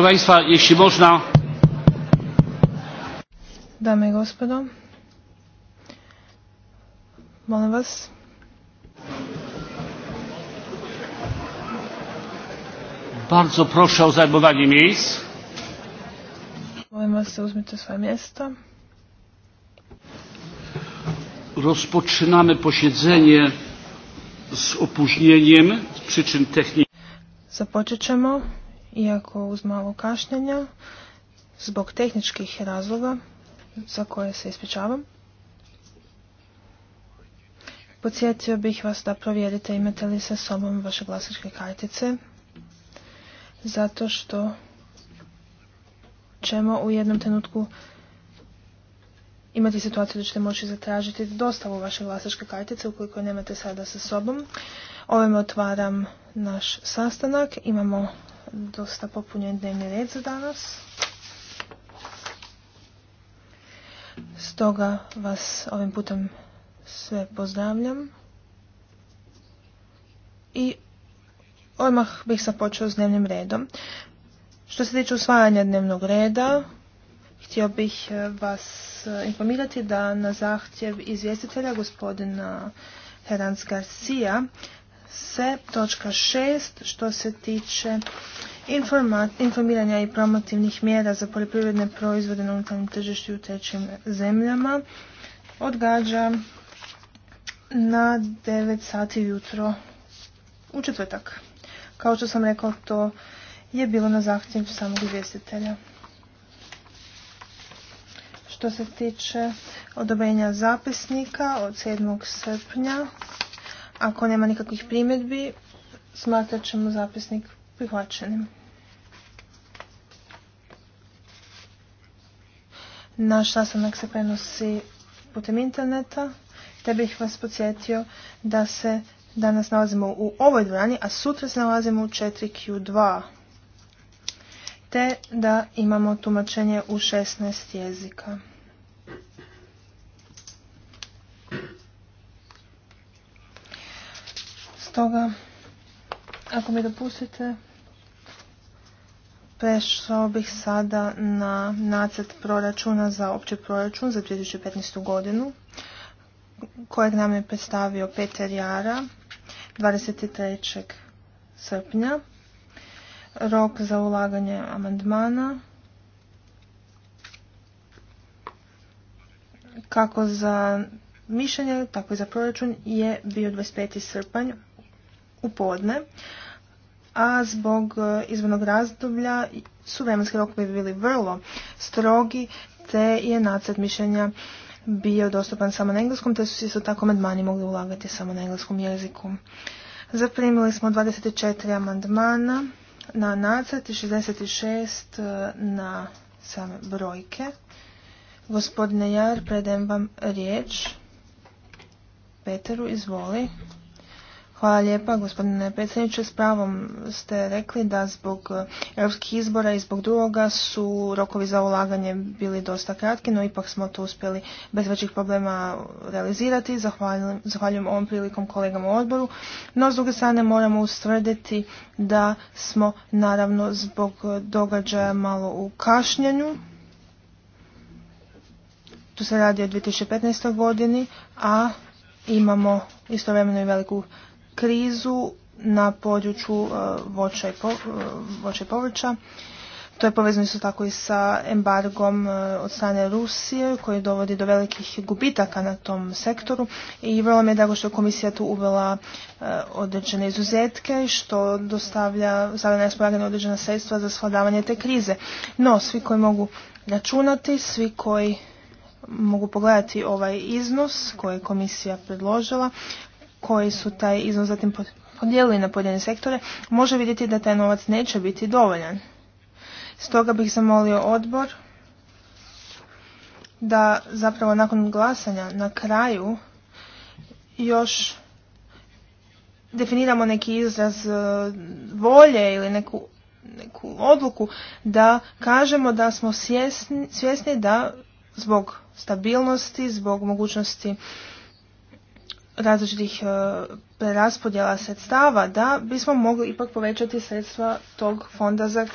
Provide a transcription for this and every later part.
Proszę jeśli można. Dame i gospodo, molim Was. Bardzo proszę o zajmowanie miejsc. Molim Was, uzmite svoje miejsca. Rozpoczynamy posiedzenie z opóźnieniem z przyczyn technicznych. Započet iako uz malo kašnjenja, zbog tehničkih razloga za koje se ispričavam. Podsjetio bih vas da provjerite imate li sa sobom vaše glasačke kartice, zato što ćemo u jednom trenutku imati situaciju da ćete moći zatražiti dostavu vaše glasačke kartice ukoliko nemate sada sa sobom. ovim otvaram naš sastanak. Imamo dosta popunjen dnevni red za danas. Stoga vas ovim putem sve pozdravljam. I odmah bih započeo s dnevnim redom. Što se tiče usvajanja dnevnog reda, htio bih e, vas e, informirati da na zahtjev izvjestitelja gospodina Herans Garcia se točka 6 što se tiče informiranja i promotivnih mjera za poljoprivredne proizvode na unutarnjem tržištu u trećim zemljama odgađa na 9 sati jutro u četvrtak. Kao što sam rekao, to je bilo na zahtjev samog izvjestitelja. Što se tiče odobrenja zapisnika od 7. srpnja ako nema nikakvih primjedbi, smatrat ćemo zapisnik prihvaćenim. Naš sastanak se prenosi putem interneta, te bih vas podsjetio da se danas nalazimo u ovoj dvorani, a sutra se nalazimo u 4Q2, te da imamo tumačenje u 16 jezika. Stoga, ako mi dopustite, prešao bih sada na nacrt proračuna za opći proračun za 2015. godinu, kojeg nam je predstavio Peter Jara 23. srpnja. Rok za ulaganje amandmana kako za mišljenje, tako i za proračun je bio 25. srpanj u podne, a zbog e, izbornog razdoblja su vremenski rokovi bili vrlo strogi, te je nacrt mišljenja bio dostupan samo na engleskom, te su se isto tako amandmani mogli ulagati samo na engleskom jeziku. Zaprimili smo 24 amandmana na nacrt i 66 e, na same brojke. Gospodine Jar, predajem vam riječ. Peteru, izvoli. Hvala lijepa, gospodine predsjedniče. S pravom ste rekli da zbog e, europskih izbora i zbog drugoga su rokovi za ulaganje bili dosta kratki, no ipak smo to uspjeli bez većih problema realizirati. Zahvaljujem, ovom prilikom kolegama u odboru. No, s druge strane, moramo ustvrditi da smo, naravno, zbog događaja malo u kašnjenju. Tu se radi o 2015. godini, a imamo istovremeno i veliku krizu na području e, e, voća i povrća. To je povezano isto tako i sa embargom e, od strane Rusije koji dovodi do velikih gubitaka na tom sektoru i vrlo mi je drago što je komisija tu uvela određene izuzetke što dostavlja sada na određena sredstva za shladavanje te krize. No, svi koji mogu računati, svi koji mogu pogledati ovaj iznos koji je komisija predložila, koji su taj iznos zatim podijelili na pojedine sektore, može vidjeti da taj novac neće biti dovoljan. Stoga bih zamolio odbor da zapravo nakon glasanja na kraju još definiramo neki izraz e, volje ili neku, neku odluku da kažemo da smo svjesni da zbog stabilnosti, zbog mogućnosti različitih e, preraspodjela sredstava da bismo mogli ipak povećati sredstva tog fonda za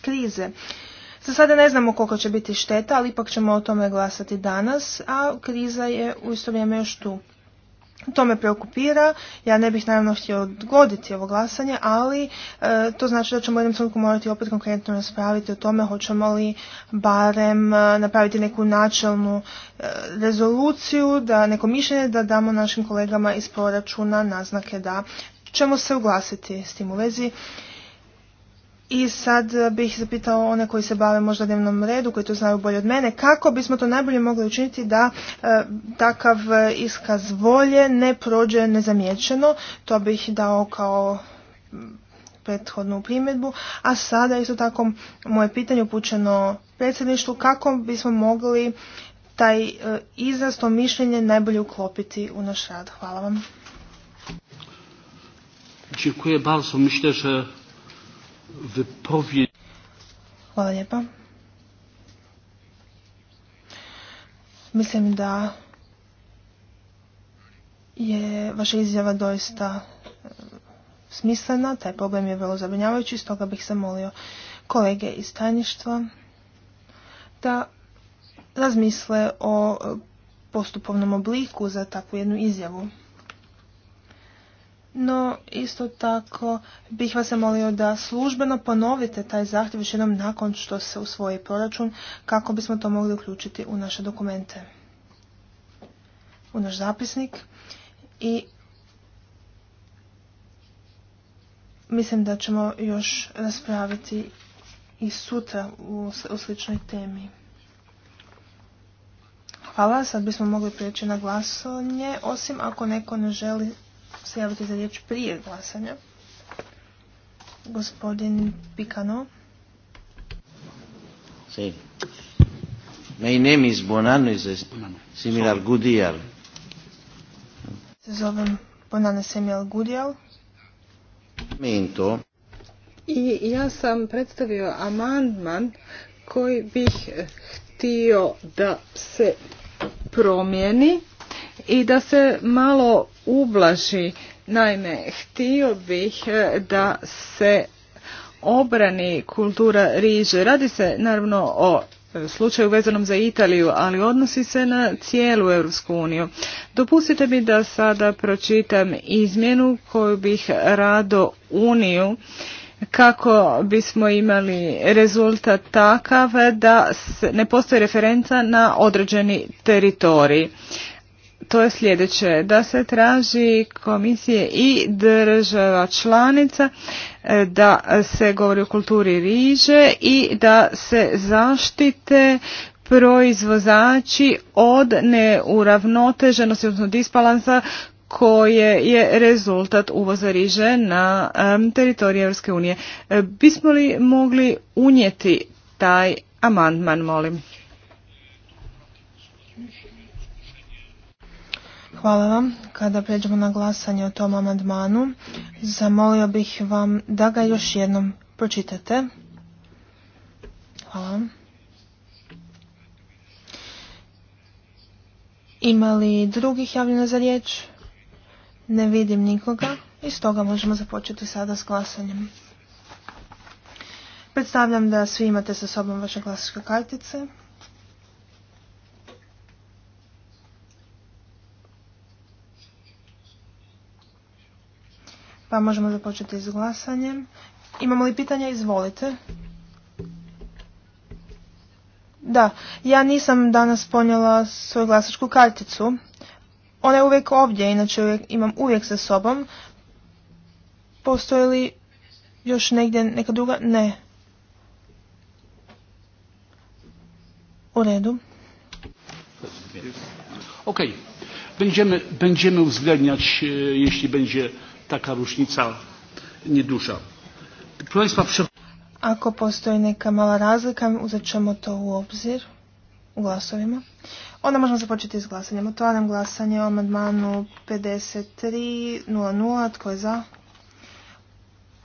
krize. Za sada ne znamo koliko će biti šteta, ali ipak ćemo o tome glasati danas, a kriza je u isto vrijeme još tu. To me preokupira, ja ne bih naravno htio odgoditi ovo glasanje, ali e, to znači da ćemo u jednom trenutku morati opet konkretno raspraviti o tome hoćemo li barem e, napraviti neku načelnu e, rezoluciju, da neko mišljenje da damo našim kolegama iz proračuna naznake da ćemo se uglasiti s tim u vezi i sad bih zapitao one koji se bave možda dnevnom redu, koji to znaju bolje od mene, kako bismo to najbolje mogli učiniti da e, takav iskaz volje ne prođe nezamijećeno. To bih dao kao prethodnu primjedbu. A sada isto tako moje pitanje upućeno predsjedništvu kako bismo mogli taj e, izraz, to mišljenje najbolje uklopiti u naš rad. Hvala vam. Hvala lijepa. Mislim da je vaša izjava doista e, smislena, taj problem je vrlo zabrinjavajući, stoga bih molio kolege iz tajništva da razmisle o e, postupovnom obliku za takvu jednu izjavu. No, isto tako bih vas molio da službeno ponovite taj zahtjev još jednom nakon što se usvoji proračun kako bismo to mogli uključiti u naše dokumente, u naš zapisnik. I mislim da ćemo još raspraviti i sutra u, sličnoj temi. Hvala, sad bismo mogli prijeći na glasanje, osim ako neko ne želi se javiti za riječ prije glasanja. Gospodin Pikano. Sí. My name is Bonano, is similar gudijal Se zovem Bonano Mento. I ja sam predstavio amandman koji bih htio da se promijeni i da se malo ublaži. Naime, htio bih e, da se obrani kultura riže. Radi se naravno o e, slučaju vezanom za Italiju, ali odnosi se na cijelu Europsku uniju. Dopustite mi da sada pročitam izmjenu koju bih rado uniju kako bismo imali rezultat takav da ne postoji referenca na određeni teritorij to je sljedeće, da se traži komisije i država članica e, da se govori o kulturi riže i da se zaštite proizvozači od neuravnoteženosti, odnosno disbalansa koje je rezultat uvoza riže na teritoriju EU. unije. E, bismo li mogli unijeti taj amandman, molim? Hvala vam. Kada pređemo na glasanje o tom amandmanu, zamolio bih vam da ga još jednom pročitate. Hvala vam. Ima li drugih javljena za riječ? Ne vidim nikoga i stoga možemo započeti sada s glasanjem. Predstavljam da svi imate sa sobom vaše glasačke kartice. Pa možemo započeti s glasanjem. Imamo li pitanja? Izvolite. Da, ja nisam danas ponijela svoju glasačku karticu. Ona je uvijek ovdje, inače imam uvijek sa sobom. Postoji li još negdje neka druga? Ne. U redu. Ok. Będziemy, będziemy uwzględniać, e, jeśli będzie taka różnica nieduża. Ako postoji neka mala razlika, uzet ćemo to u obzir u glasovima. Onda možemo započeti s glasanjem. Otvaram glasanje o amandmanu 53.00. Tko je za?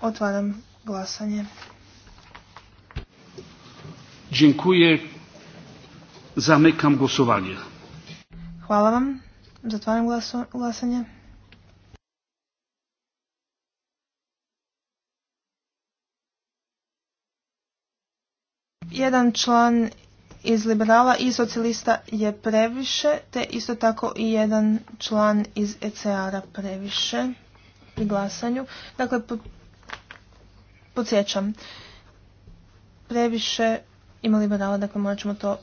Otvaram glasanje. Dziękuję. Zamykam głosowanie. Hvala vam. Zatvaram glasanje. Jedan član iz liberala i socijalista je previše, te isto tako i jedan član iz ECR-a previše pri glasanju. Dakle, podsjećam, previše ima liberala, dakle morat ćemo to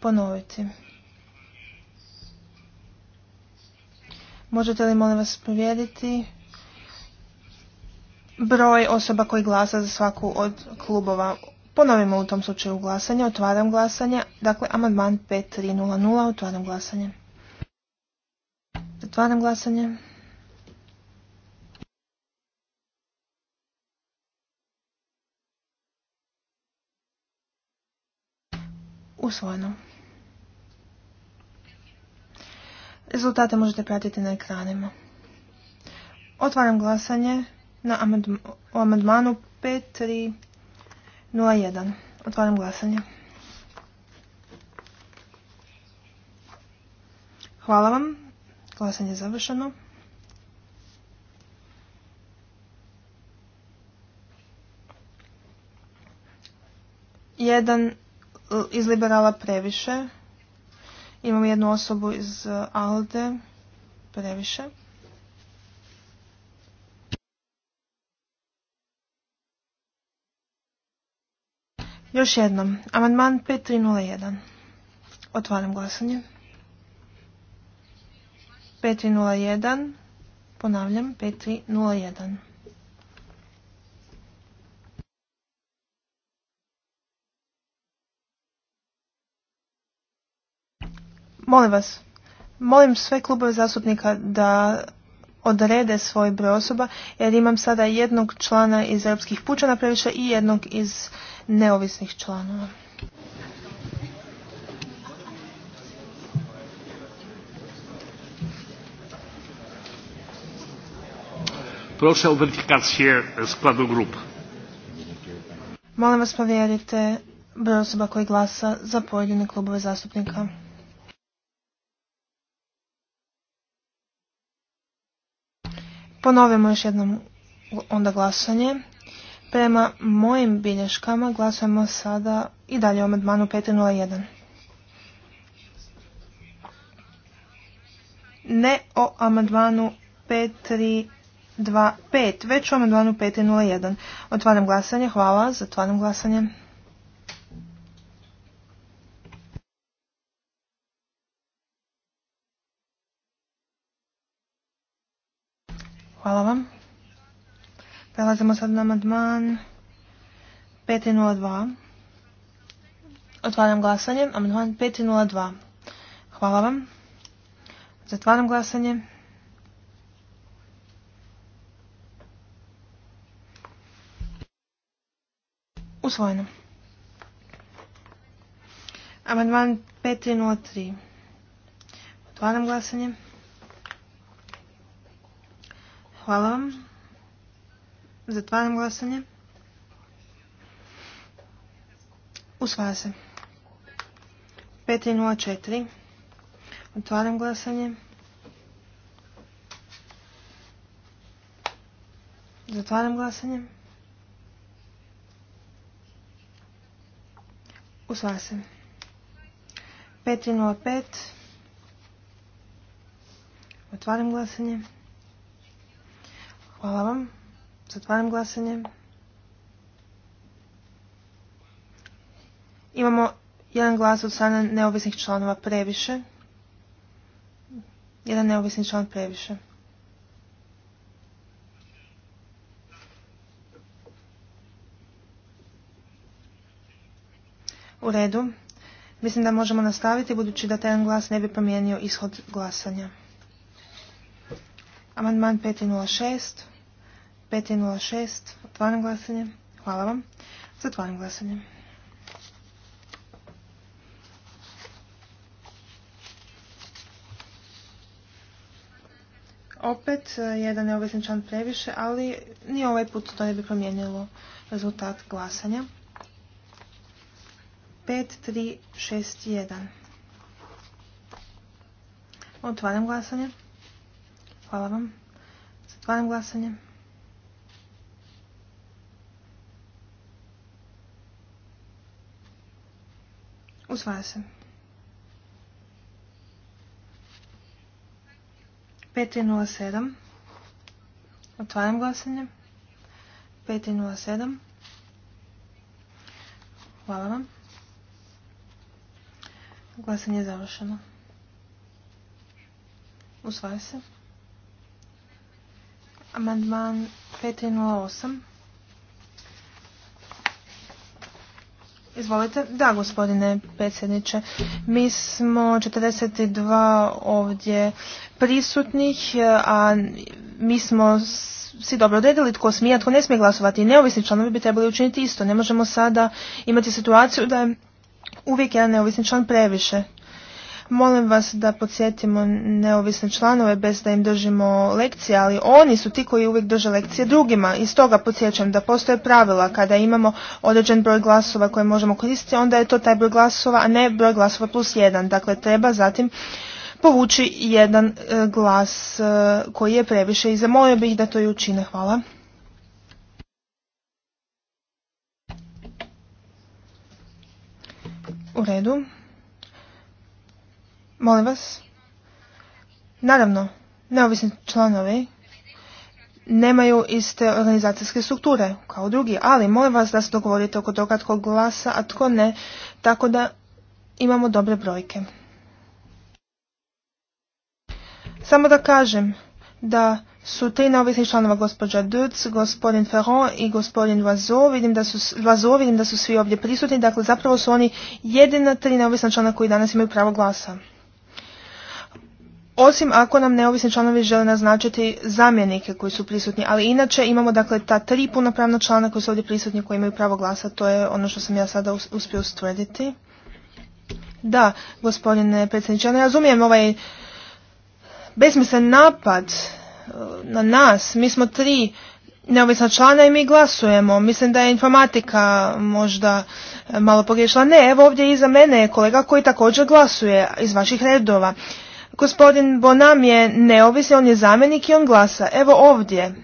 ponoviti. Možete li molim vas provjeriti broj osoba koji glasa za svaku od klubova Ponovimo u tom slučaju glasanje. Otvaram glasanje. Dakle, amandman 5300. Otvaram glasanje. Otvaram glasanje. Usvojeno. Rezultate možete pratiti na ekranima. Otvaram glasanje na amandmanu 5300 jedan. Otvaram glasanje. Hvala vam. Glasanje je završeno. Jedan iz liberala previše. Imamo jednu osobu iz ALDE previše. Još jednom, amandman 5301. Otvaram glasanje. 5301. Ponavljam, 5301. Molim vas, molim sve klubove zastupnika da odrede svoj broj osoba, jer imam sada jednog člana iz europskih pučana previše i jednog iz neovisnih članova. Proša u Molim vas povjerite broj osoba koji glasa za pojedine klubove zastupnika. Ponovimo još jednom onda glasanje. Prema mojim bilješkama glasujemo sada i dalje o medmanu 501. Ne o amandmanu 5325, već o amandmanu 501. Otvaram glasanje, hvala, zatvaram glasanje. Hvala vam. Prelazimo sad na amandman 502. Otvaram glasanje. Amandman 502. Hvala vam. Zatvaram glasanje. Usvojeno. Amandman 503. Otvaram glasanje. Hvala vam. Zatvaram glasanje. Usvaja se. 5.04. Otvaram glasanje. Zatvaram glasanje. Usvaja se. 5.05. Otvaram glasanje. Hvala vam. Zatvaram glasanje. Imamo jedan glas od strane neovisnih članova previše. Jedan neovisni član previše. U redu. Mislim da možemo nastaviti budući da taj glas ne bi promijenio ishod glasanja. Amandman 506. 506. Otvaram glasanje. Hvala vam. Zatvaram glasanje. Opet e, jedan obvezni član previše, ali ni ovaj put to ne bi promijenilo rezultat glasanja. 5361. Otvaram glasanje. Hvala vam. Zatvaram glasanje. Usvaja se. 5.07. Otvaram glasanje. 5.07. Hvala vam. Glasanje je završeno. Usvaja se. Amandman 5.08. Izvolite. Da, gospodine predsjedniče. Mi smo 42 ovdje prisutnih, a mi smo svi dobro odredili tko smije, tko ne smije glasovati. I neovisni članovi bi trebali učiniti isto. Ne možemo sada imati situaciju da je uvijek jedan neovisni član previše. Molim vas da podsjetimo neovisne članove bez da im držimo lekcije, ali oni su ti koji uvijek drže lekcije drugima. I stoga podsjećam da postoje pravila kada imamo određen broj glasova koje možemo koristiti, onda je to taj broj glasova, a ne broj glasova plus jedan. Dakle, treba zatim povući jedan e, glas e, koji je previše i zamolio bih da to i učine. Hvala. U redu. Molim vas. Naravno, neovisni članovi nemaju iste organizacijske strukture kao drugi, ali molim vas da se dogovorite oko toga tko glasa, a tko ne, tako da imamo dobre brojke. Samo da kažem da su tri neovisnih članova gospođa Duc, gospodin Ferron i gospodin Loiseau. Vidim, da su, Loiseau, vidim da su svi ovdje prisutni, dakle zapravo su oni jedina tri neovisna člana koji danas imaju pravo glasa. Osim ako nam neovisni članovi žele naznačiti zamjenike koji su prisutni, ali inače imamo dakle ta tri punopravna člana koji su ovdje prisutni koji imaju pravo glasa, to je ono što sam ja sada uspio ustvrditi. Da, gospodine predsjedniče, ja ne razumijem ovaj besmislen napad e, na nas. Mi smo tri neovisna člana i mi glasujemo. Mislim da je informatika možda e, malo pogriješila. Ne, evo ovdje iza mene je kolega koji također glasuje iz vaših redova. Gospodin Bonam je neovisni, on je zamjenik i on glasa. Evo ovdje.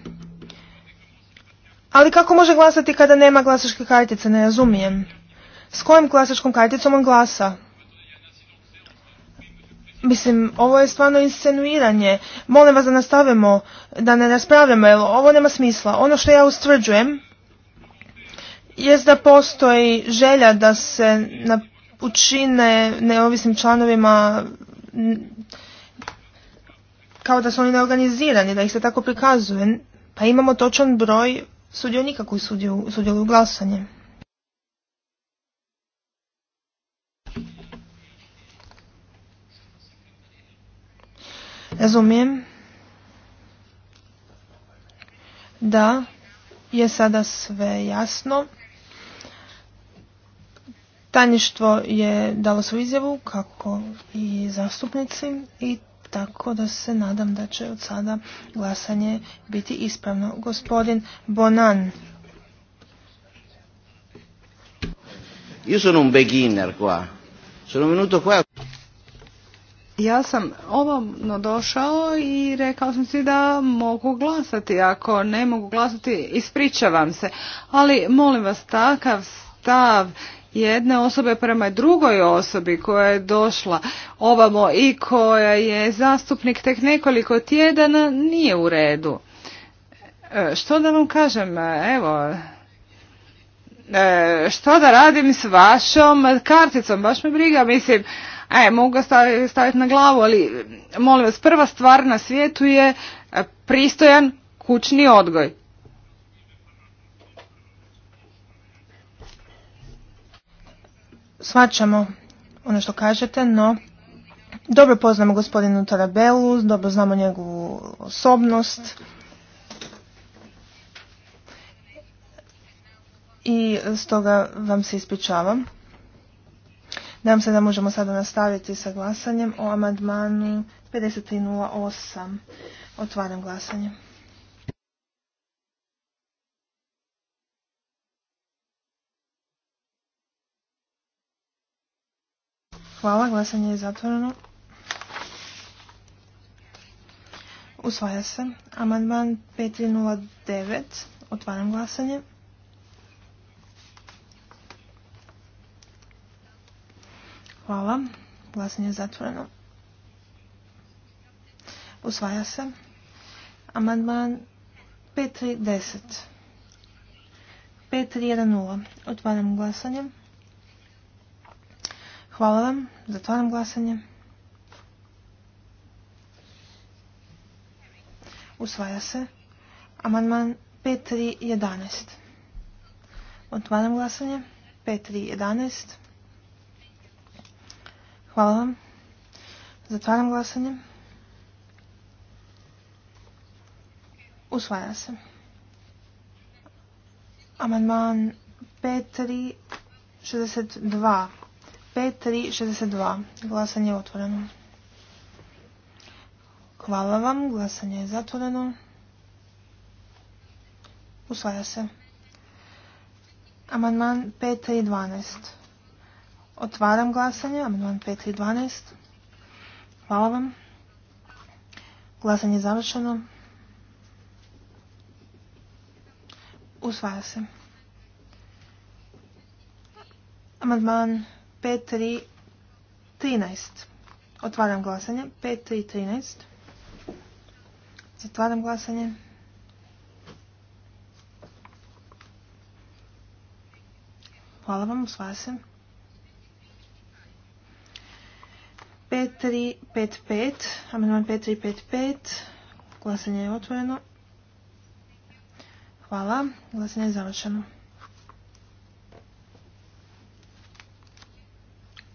Ali kako može glasati kada nema glasačke kartice, ne razumijem. S kojom glasačkom karticom on glasa? Mislim, ovo je stvarno insinuiranje. Molim vas da nastavimo, da ne raspravljamo, jer ovo nema smisla. Ono što ja ustvrđujem je da postoji želja da se na, učine neovisnim članovima kao da su oni neorganizirani, da ih se tako prikazuje. Pa imamo točan broj sudionika koji sudjeluju glasanje Razumijem da je sada sve jasno Tajništvo je dalo svoju izjavu kako i zastupnici i tako da se nadam da će od sada glasanje biti ispravno. Gospodin Bonan. Io Ja sam ovom došao i rekao sam si da mogu glasati. Ako ne mogu glasati, ispričavam se. Ali molim vas, takav stav jedne osobe prema drugoj osobi koja je došla ovamo i koja je zastupnik tek nekoliko tjedana nije u redu. E, što da vam kažem, evo, e, što da radim s vašom karticom, baš me briga, mislim, e, mogu ga staviti na glavu, ali molim vas, prva stvar na svijetu je pristojan kućni odgoj. Svačamo ono što kažete, no dobro poznamo gospodinu Tarabelu, dobro znamo njegovu osobnost. I stoga vam se ispričavam. Nadam se da možemo sada nastaviti sa glasanjem o amandmanu 5308. Otvaram glasanje. Hvala, glasanje je zatvoreno. Usvaja se. Amandman 5.09. Otvaram glasanje. Hvala. Glasanje je zatvoreno. Usvaja se. Amandman 5.10. 5.3.1.0. Otvaram glasanje. Hvala vam. Zatvaram glasanje. Usvaja se. Amandman 5311. Otvaram glasanje. 5311. Hvala vam. Zatvaram glasanje. Usvaja se. Amandman 5362. 5362. Glasanje je otvoreno. Hvala vam. Glasanje je zatvoreno. Usvaja se. Amandman pet Otvaram glasanje. Amandman pet Hvala vam. Glasanje je završeno. Usvaja se. Amandman 5313. Otvaram glasanje. 5313. Zatvaram glasanje. Hvala vam, usvaja se. 5355, amandman 5355, glasanje je otvoreno. Hvala, glasanje je završeno.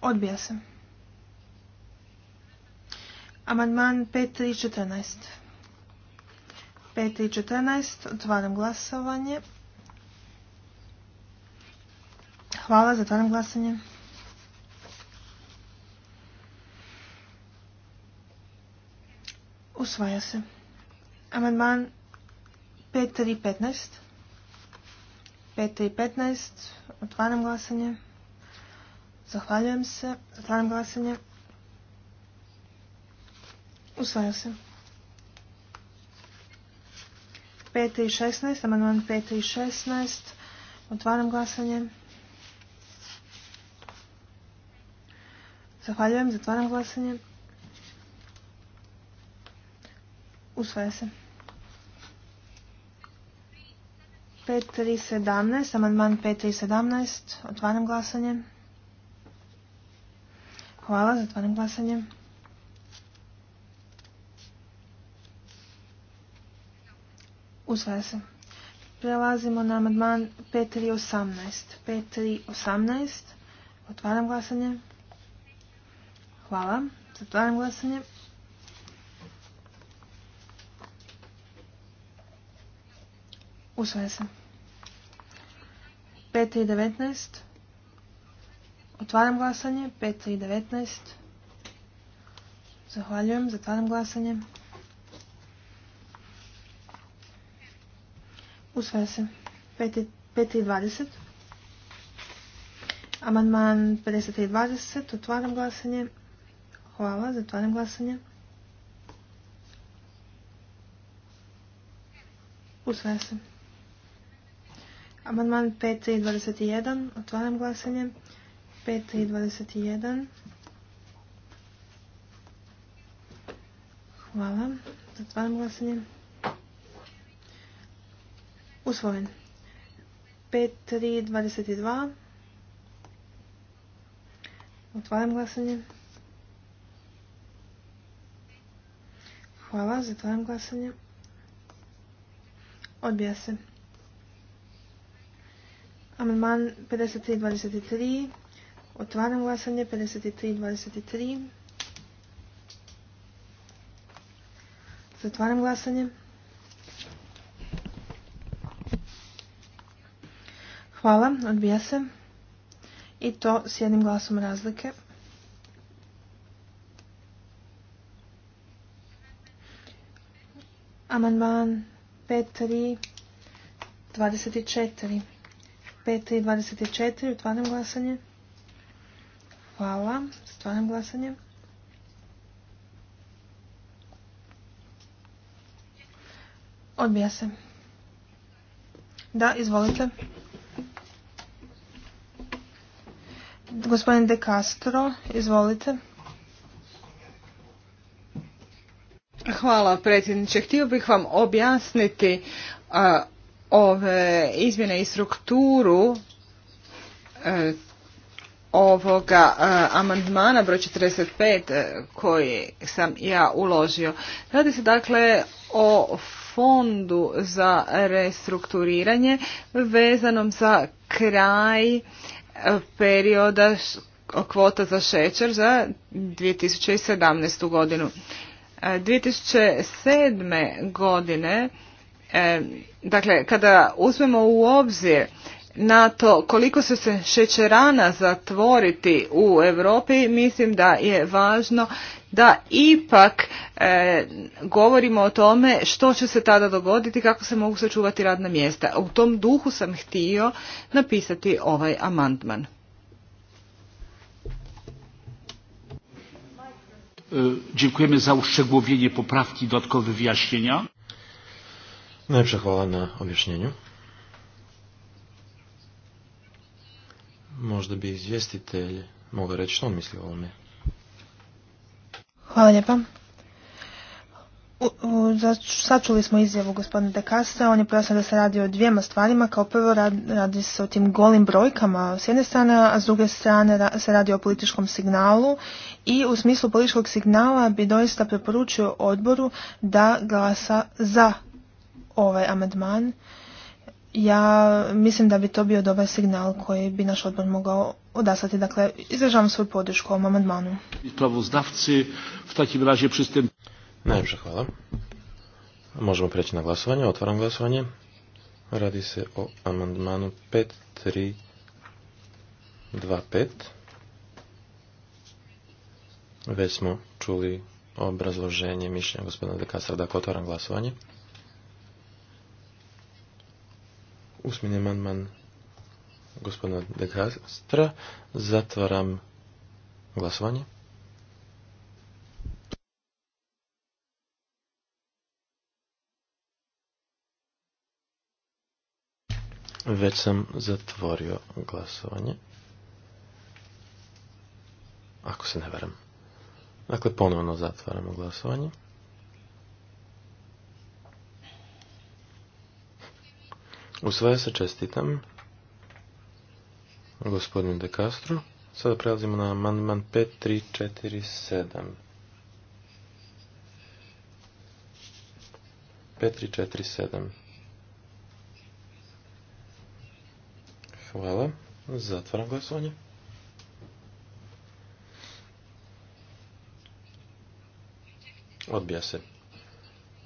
Odbija se. Amandman 5.3.14. 5.3.14. Otvaram glasovanje. Hvala, za zatvaram glasanje. Usvaja se. Amandman 5.3.15. 5.3.15. Otvaram glasanje. Zahvaljujem se. Zatvaram glasanje. Usvaja se. 5. i 16. Amandman 5. i 16. Otvaram glasanje. Zahvaljujem. Zatvaram glasanje. Usvaja se. 5.3.17. Amandman 17 Otvaram glasanje. Hvala, zatvaram glasanje. Usvaja se. Prelazimo na amandman 5.3.18. 5.3.18. Otvaram glasanje. Hvala. Zatvaram glasanje. Usvaja se. 5.3.19. Otvaram glasanje. 5 i 19. Zahvaljujem. Zatvaram glasanje. Usvaja se. 5 i 20. Amandman 50 i 20. Otvaram glasanje. Hvala. Zatvaram glasanje. Usvaja se. Amandman 5 i 21. Otvaram glasanje. Hvala. 5 i 21. Hvala. Zatvaram glasanje. Usvojen. 5, 3, 22. Otvaram glasanje. Hvala, zatvaram glasanje. Odbija se. Amandman 53.23. Otvaram glasanje 53 23. Zatvaram glasanje. Hvala, odbija se. I to s jednim glasom razlike. Amanban. 5.3. 24. 5.3. 24. Otvaram glasanje. Hvala. Stvarno glasanje. Odbija se. Da, izvolite. Gospodin De Castro, izvolite. Hvala predsjedniče. Htio bih vam objasniti ove izmjene i strukturu e, ovoga e, amandmana broj 45 e, koji sam ja uložio. Radi se dakle o fondu za restrukturiranje vezanom za kraj e, perioda kvota za šećer za 2017. godinu. 2007. godine, dakle, kada uzmemo u obzir na to koliko će se šećerana zatvoriti u Europi, mislim da je važno da ipak e, govorimo o tome što će se tada dogoditi, kako se mogu sačuvati radna mjesta. U tom duhu sam htio napisati ovaj amandman. E, dziękujemy za uszczegółowienie poprawki, dodatkowe wyjaśnienia. na objašnjenju. Možda bi izvjestitelj mogao reći što on misli o ovome. Hvala lijepa. Sačuli smo izjavu gospodina De on je pojasnio da se radi o dvijema stvarima. Kao prvo radi se o tim golim brojkama s jedne strane, a s druge strane se radi o političkom signalu i u smislu političkog signala bi doista preporučio odboru da glasa za ovaj amandman ja mislim da bi to bio dobar signal koji bi naš odbor mogao odaslati. Dakle, izražavam svoju podršku ovom amandmanu. Pravozdavci v takim razie przystęp... Najljepša hvala. Možemo preći na glasovanje. Otvaram glasovanje. Radi se o amandmanu 5325. Već smo čuli obrazloženje mišljenja gospodina Dekastra. Dakle, otvaram glasovanje. usmeni amandman gospodina De Zatvaram glasovanje. Već sam zatvorio glasovanje. Ako se ne varam. Dakle, ponovno zatvaramo glasovanje. U sve se čestitam gospodinu De Castro. Sada prelazimo na amandman 5347. 5347. Hvala. Zatvaram glasovanje. Odbija se.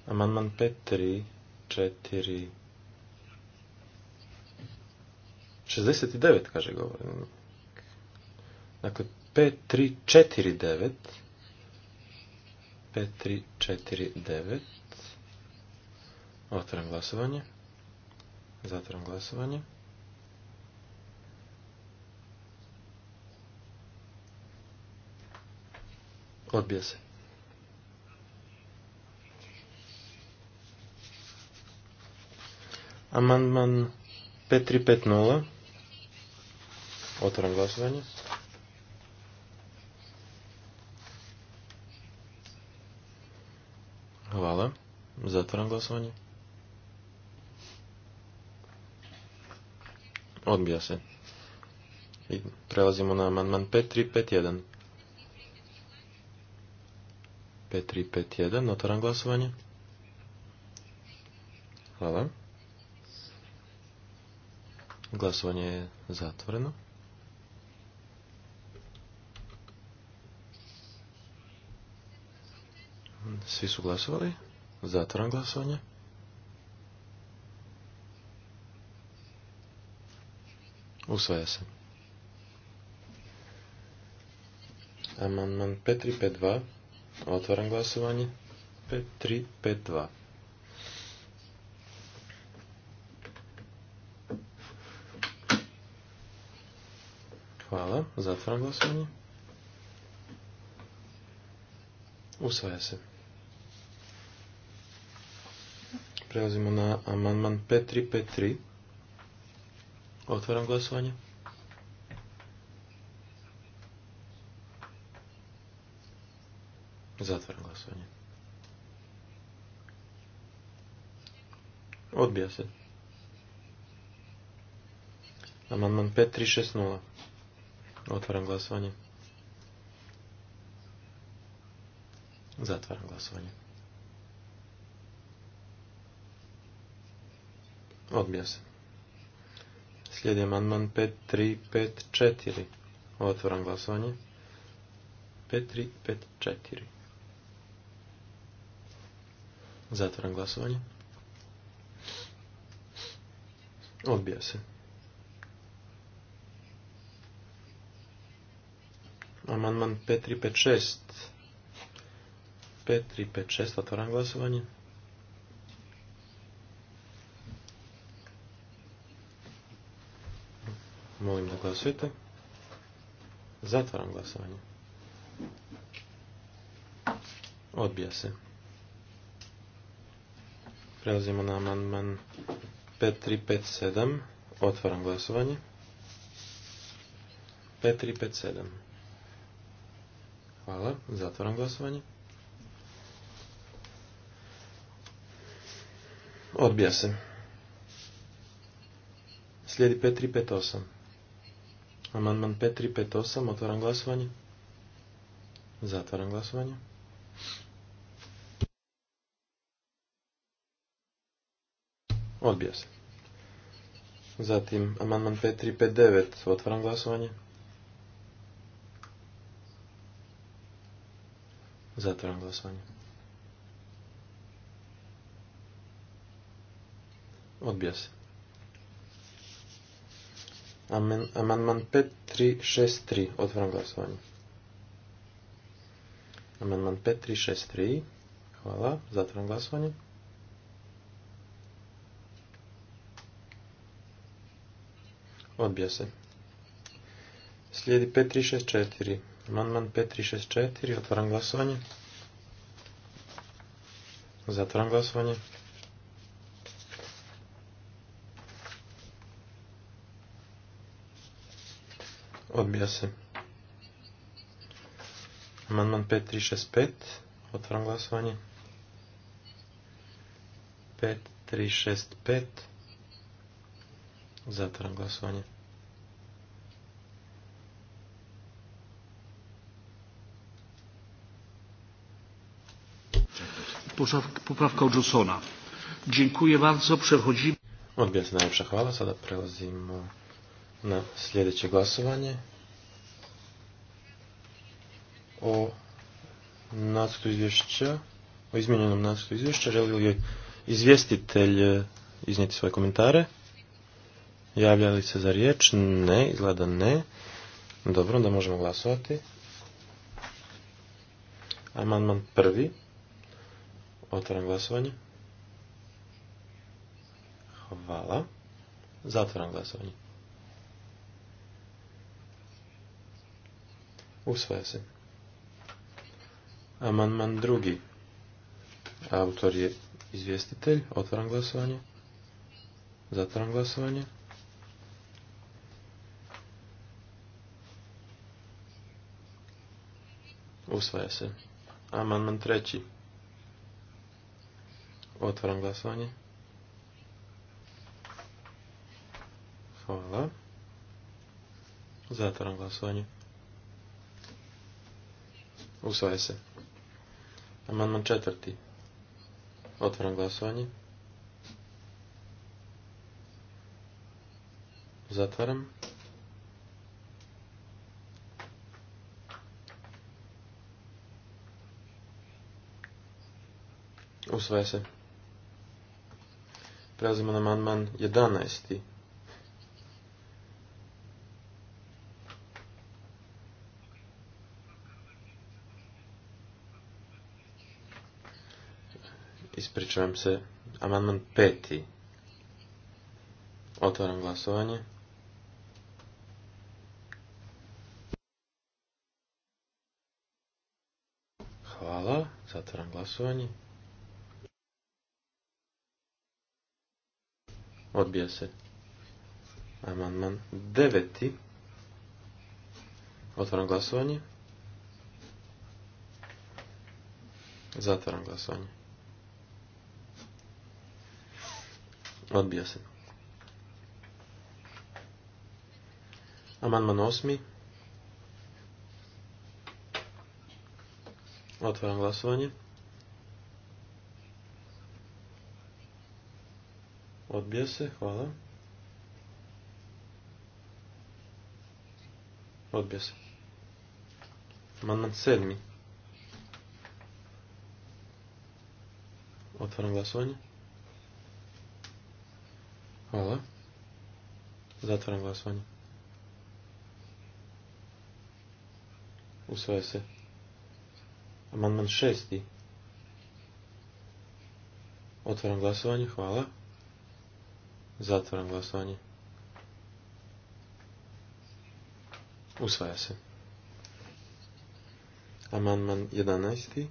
Amandman 5347. 69 kaže govor. Dakle, 5-3-4-9. 5-3-4-9. Otvoram glasovanje. Zatvoram glasovanje. Odbija se. Amandman 5350 Otvaram glasovanje. Hvala. Zatvaram glasovanje. Odbija se. I prelazimo na amandman 5351. 5351, otvaram glasovanje. Hvala. Glasovanje je zatvoreno. Svi su glasovali? Zatvaram glasovanje. Usvaja se. Amandman 5352. Otvaram glasovanje. 5352. Hvala. Zatvaram glasovanje. Usvaja se. Prelazimo na amandman 5353. Otvaram glasovanje. Zatvaram glasovanje. Odbija se. Amandman 5360. Otvaram glasovanje. Zatvaram glasovanje. Odbija se. Slijedi amandman 5354. Otvoram glasovanje. 5354. Zatvoram glasovanje. Odbija se. Amandman 5356. 5356. Otvoram glasovanje. Molim da glasujete. Zatvaram glasovanje. Odbija se. Prelazimo na amandman 5357. Otvaram glasovanje. 5357. Hvala. Zatvaram glasovanje. Odbija se. Slijedi 5358. Amandman 5358, otvaram glasovanje. Zatvaram glasovanje. Odbija se. Zatim, amandman 5359, otvaram glasovanje. Zatvaram glasovanje. Odbija se. Amandman 5363. Otvaram glasovanje. Amandman 5363. Hvala. Zatvaram glasovanje. Odbija se. Slijedi 5364. Amandman 5364. Otvaram glasovanje. Zatvaram glasovanje. odbija se. Amandman 5365, otvaram glasovanje. 5365, zatvaram glasovanje. Poprawka odrzucona. Dziękuję bardzo. Przechodzimy. Odbija se najlepša hvala. Sada prelazimo na sljedeće glasovanje o nacrtu izvješća, o izmijenjenom nacrtu izvješća. Želi li izvjestitelj e, iznijeti svoje komentare? Javlja li se za riječ? Ne, izgleda ne. Dobro, onda možemo glasovati. Amandman prvi. Otvaram glasovanje. Hvala. Zatvaram glasovanje. Usvaja se. Amandman drugi. Autor je izvjestitelj. Otvaram glasovanje. Zatvaram glasovanje. Usvaja se. Amandman treći. Otvaram glasovanje. Hvala. Zatvaram glasovanje. Usvaja se. Amandman četvrti. Otvaram glasovanje. Zatvaram. Usvaja se. Prelazimo na amandman 11. ispričavam se, amandman peti. Otvaram glasovanje. Hvala, zatvaram glasovanje. Odbija se. Amandman deveti. Otvaram glasovanje. Zatvaram glasovanje. odbio se. Amandman osmi. Otvaram glasovanje. Odbija se, hvala. odbio se. Amandman sedmi. Otvaram glasovanje. Hvala. Zatvaram glasovanje. Usvaja se. Amandman šesti. Otvaram glasovanje. Hvala. Zatvaram glasovanje. Usvaja se. Amandman 11.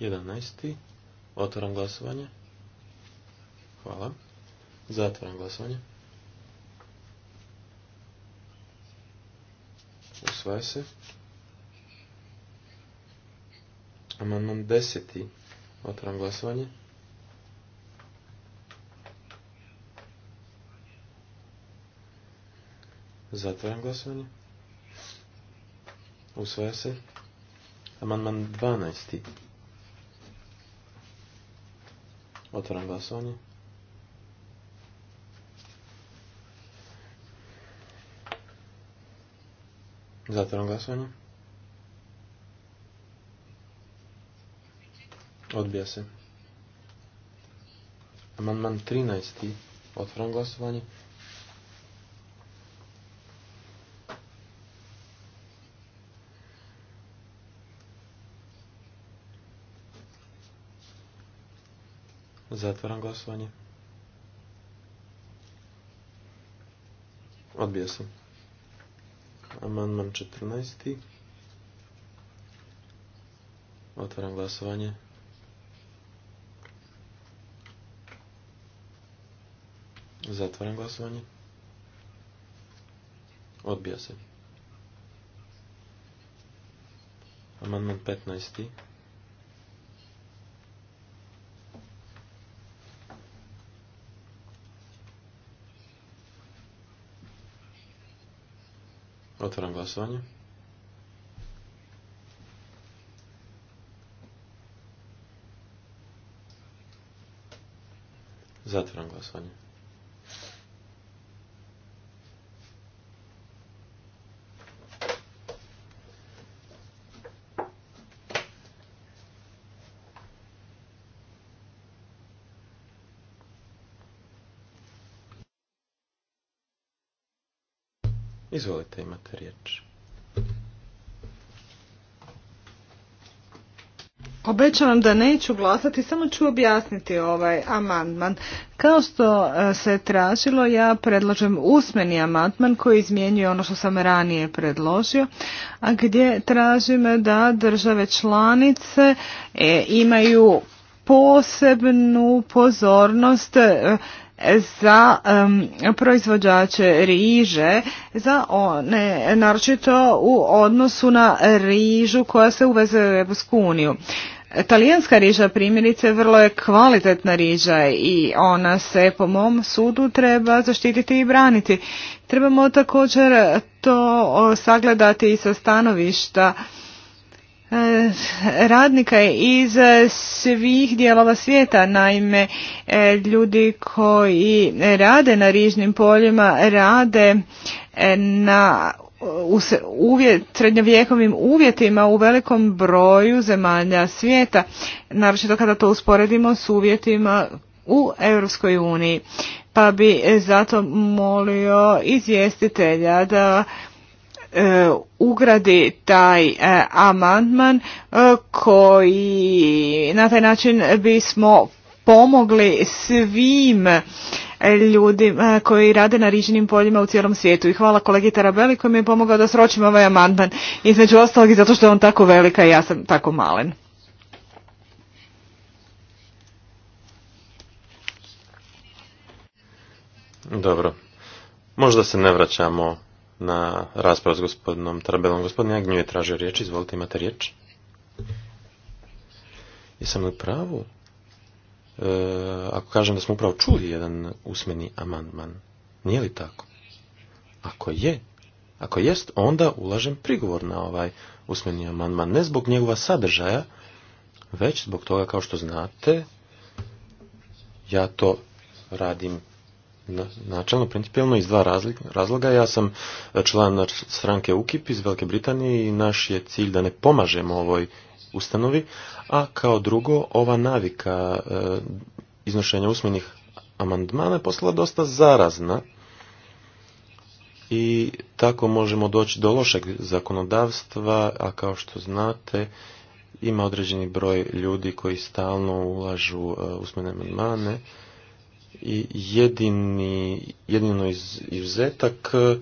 11. Otvaram glasovanje. Hvala. Zatvaram glasovanje. Usvaja se. Amandman deseti. Otvaram glasovanje. Zatvaram glasovanje. Usvaja se. Amandman 12. Otvaram glasovanje. Zatvorom glasovanje. Odbija se. Amandman 13. Otvorom glasovanje. Zatvaram glasovanje. Odbija se. Amandman 14. Otvaram glasovanje. Zatvaram glasovanje. Odbija se. Amandman 15. Otvaram glasovanje. Zatvaram glasovanje. Izvolite, imate riječ. Obećavam da neću glasati, samo ću objasniti ovaj amandman. Kao što e, se tražilo, ja predlažem usmeni amandman koji izmjenjuje ono što sam ranije predložio, a gdje tražim da države članice e, imaju posebnu pozornost e, za proizvođače riže, za one, naročito u odnosu na rižu koja se uveze u Evropsku uniju. Talijanska riža primjerice vrlo je kvalitetna riža i ona se po mom sudu treba zaštititi i braniti. Trebamo također to sagledati i sa stanovišta radnika iz e, svih dijelova svijeta. Naime, e, ljudi koji rade na rižnim poljima rade e, na uvjet, srednjovjekovim uvjetima u velikom broju zemalja svijeta, naročito kada to usporedimo s uvjetima u Europskoj uniji. Pa bi zato molio izvjestitelja da E, ugradi taj e, amandman e, koji na taj način bismo pomogli svim ljudima koji rade na riđenim poljima u cijelom svijetu. I hvala kolegi Tarabeli koji mi je pomogao da sročim ovaj amandman. Između ostalog i zato što je on tako velika i ja sam tako malen. Dobro. Možda se ne vraćamo na raspravu s gospodinom Tarabelom. Gospodin Agnju je tražio riječ, izvolite imate riječ. Jesam li pravu? E, ako kažem da smo upravo čuli jedan usmeni amandman, nije li tako? Ako je, ako jest, onda ulažem prigovor na ovaj usmeni amandman. Ne zbog njegova sadržaja, već zbog toga, kao što znate, ja to radim načelno, principijalno iz dva razloga. Ja sam e, član stranke UKIP iz Velike Britanije i naš je cilj da ne pomažemo ovoj ustanovi, a kao drugo ova navika e, iznošenja usmenih amandmana je postala dosta zarazna i tako možemo doći do lošeg zakonodavstva, a kao što znate ima određeni broj ljudi koji stalno ulažu e, usmene amandmane i jedini, jedino iz, izuzetak e,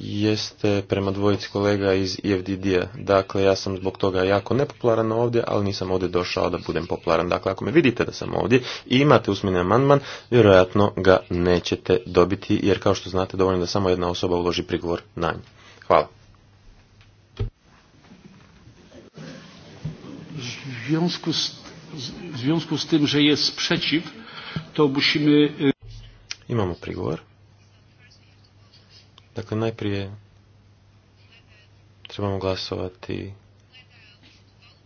jeste prema dvojici kolega iz IFDD-a. E dakle, ja sam zbog toga jako nepopularan ovdje, ali nisam ovdje došao da budem popularan. Dakle, ako me vidite da sam ovdje i imate usmjeni amandman, vjerojatno ga nećete dobiti, jer kao što znate, dovoljno da samo jedna osoba uloži prigovor na nj. Hvala. W związku z, w związku z tym, że jest to e, Imamo prigovor. Dakle, najprije trebamo glasovati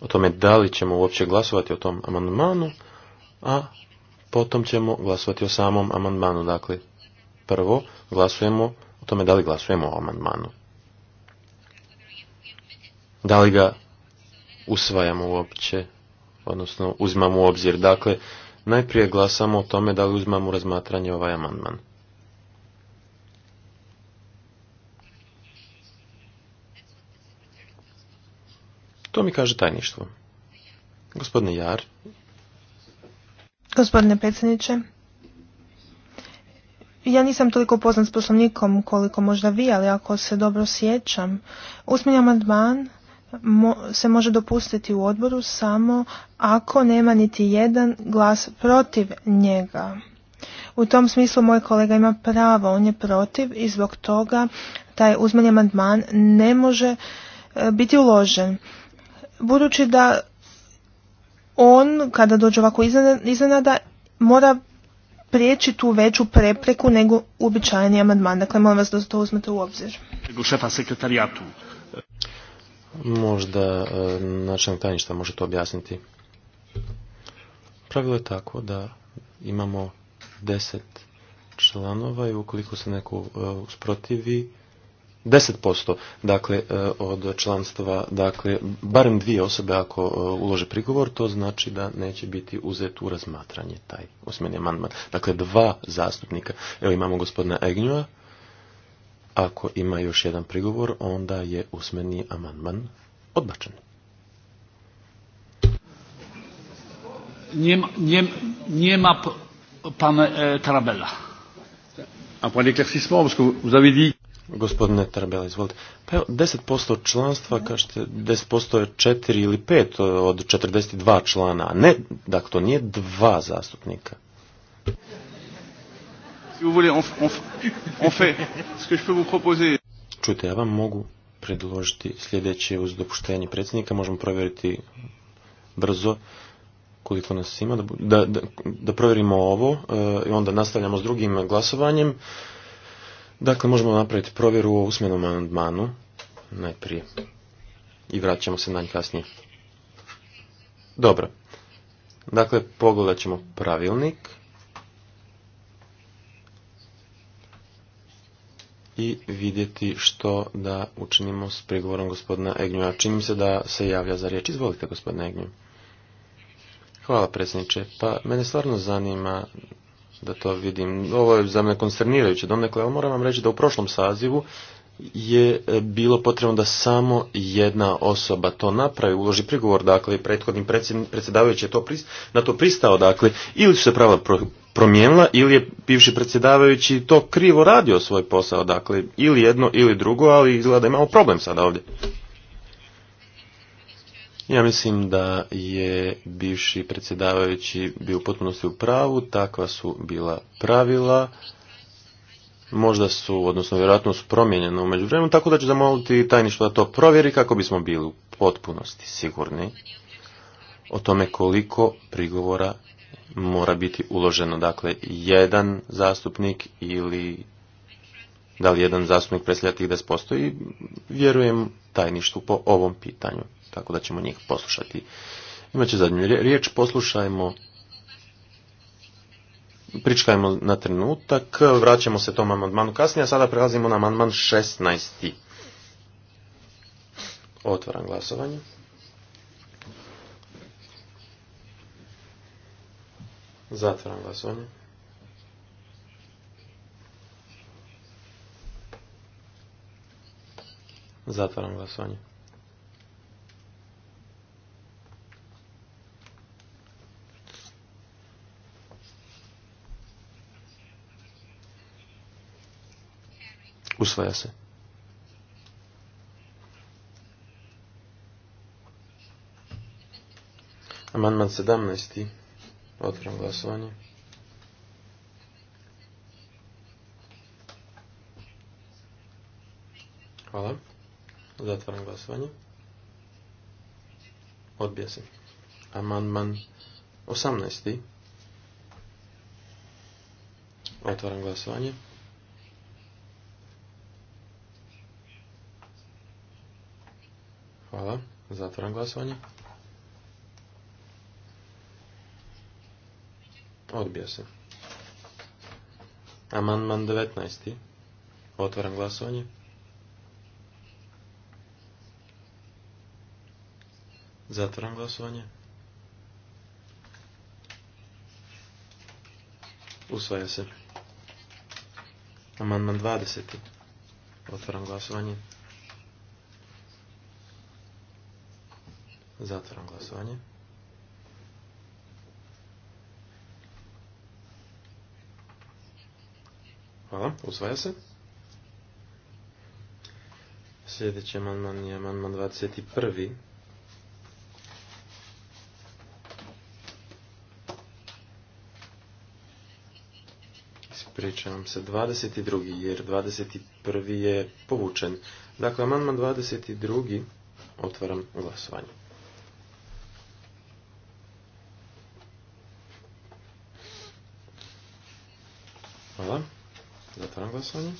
o tome da li ćemo uopće glasovati o tom amandmanu, a potom ćemo glasovati o samom amandmanu. Dakle, prvo glasujemo o tome da li glasujemo o amandmanu. Da li ga usvajamo uopće, odnosno uzmamo u obzir. Dakle, Najprije glasamo o tome da li uzmamo u razmatranje ovaj amandman. To mi kaže tajništvo. Gospodine Jar. Gospodine predsjedniče, ja nisam toliko poznat s poslovnikom koliko možda vi, ali ako se dobro sjećam, usmeni amandman se može dopustiti u odboru samo ako nema niti jedan glas protiv njega. U tom smislu moj kolega ima pravo, on je protiv i zbog toga taj uzmeni amandman ne može e, biti uložen. Budući da on, kada dođe ovako iznenada, mora prijeći tu veću prepreku nego uobičajeni amandman. Dakle, molim vas da to uzmete u obzir. Šefa sekretarijatu. Možda e, načelnik tajništva može to objasniti. Pravilo je tako da imamo deset članova i ukoliko se neko e, usprotivi, 10%, dakle, e, od članstva, dakle, barem dvije osobe ako ulože prigovor, to znači da neće biti uzet u razmatranje taj osmeni amandman. Dakle, dva zastupnika. Evo imamo gospodina Egnjua ako ima još jedan prigovor, onda je usmeni amandman odbačen. njema pan e, Tarabella. Un point parce que vous avez dit... Gospodine Tarabella, izvolite. Pa evo, 10% članstva, kažete, 10% je 4 ili 5 od 42 člana, a ne, dakle, to nije dva zastupnika. Si vous Čujte, ja vam mogu predložiti sljedeće uz dopuštenje predsjednika. Možemo provjeriti brzo koliko nas ima. Da, da, da provjerimo ovo eh, i onda nastavljamo s drugim glasovanjem. Dakle, možemo napraviti provjeru o usmenom amandmanu najprije i vraćamo se na kasnije. Dobro. Dakle, pogledat ćemo pravilnik. i vidjeti što da učinimo s prigovorom gospodina Egnju. čini mi se da se javlja za riječ. Izvolite gospodine Egnju. Hvala predsjedniče. Pa mene stvarno zanima da to vidim. Ovo je za mene koncernirajuće donekle, moram vam reći da u prošlom sazivu je e, bilo potrebno da samo jedna osoba to napravi, uloži prigovor, dakle, i prethodni predsjedavajući je to, na to pristao, dakle, ili su se pravila promijenila ili je bivši predsjedavajući to krivo radio svoj posao, dakle ili jedno ili drugo, ali izgleda da imamo problem sada ovdje. Ja mislim da je bivši predsjedavajući bio u potpunosti u pravu, takva su bila pravila, možda su, odnosno vjerojatno su promijenjene u međuvremenu, tako da ću zamoliti tajništvo da to provjeri kako bismo bili u potpunosti sigurni o tome koliko prigovora mora biti uloženo. Dakle, jedan zastupnik ili da li jedan zastupnik predstavlja tih 10% i vjerujem tajništvu po ovom pitanju. Tako da ćemo njih poslušati. Imaće zadnju riječ, poslušajmo pričkajmo na trenutak, vraćamo se tom amandmanu kasnije, a sada prelazimo na amandman 16. Otvaram glasovanje. Zatvaram glasovanje. Zatvaram glasovanje. Usvaja se. Amandman 17. Otvaram glasovanje. Hvala. Zatvaram glasovanje. Odbija se. Amandman osamnaesti. Otvaram glasovanje. Hvala. Zatvaram glasovanje. Odbija se. Amandman 19. Otvaram glasovanje. Zatvaram glasovanje. Usvaja se. Amandman 20. Otvaram glasovanje. Zatvaram glasovanje. Hvala, usvaja se. Sljedeći amandman je amandman 21. Ispričavam se, 22. jer 21. je povučen. Dakle, amandman 22. otvaram glasovanje. Hvala. Zatvaram glasovanje.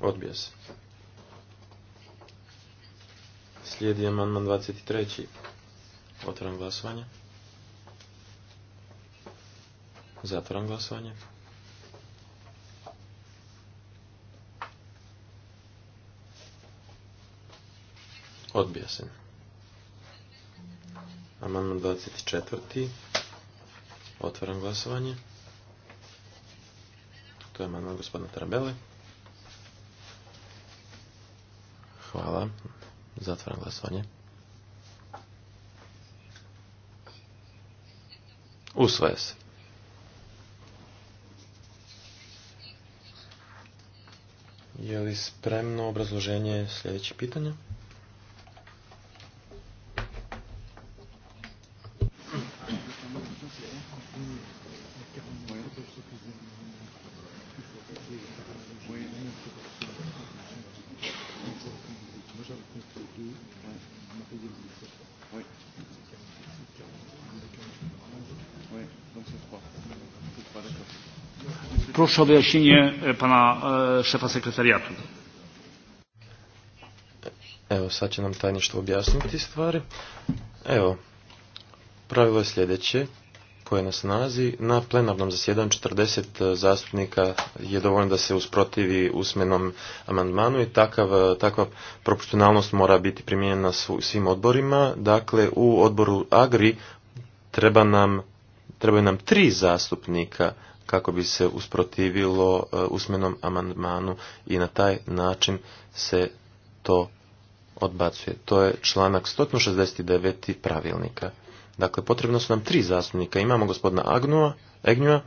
Odbija se. Slijedi amandman 23. Otvaram glasovanje. Zatvaram glasovanje. Odbija se. Amandman 24. Otvaram glasovanje. To je manuel gospodina Tarabele. Hvala. Zatvaram glasovanje. Usvaja se. Je li spremno obrazloženje sljedećih pitanja? proszę o e, pana e, szefa sekretariatu. Evo, sad će nam tajništvo objasniti stvari. Evo, pravilo je sljedeće koje nas nalazi. Na plenarnom zasjedanju 40 e, zastupnika je dovoljno da se usprotivi usmenom amandmanu i takav, takva proporcionalnost mora biti primijenjena svim odborima. Dakle, u odboru Agri treba nam, trebaju nam tri zastupnika kako bi se usprotivilo eh, usmenom amandmanu i na taj način se to odbacuje. To je članak 169. pravilnika. Dakle, potrebno su nam tri zastupnika. Imamo gospodina Agnua, Egnua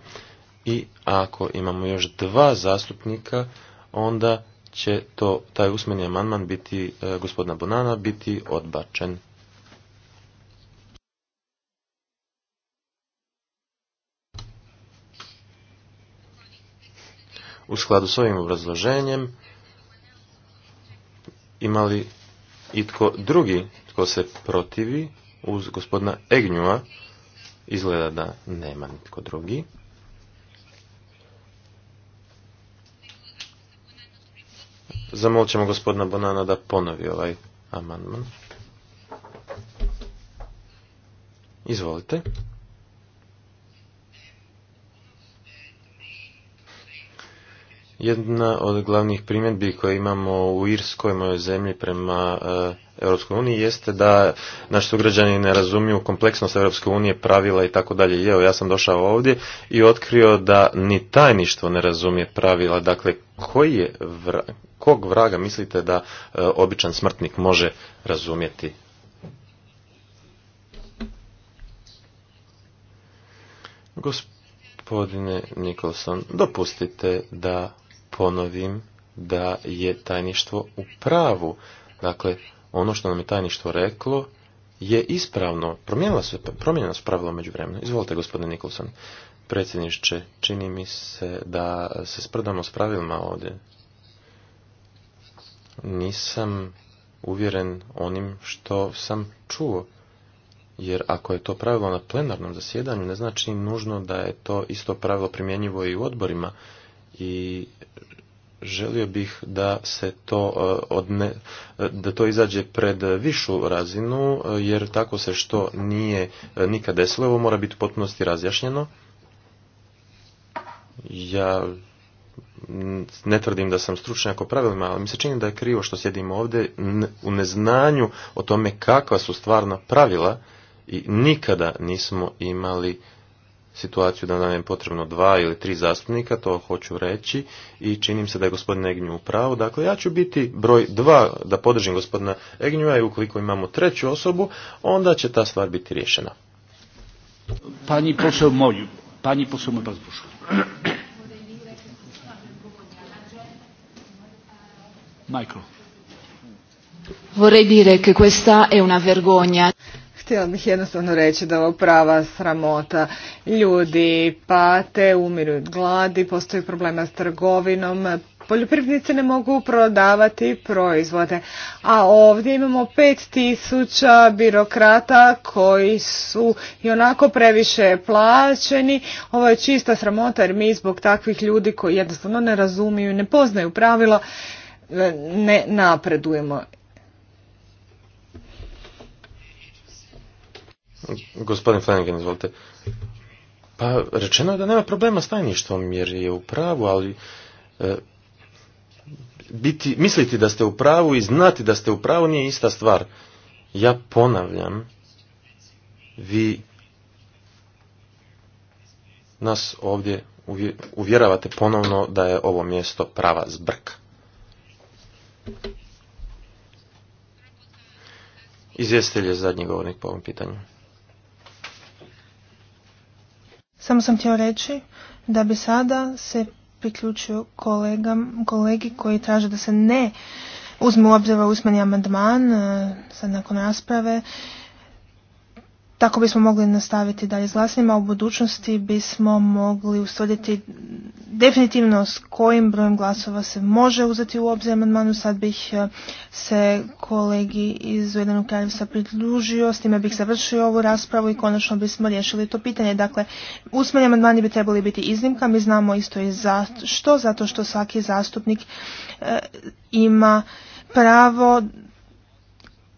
i ako imamo još dva zastupnika, onda će to, taj usmeni amandman biti eh, gospodina Bonana biti odbačen. u skladu s ovim obrazloženjem. Imali itko drugi tko se protivi uz gospodina Egnjua? Izgleda da nema nitko drugi. Zamolit ćemo gospodina Bonana da ponovi ovaj amandman. Izvolite. Jedna od glavnih primjedbi koje imamo u Irskoj, mojoj zemlji prema e, Europskoj uniji, jeste da naši sugrađani ne razumiju kompleksnost EU, unije, pravila i tako dalje. Evo, ja sam došao ovdje i otkrio da ni tajništvo ne razumije pravila. Dakle, koji je kog vraga mislite da e, običan smrtnik može razumjeti? Gospodine Nikolson, dopustite da ponovim da je tajništvo u pravu. Dakle, ono što nam je tajništvo reklo je ispravno. Promijenila se, promijenila se pravila među vremenu. Izvolite, gospodine Nikolson. Predsjedniče, čini mi se da se sprdamo s pravilima ovdje. Nisam uvjeren onim što sam čuo. Jer ako je to pravilo na plenarnom zasjedanju, ne znači nužno da je to isto pravilo primjenjivo i u odborima. I želio bih da se to e, odne, e, da to izađe pred višu razinu e, jer tako se što nije nikad desilo ovo mora biti u potpunosti razjašnjeno ja ne tvrdim da sam stručnjak o pravilima, ali mi se čini da je krivo što sjedimo ovdje u neznanju o tome kakva su stvarna pravila i nikada nismo imali situaciju da nam je potrebno dva ili tri zastupnika, to hoću reći, i činim se da je gospodin Egnju u pravu. Dakle, ja ću biti broj dva da podržim gospodina Egnjuja i ukoliko imamo treću osobu, onda će ta stvar biti riješena. Pani posao moju, pani posao moju Michael. Vorrei dire che questa è una vergogna htjela bih jednostavno reći da je ovo prava sramota. Ljudi pate, umiru od gladi, postoji problema s trgovinom, poljoprivrednici ne mogu prodavati proizvode. A ovdje imamo 5000 birokrata koji su i onako previše plaćeni. Ovo je čista sramota jer mi zbog takvih ljudi koji jednostavno ne razumiju i ne poznaju pravila ne napredujemo. Gospodin Flanagan, izvolite. Pa rečeno je da nema problema s tajništvom jer je u pravu, ali e, biti, misliti da ste u pravu i znati da ste u pravu nije ista stvar. Ja ponavljam, vi nas ovdje uvjeravate ponovno da je ovo mjesto prava zbrka. Izvjestelj je zadnji govornik po ovom pitanju. Samo sam htio reći da bi sada se priključio kolegam, kolegi koji traže da se ne uzme u obzir ovaj usmeni amandman e, sad nakon rasprave tako bismo mogli nastaviti dalje s a U budućnosti bismo mogli ustvrditi definitivno s kojim brojem glasova se može uzeti u obzir amandmanu. Sad bih e, se kolegi iz Ujedinog kraljevstva pridružio, s time bih završio ovu raspravu i konačno bismo riješili to pitanje. Dakle, usmeni amandmani bi trebali biti iznimka, mi znamo isto i zašto, zato što svaki zastupnik e, ima pravo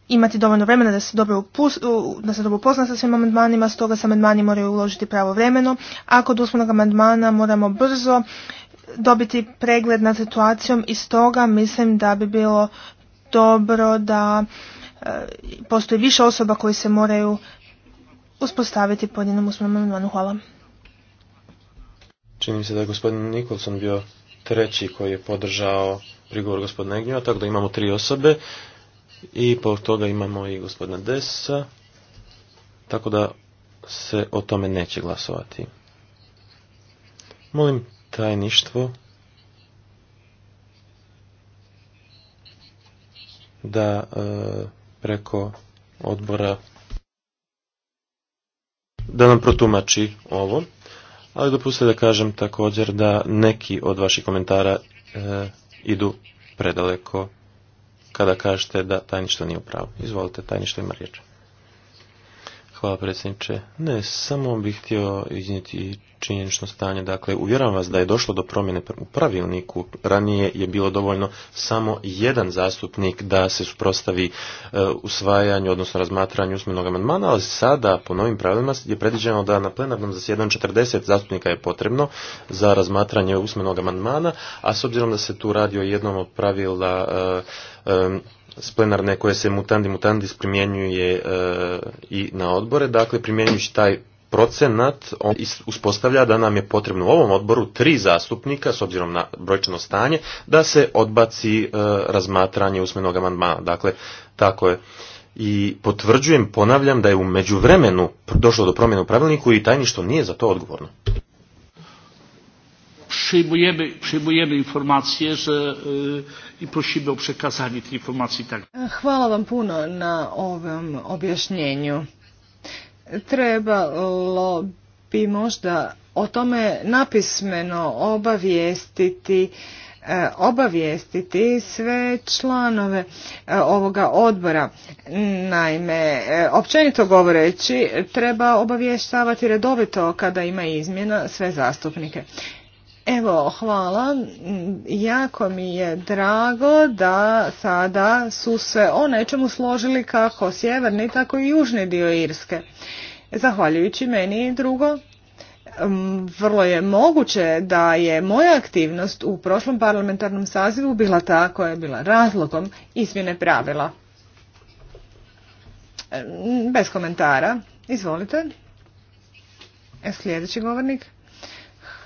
imati dovoljno vremena da se dobro, upus, da se dobro upozna sa svim amandmanima, stoga se amandmani moraju uložiti pravo vremeno, A kod usmenog amandmana moramo brzo dobiti pregled nad situacijom i stoga mislim da bi bilo dobro da e, postoji više osoba koji se moraju uspostaviti po jednom usmenom amandmanu. Hvala. Čini mi se da je gospodin Nikolson bio treći koji je podržao prigovor gospodina Egnjeva, tako da imamo tri osobe i po toga imamo i gospodina Desa, tako da se o tome neće glasovati. Molim tajništvo da e, preko odbora da nam protumači ovo, ali dopustite da kažem također da neki od vaših komentara e, idu predaleko kada kažete da tajništvo nije u pravu. Izvolite, tajništvo ima riječ. Hvala predsjedniče. Ne, samo bih htio iznijeti činjenično stanje. Dakle, uvjeram vas da je došlo do promjene u pravilniku. Ranije je bilo dovoljno samo jedan zastupnik da se suprostavi e, usvajanju, odnosno razmatranju usmenog amandmana, ali sada po novim pravilima je predviđeno da na plenarnom zasjedanju 40 zastupnika je potrebno za razmatranje usmenog amandmana, a s obzirom da se tu radi o jednom od pravila e, e, splenarne koje se mutandi mutandis primjenjuje e, i na odbore. Dakle, primjenjujući taj procenat on uspostavlja da nam je potrebno u ovom odboru tri zastupnika s obzirom na brojčano stanje da se odbaci e, razmatranje usmenog amandmana. Dakle, tako je. I potvrđujem, ponavljam da je u međuvremenu došlo do promjene u pravilniku i tajništvo nije za to odgovorno przyjmujemy, przyjmujemy informacje że, i prosimy o przekazanie tej informacji. Tak. Hvala e, vam puno na ovom objašnjenju. Trebalo bi možda o tome napismeno obavijestiti e, obavijestiti sve članove e, ovoga odbora. Naime, općenito govoreći, treba obavještavati redovito kada ima izmjena sve zastupnike. Evo, hvala. Jako mi je drago da sada su se o nečemu složili kako sjeverni, tako i južni dio Irske. Zahvaljujući meni i drugo, vrlo je moguće da je moja aktivnost u prošlom parlamentarnom sazivu bila ta koja je bila razlogom izmjene pravila. Bez komentara. Izvolite. E, sljedeći govornik.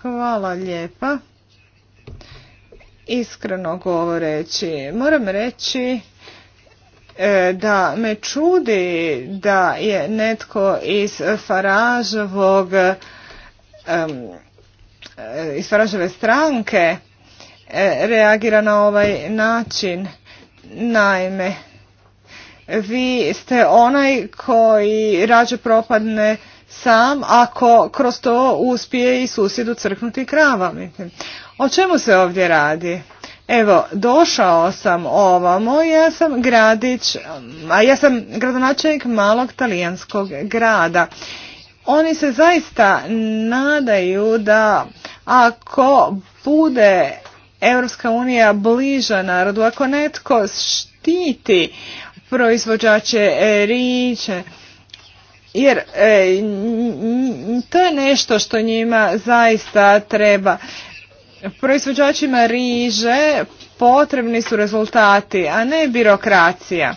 Hvala lijepa. Iskreno govoreći, moram reći e, da me čudi da je netko iz Faražovog Faražove stranke e, reagira na ovaj način. Naime, vi ste onaj koji rađe propadne sam ako kroz to uspije i susjedu crknuti kravami. O čemu se ovdje radi? Evo, došao sam ovamo, ja sam gradić, a ja sam gradonačelnik malog talijanskog grada. Oni se zaista nadaju da ako bude Europska unija bliža narodu, ako netko štiti proizvođače riče, jer e, to je nešto što njima zaista treba. Proizvođačima riže potrebni su rezultati, a ne birokracija.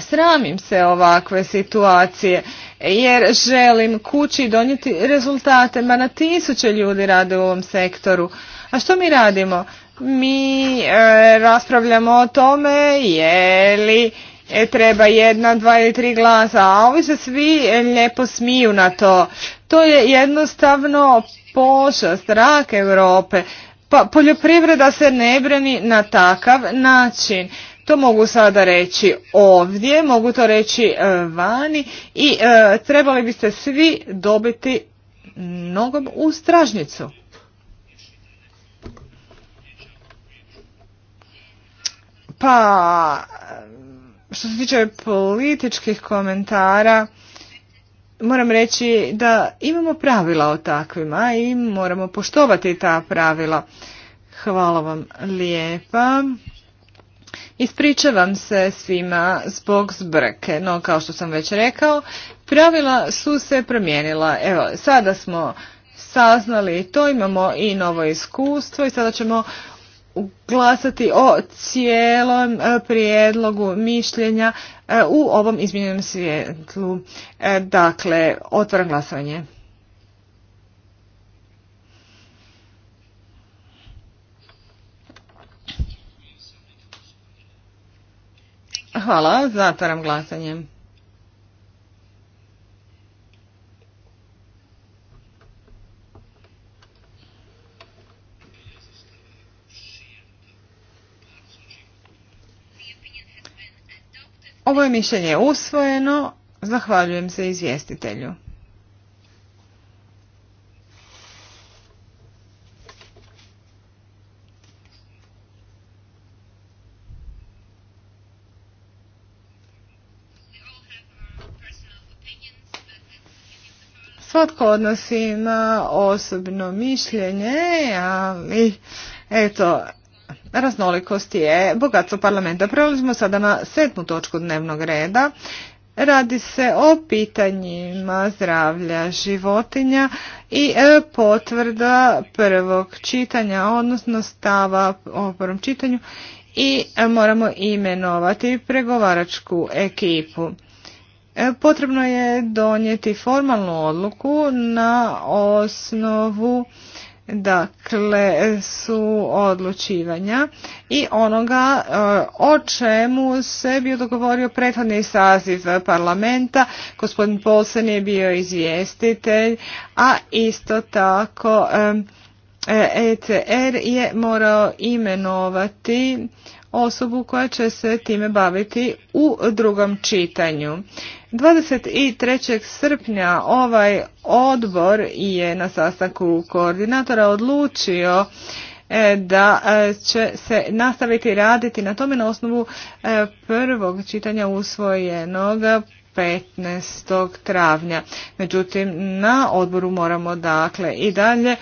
Sramim se ovakve situacije jer želim kući donijeti rezultate, ma na tisuće ljudi rade u ovom sektoru. A što mi radimo? Mi e, raspravljamo o tome je li E, treba jedna, dva ili tri glasa, a ovi se svi e, lijepo smiju na to. To je jednostavno pošast, rak Europe. Pa poljoprivreda se ne breni na takav način. To mogu sada reći ovdje, mogu to reći e, vani i trebali biste svi dobiti nogom u stražnicu. Pa što se tiče političkih komentara, moram reći da imamo pravila o takvima i moramo poštovati ta pravila. Hvala vam lijepa. Ispričavam se svima zbog zbrke, no kao što sam već rekao, pravila su se promijenila. Evo, sada smo saznali to, imamo i novo iskustvo i sada ćemo glasati o cijelom e, prijedlogu mišljenja e, u ovom izmjenjenom svijetlu. E, dakle, otvaram glasovanje. Hvala, zatvaram glasanje. Ovo je mišljenje usvojeno. Zahvaljujem se izvjestitelju. Svatko odnosi na osobno mišljenje, ali eto, raznolikosti je bogatstvo parlamenta. Prelazimo sada na sedmu točku dnevnog reda. Radi se o pitanjima zdravlja životinja i e, potvrda prvog čitanja, odnosno stava o prvom čitanju i e, moramo imenovati pregovaračku ekipu. E, potrebno je donijeti formalnu odluku na osnovu dakle su odlučivanja i onoga e, o čemu se bio dogovorio prethodni saziv parlamenta. Gospodin Polsen je bio izvjestitelj, a isto tako ECR e, e je morao imenovati osobu koja će se time baviti u drugom čitanju. 23. srpnja ovaj odbor je na sastanku koordinatora odlučio e, da e, će se nastaviti raditi na tome na osnovu e, prvog čitanja usvojenog 15. travnja. Međutim, na odboru moramo dakle i dalje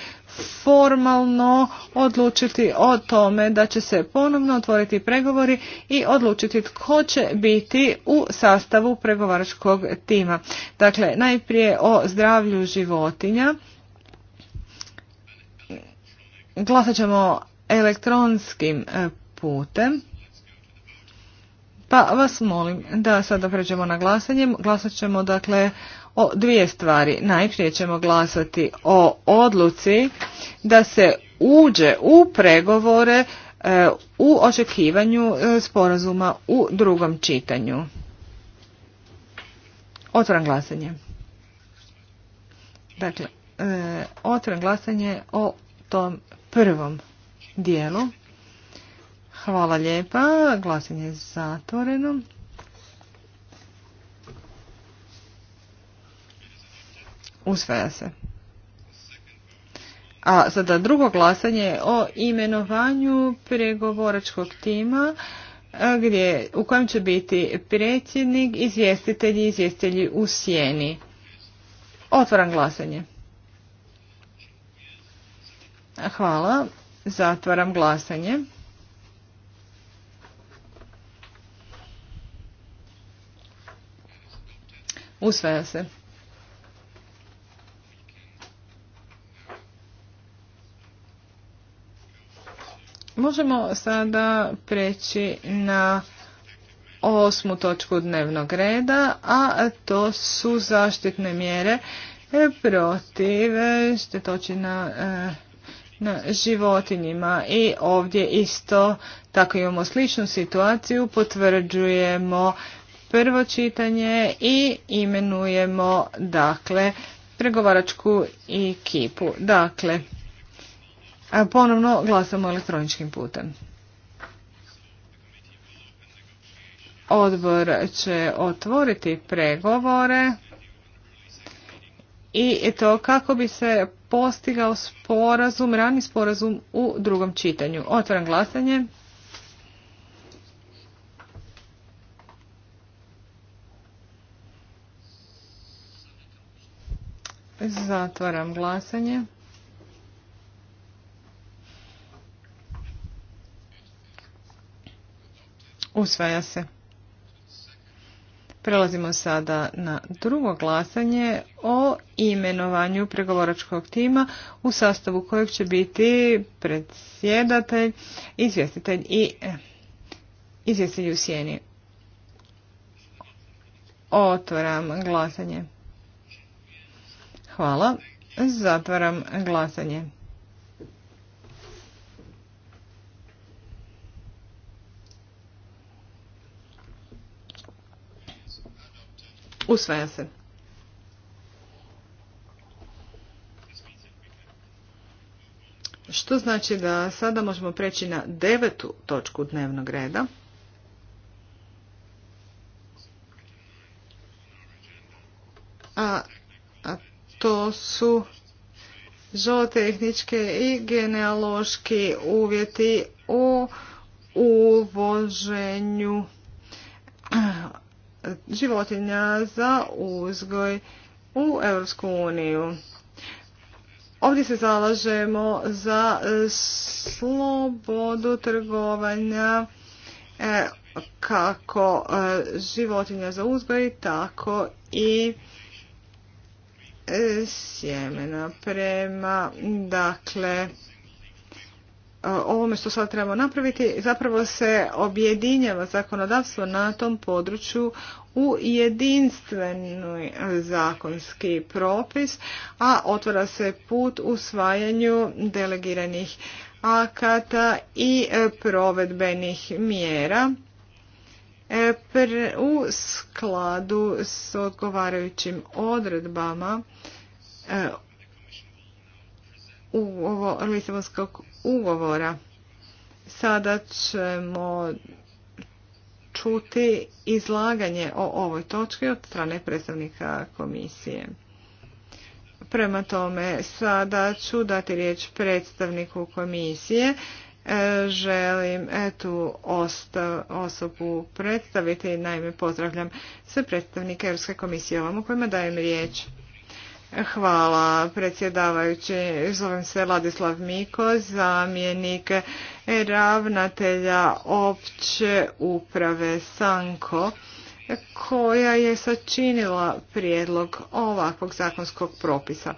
formalno odlučiti o tome da će se ponovno otvoriti pregovori i odlučiti tko će biti u sastavu pregovaračkog tima. Dakle, najprije o zdravlju životinja. Glasat ćemo elektronskim e, putem. Pa vas molim da sada pređemo na glasanje. Glasat ćemo dakle o dvije stvari. Najprije ćemo glasati o odluci da se uđe u pregovore e, u očekivanju e, sporazuma u drugom čitanju. Otvoram glasanje. Dakle, e, otvoram glasanje o tom prvom dijelu. Hvala lijepa. Glasanje je zatvoreno. Usvaja se. A sada drugo glasanje o imenovanju pregovoračkog tima e, gdje, u kojem će biti predsjednik, izvjestitelji i izvjestitelji u sjeni. Otvaram glasanje. Hvala. Zatvaram glasanje. Usvaja se. Možemo sada preći na osmu točku dnevnog reda, a to su zaštitne mjere protiv štetočina eh, na životinjima i ovdje isto tako imamo sličnu situaciju, potvrđujemo prvo čitanje i imenujemo dakle pregovaračku ekipu. Dakle, Ponovno glasamo elektroničkim putem. Odbor će otvoriti pregovore i to kako bi se postigao sporazum, rani sporazum u drugom čitanju. Otvaram glasanje. Zatvaram glasanje. Usvaja se. Prelazimo sada na drugo glasanje o imenovanju pregovoračkog tima u sastavu kojeg će biti predsjedatelj, izvjestitelj i eh, izvjestitelj u sjeni. Otvaram glasanje. Hvala. Zatvaram glasanje. Usvaja se. Što znači da sada možemo preći na devetu točku dnevnog reda. A, a to su zootehničke i genealoški uvjeti u uvoženju životinja za uzgoj u Europsku uniju. Ovdje se zalažemo za e, slobodu trgovanja e, kako e, životinja za uzgoj, tako i sjemena prema dakle ovome što sad trebamo napraviti, zapravo se objedinjava zakonodavstvo na tom području u jedinstveni zakonski propis, a otvara se put usvajanju delegiranih akata i e, provedbenih mjera e, u skladu s odgovarajućim odredbama e, ugovo, Lisabonskog ugovora. Sada ćemo čuti izlaganje o ovoj točki od strane predstavnika komisije. Prema tome, sada ću dati riječ predstavniku komisije. E, želim e, tu osobu predstaviti. Naime, pozdravljam sve predstavnike Europske komisije ovom u kojima dajem riječ. Hvala predsjedavajući. Zovem se Ladislav Miko, zamjenik ravnatelja opće uprave Sanko koja je sačinila prijedlog ovakvog zakonskog propisa.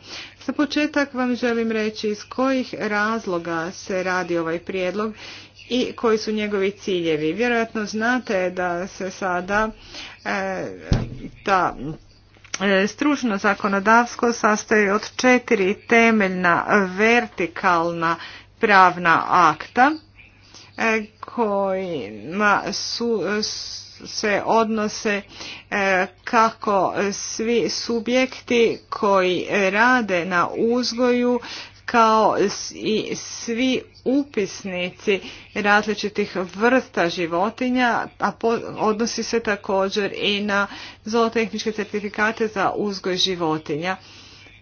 Za početak vam želim reći iz kojih razloga se radi ovaj prijedlog i koji su njegovi ciljevi. Vjerojatno znate da se sada e, ta E, stručno zakonodavstvo sastoji od četiri temeljna vertikalna pravna akta e, kojima su se odnose e, kako svi subjekti koji rade na uzgoju kao i svi upisnici različitih vrsta životinja, a odnosi se također i na zootehničke certifikate za uzgoj životinja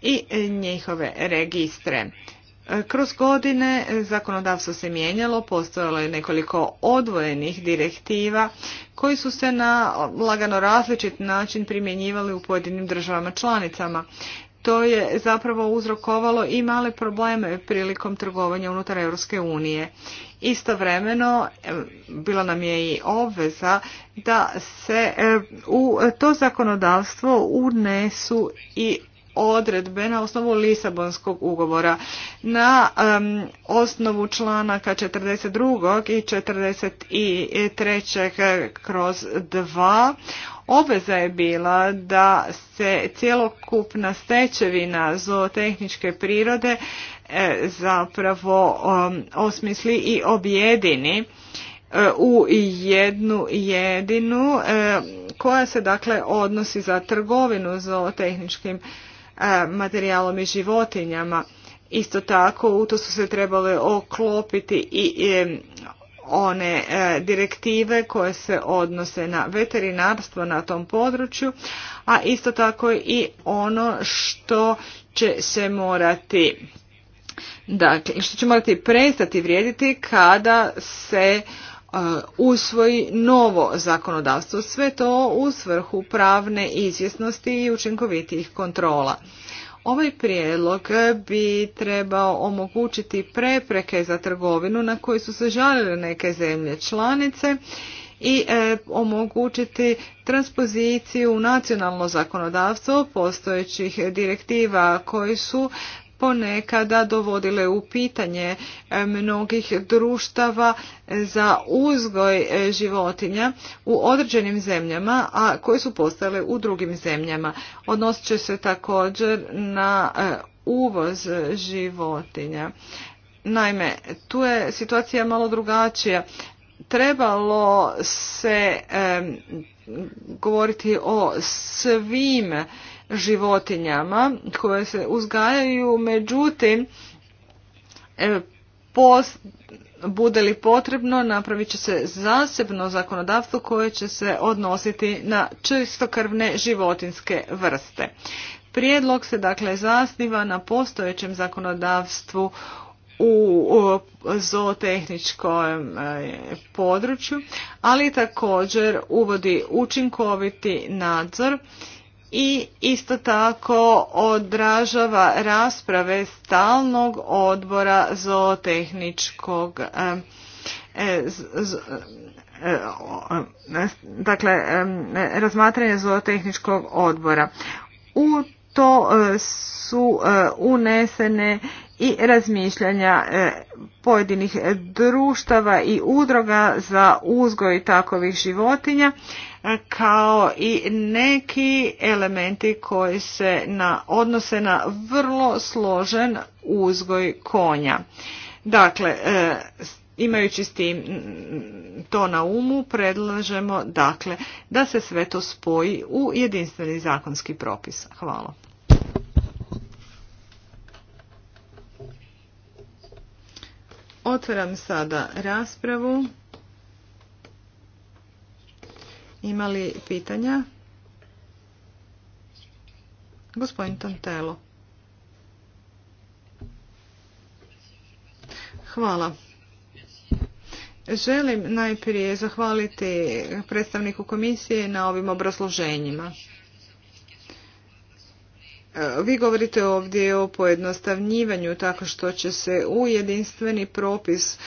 i njihove registre. Kroz godine zakonodavstvo se mijenjalo, postojalo je nekoliko odvojenih direktiva koji su se na lagano različit način primjenjivali u pojedinim državama članicama to je zapravo uzrokovalo i male probleme prilikom trgovanja unutar Europske unije. Istovremeno bila nam je i obveza da se u to zakonodavstvo unesu i odredbe na osnovu Lisabonskog ugovora. Na osnovu članaka 42. i 43. kroz 2 Obveza je bila da se cjelokupna stečevina zootehničke prirode e, zapravo um, osmisli i objedini e, u jednu jedinu e, koja se dakle odnosi za trgovinu zootehničkim materijalom i životinjama. Isto tako u to su se trebale oklopiti i one e, direktive koje se odnose na veterinarstvo na tom području, a isto tako i ono što će se morati dakle, što će morati prestati vrijediti kada se e, usvoji novo zakonodavstvo. Sve to u svrhu pravne izvjesnosti i učinkovitih kontrola. Ovaj prijedlog bi trebao omogućiti prepreke za trgovinu na koje su se žalile neke zemlje članice i e, omogućiti transpoziciju u nacionalno zakonodavstvo postojećih direktiva koji su ponekada dovodile u pitanje e, mnogih društava za uzgoj e, životinja u određenim zemljama, a koje su postale u drugim zemljama. Odnosit će se također na e, uvoz životinja. Naime, tu je situacija malo drugačija. Trebalo se govoriti o svim životinjama koje se uzgajaju, međutim, e, bude li potrebno, napravit će se zasebno zakonodavstvo koje će se odnositi na čistokrvne životinske vrste. Prijedlog se dakle zasniva na postojećem zakonodavstvu u zootehničkom e, području, ali također uvodi učinkoviti nadzor i isto tako odražava rasprave stalnog odbora zootehničkog e, e, e, dakle razmatranje zootehničkog odbora u to su unesene i razmišljanja pojedinih društava i udroga za uzgoj takovih životinja kao i neki elementi koji se na, odnose na vrlo složen uzgoj konja. Dakle, e, imajući s tim to na umu, predlažemo dakle da se sve to spoji u jedinstveni zakonski propis. Hvala. Otvaram sada raspravu. Imali pitanja? Gospodin Tantelo. Hvala. Želim najprije zahvaliti predstavniku komisije na ovim obrazloženjima vi govorite ovdje o pojednostavnjivanju tako što će se u jedinstveni propis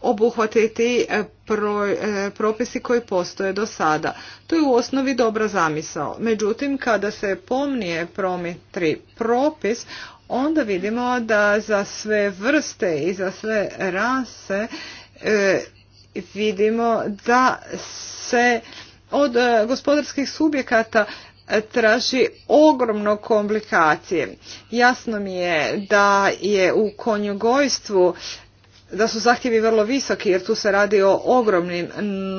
obuhvatiti e, e, propisi koji postoje do sada. To je u osnovi dobra zamisao. Međutim, kada se pomnije prometri propis, onda vidimo da za sve vrste i za sve rase e, vidimo da se od gospodarskih subjekata traži ogromno komplikacije. Jasno mi je da je u konjugojstvu da su zahtjevi vrlo visoki jer tu se radi o ogromnim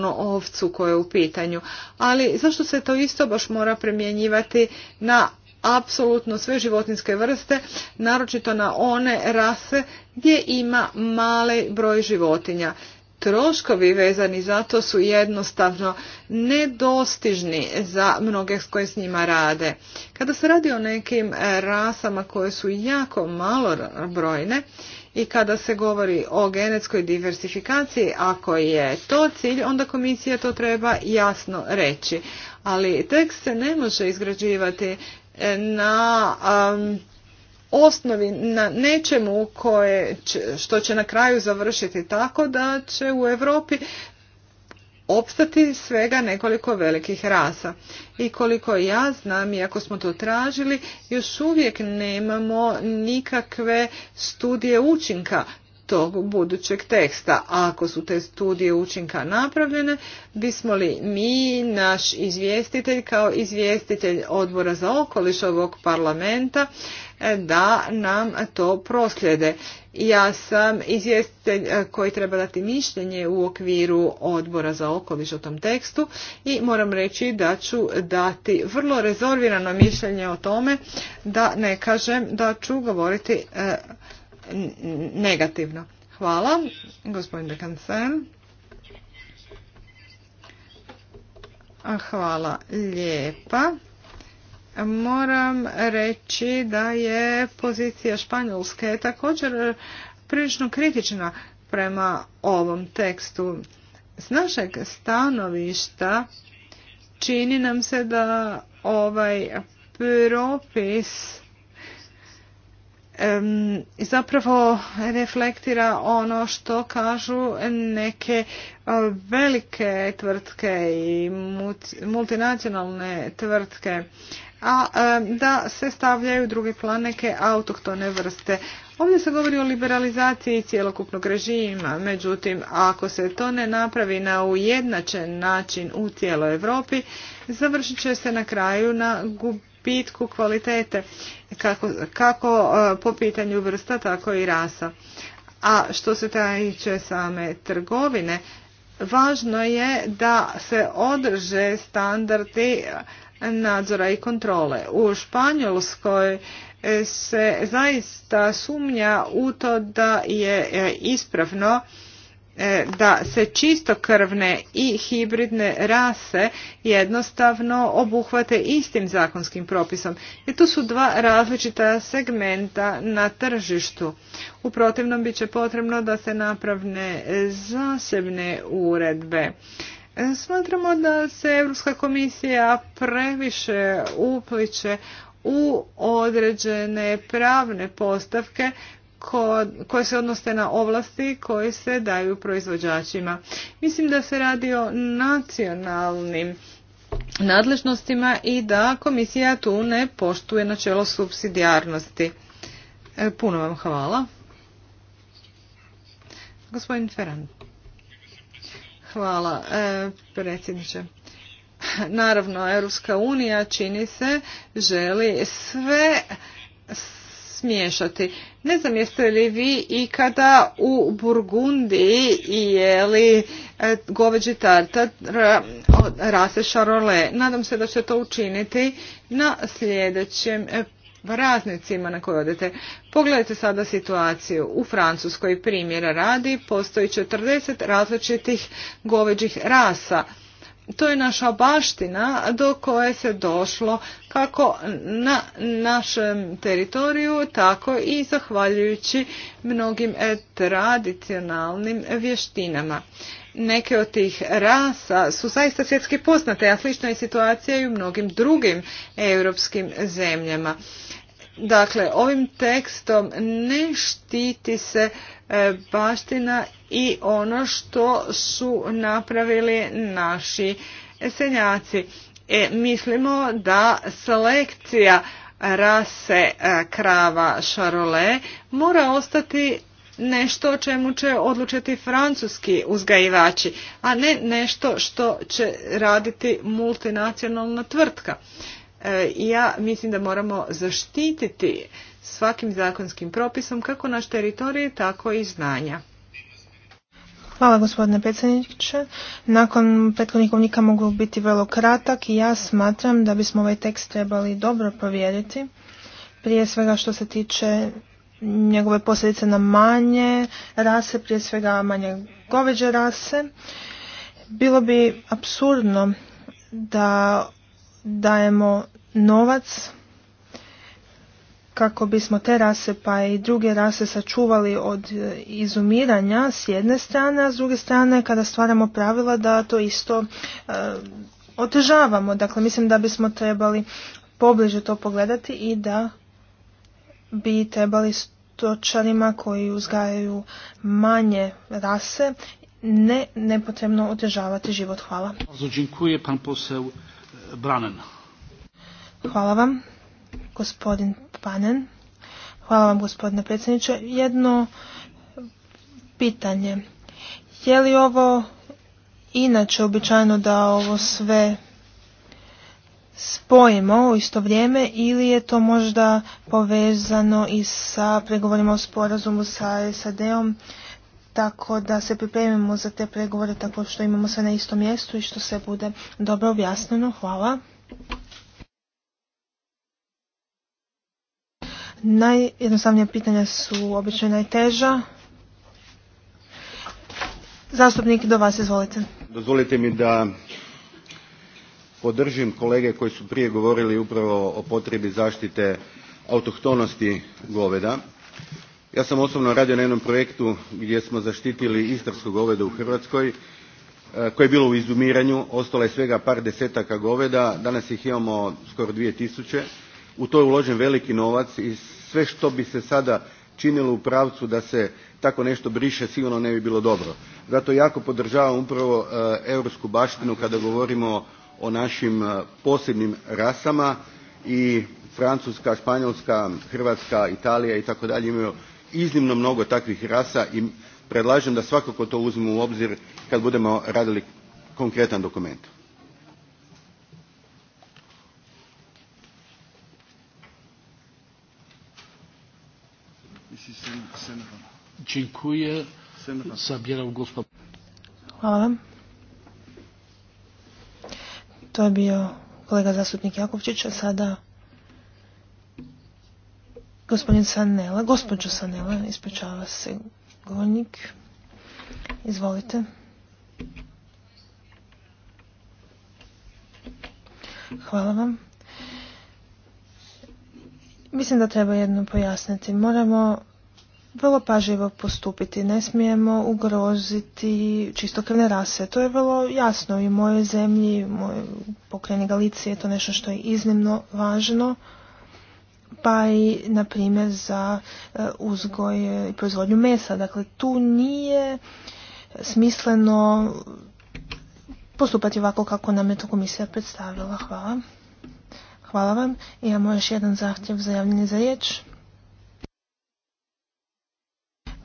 novcu koje je u pitanju. Ali zašto se to isto baš mora primjenjivati na apsolutno sve životinske vrste, naročito na one rase gdje ima mali broj životinja troškovi vezani za to su jednostavno nedostižni za mnoge koje s njima rade. Kada se radi o nekim e, rasama koje su jako malo brojne i kada se govori o genetskoj diversifikaciji, ako je to cilj, onda komisija to treba jasno reći. Ali tekst se ne može izgrađivati e, na osnovi na nečemu koje, što će na kraju završiti tako da će u Europi opstati svega nekoliko velikih rasa. I koliko ja znam, iako smo to tražili, još uvijek nemamo nikakve studije učinka tog budućeg teksta. A ako su te studije učinka napravljene, bismo li mi, naš izvjestitelj, kao izvjestitelj odbora za okoliš ovog parlamenta, da nam to proslijede. Ja sam izvjestitelj koji treba dati mišljenje u okviru odbora za okoliš o tom tekstu i moram reći da ću dati vrlo rezolvirano mišljenje o tome da ne kažem da ću govoriti e, negativno. Hvala, gospodin Kancel. Hvala lijepa. Moram reći da je pozicija Španjolske također eh, prilično kritična prema ovom tekstu. S našeg stanovišta čini nam se da ovaj propis zapravo reflektira ono što kažu neke eh, velike tvrtke i multinacionalne tvrtke a e, da se stavljaju drugi plan neke autoktone vrste. Ovdje se govori o liberalizaciji cjelokupnog režima, međutim ako se to ne napravi na ujednačen način u cijeloj Europi, završit će se na kraju na gubitku kvalitete kako, kako e, po pitanju vrsta, tako i rasa. A što se tiče same trgovine, važno je da se održe standardi nadzora i kontrole. U Španjolskoj e, se zaista sumnja u to da je e, ispravno e, da se krvne i hibridne rase jednostavno obuhvate istim zakonskim propisom. I tu su dva različita segmenta na tržištu. U protivnom bit će potrebno da se napravne zasebne uredbe. Smatramo da se Europska komisija previše upliče u određene pravne postavke koje se odnose na ovlasti koje se daju proizvođačima. Mislim da se radi o nacionalnim nadležnostima i da komisija tu ne poštuje načelo subsidijarnosti. E, puno vam hvala. Gospodin Ferrant. Hvala e, predsjedniče. Naravno, Europska unija čini se želi sve smiješati. Ne znam jeste li vi ikada u Burgundiji jeli e, goveđi tartar e, rase šarole. Nadam se da će to učiniti na sljedećem raznicima na koje odete. Pogledajte sada situaciju. U Francuskoj primjera radi postoji 40 različitih goveđih rasa. To je naša baština do koje se došlo kako na našem teritoriju, tako i zahvaljujući mnogim e, tradicionalnim vještinama. Neke od tih rasa su zaista svjetski poznate, a slična je situacija i u mnogim drugim europskim zemljama. Dakle, ovim tekstom ne štiti se e, baština i ono što su napravili naši senjaci. E, mislimo da selekcija rase e, krava šarole mora ostati nešto o čemu će odlučiti francuski uzgajivači, a ne nešto što će raditi multinacionalna tvrtka. E, ja mislim da moramo zaštititi svakim zakonskim propisom kako naš teritorij, tako i znanja. Hvala gospodine predsjedniče. Nakon prethodnih komunika mogu biti vrlo kratak i ja smatram da bismo ovaj tekst trebali dobro provjeriti. Prije svega što se tiče njegove posljedice na manje rase, prije svega manje goveđe rase. Bilo bi absurdno da dajemo novac kako bismo te rase pa i druge rase sačuvali od e, izumiranja s jedne strane, a s druge strane kada stvaramo pravila da to isto e, otežavamo. Dakle, mislim da bismo trebali pobliže to pogledati i da bi trebali stočarima koji uzgajaju manje rase ne nepotrebno otežavati život. Hvala. pan Hvala vam, gospodin Panen. Hvala vam, gospodine predsjedniče. Jedno pitanje. Je li ovo inače običajno da ovo sve spojimo u isto vrijeme ili je to možda povezano i sa pregovorima o sporazumu sa SAD-om tako da se pripremimo za te pregovore tako što imamo sve na istom mjestu i što se bude dobro objasneno. Hvala. Najjednostavnija pitanja su obično najteža. Zastupnik, do vas izvolite. Dozvolite mi da podržim kolege koji su prije govorili upravo o potrebi zaštite autohtonosti goveda. Ja sam osobno radio na jednom projektu gdje smo zaštitili istarsko goveda u Hrvatskoj e, koje je bilo u izumiranju, ostalo je svega par desetaka goveda, danas ih imamo skoro dvije tisuće u to je uložen veliki novac i sve što bi se sada činilo u pravcu da se tako nešto briše sigurno ne bi bilo dobro. Zato jako podržavam upravo e, europsku baštinu kada govorimo o našim e, posebnim rasama i Francuska, Španjolska, Hrvatska, Italija itd. imaju iznimno mnogo takvih rasa i predlažem da svakako to uzmemo u obzir kad budemo radili konkretan dokument. Dziękuję. Zabierał głos Hvala To je bio kolega zastupnik Jakovčić, a sada gospodin Sanela, gospođo Sanela, ispričava se govornik. Izvolite. Hvala vam. Mislim da treba jedno pojasniti. Moramo vrlo pažljivo postupiti. Ne smijemo ugroziti čistokrvne rase. To je vrlo jasno i u mojoj zemlji, u mojoj pokreni Galicije je to nešto što je iznimno važno. Pa i, na primjer, za e, uzgoj i proizvodnju mesa. Dakle, tu nije smisleno postupati ovako kako nam je to komisija predstavila. Hvala. Hvala vam. Imamo još jedan zahtjev za javljanje za riječ.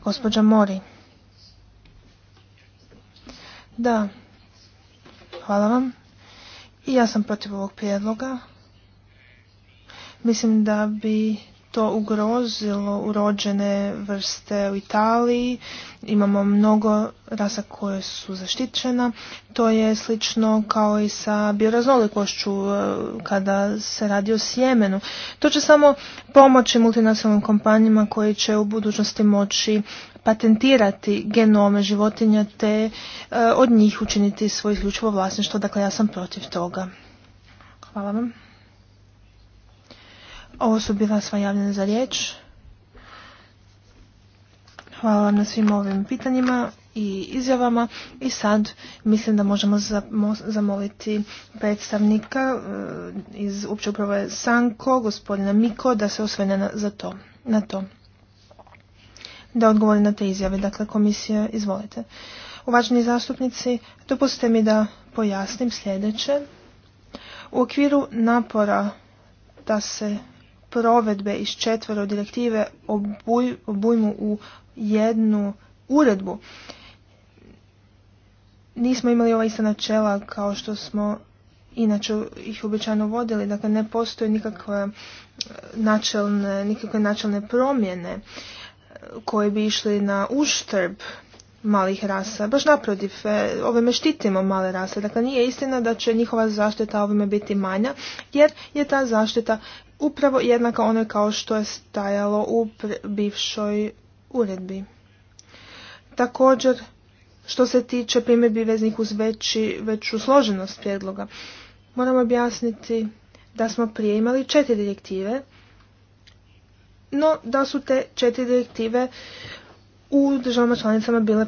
Gospođa Mori. Da. Hvala vam. I ja sam protiv ovog prijedloga. Mislim da bi to ugrozilo urođene vrste u Italiji. Imamo mnogo rasa koje su zaštićena. To je slično kao i sa bioraznolikošću e, kada se radi o sjemenu. To će samo pomoći multinacionalnim kompanijama koji će u budućnosti moći patentirati genome životinja te e, od njih učiniti svoje isključivo vlasništvo. Dakle, ja sam protiv toga. Hvala vam. Ovo su bila sva javljena za riječ. Hvala vam na svim ovim pitanjima i izjavama i sad mislim da možemo zamoliti predstavnika e, iz opće uprave Sanko, gospodina Miko, da se osvene za to, na to. Da odgovori na te izjave. Dakle, komisija, izvolite. Uvaženi zastupnici, dopustite mi da pojasnim sljedeće. U okviru napora da se provedbe iz četvoro direktive obuj, obujmu u jednu uredbu. Nismo imali ova ista načela kao što smo inače ih običajno vodili, dakle ne postoje nikakve e, načelne, nikakve načelne promjene e, koje bi išli na uštrb malih rasa. Baš naprotiv, e, ovime štitimo male rase. Dakle, nije istina da će njihova zaštita ovime biti manja, jer je ta zaštita upravo jednaka onoj kao što je stajalo u bivšoj uredbi. Također, što se tiče primjedbi veznih uz veći, veću složenost prijedloga, moramo objasniti da smo prije imali četiri direktive, no da su te četiri direktive u državama članicama bile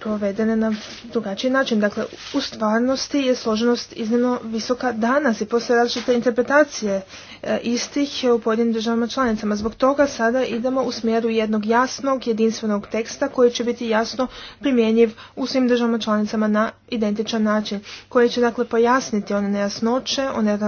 provedene na drugačiji način. Dakle, u stvarnosti je složenost iznimno visoka danas i postoje različite interpretacije e, istih u pojedinim državama članicama. Zbog toga sada idemo u smjeru jednog jasnog, jedinstvenog teksta koji će biti jasno primjenjiv u svim državama članicama na identičan način, koji će dakle pojasniti one nejasnoće, one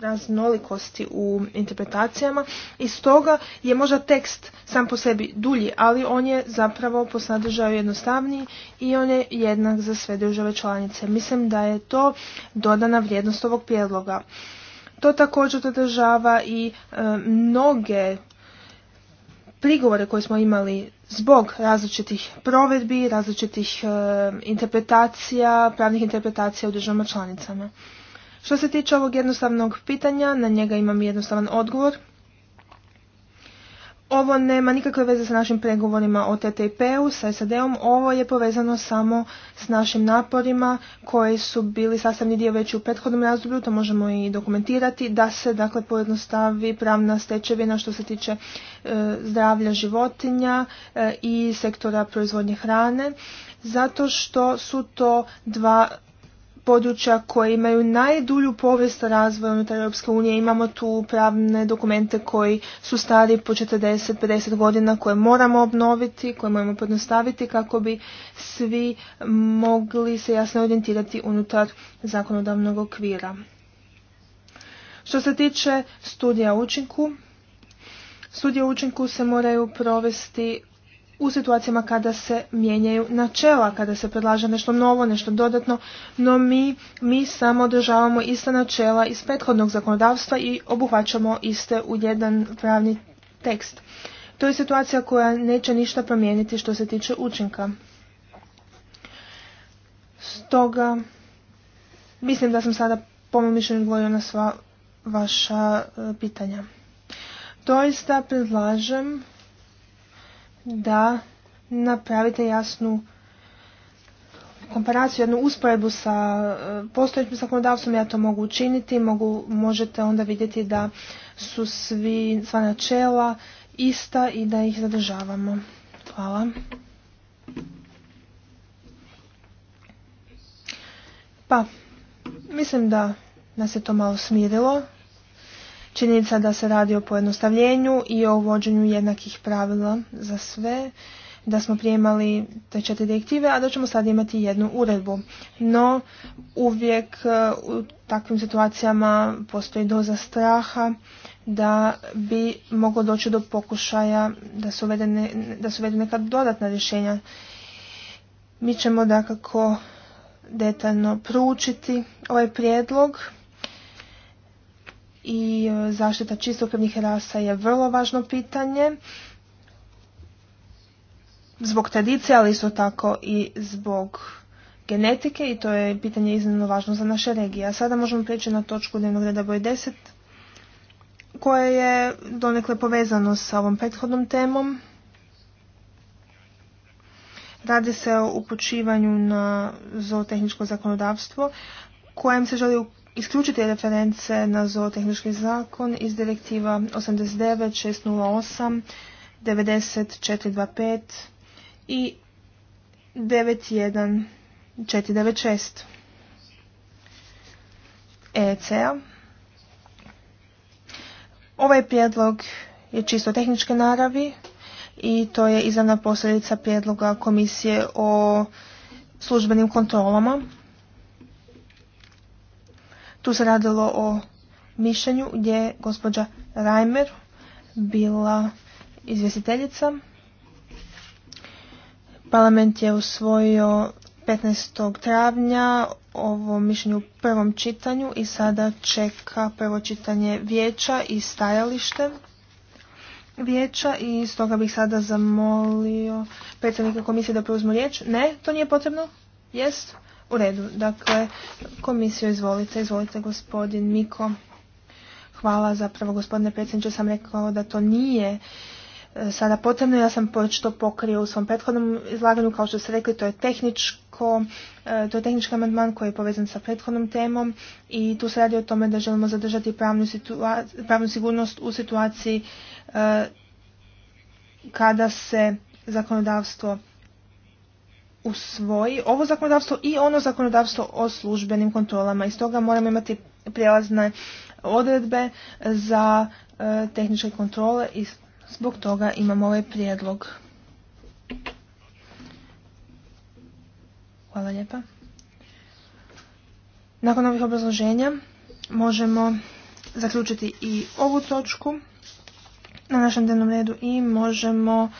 raznolikosti u interpretacijama i stoga je možda tekst sam po sebi dulji, ali on je zapravo po sadržaju jednostavniji i on je jednak za sve države članice. Mislim da je to dodana vrijednost ovog prijedloga. To također održava i e, mnoge prigovore koje smo imali zbog različitih provedbi, različitih e, interpretacija, pravnih interpretacija u državama članicama. Što se tiče ovog jednostavnog pitanja, na njega imam jednostavan odgovor. Ovo nema nikakve veze sa našim pregovorima o TTIP-u, sa SAD-om, ovo je povezano samo s našim naporima koji su bili sastavni dio već u prethodnom razdoblju, to možemo i dokumentirati, da se dakle pojednostavi pravna stečevina što se tiče e, zdravlja životinja e, i sektora proizvodnje hrane, zato što su to dva područja koje imaju najdulju povijest razvoja unutar Europske unije. Imamo tu pravne dokumente koji su stari po 40-50 godina koje moramo obnoviti, koje moramo podnostaviti kako bi svi mogli se jasno orijentirati unutar zakonodavnog okvira. Što se tiče studija učinku, studije učinku se moraju provesti u situacijama kada se mijenjaju načela, kada se predlaže nešto novo, nešto dodatno, no mi, mi samo održavamo ista načela iz prethodnog zakonodavstva i obuhvaćamo iste u jedan pravni tekst. To je situacija koja neće ništa promijeniti što se tiče učinka. Stoga, mislim da sam sada po mom mišljenju na sva vaša e, pitanja. Doista predlažem da napravite jasnu komparaciju, jednu usporedbu sa e, postojećim zakonodavstvom, ja to mogu učiniti, mogu, možete onda vidjeti da su svi, sva načela ista i da ih zadržavamo. Hvala. Pa, mislim da nas je to malo smirilo. Činjenica da se radi o pojednostavljenju i o uvođenju jednakih pravila za sve, da smo prijemali te četiri direktive, a da ćemo sad imati jednu uredbu. No, uvijek e, u takvim situacijama postoji doza straha da bi moglo doći do pokušaja da se uvede, ne, da se uvede neka dodatna rješenja. Mi ćemo dakako detaljno proučiti ovaj prijedlog i e, zaštita čistokrvnih rasa je vrlo važno pitanje zbog tradicije, ali isto tako i zbog genetike i to je pitanje iznimno važno za naše regije. A sada možemo prijeći na točku dnevnog reda broj 10 koje je donekle povezano sa ovom prethodnom temom. Radi se o upućivanju na zootehničko zakonodavstvo kojem se želi isključiti reference na zootehnički zakon iz direktiva 89, 608, i 91.496 496 EEC-a. Ovaj prijedlog je čisto tehničke naravi i to je izravna posljedica prijedloga komisije o službenim kontrolama tu se radilo o mišljenju gdje je gospođa Reimer bila izvjestiteljica. Parlament je usvojio 15. travnja ovo mišljenje u prvom čitanju i sada čeka prvo čitanje vijeća i stajalište vijeća i stoga bih sada zamolio predsjednika komisije da preuzmu riječ. Ne, to nije potrebno. Jest. U redu, dakle, komisiju izvolite, izvolite gospodin Miko. Hvala zapravo gospodine predsjedniče, sam rekao da to nije e, sada potrebno. Ja sam počto pokrio u svom prethodnom izlaganju, kao što ste rekli, to je tehničko, e, to je tehnički amandman koji je povezan sa prethodnom temom i tu se radi o tome da želimo zadržati pravnu sigurnost u situaciji e, kada se zakonodavstvo usvoji ovo zakonodavstvo i ono zakonodavstvo o službenim kontrolama. I stoga moramo imati prijelazne odredbe za e, tehničke kontrole i zbog toga imamo ovaj prijedlog. Hvala lijepa. Nakon ovih obrazloženja možemo zaključiti i ovu točku na našem dnevnom redu i možemo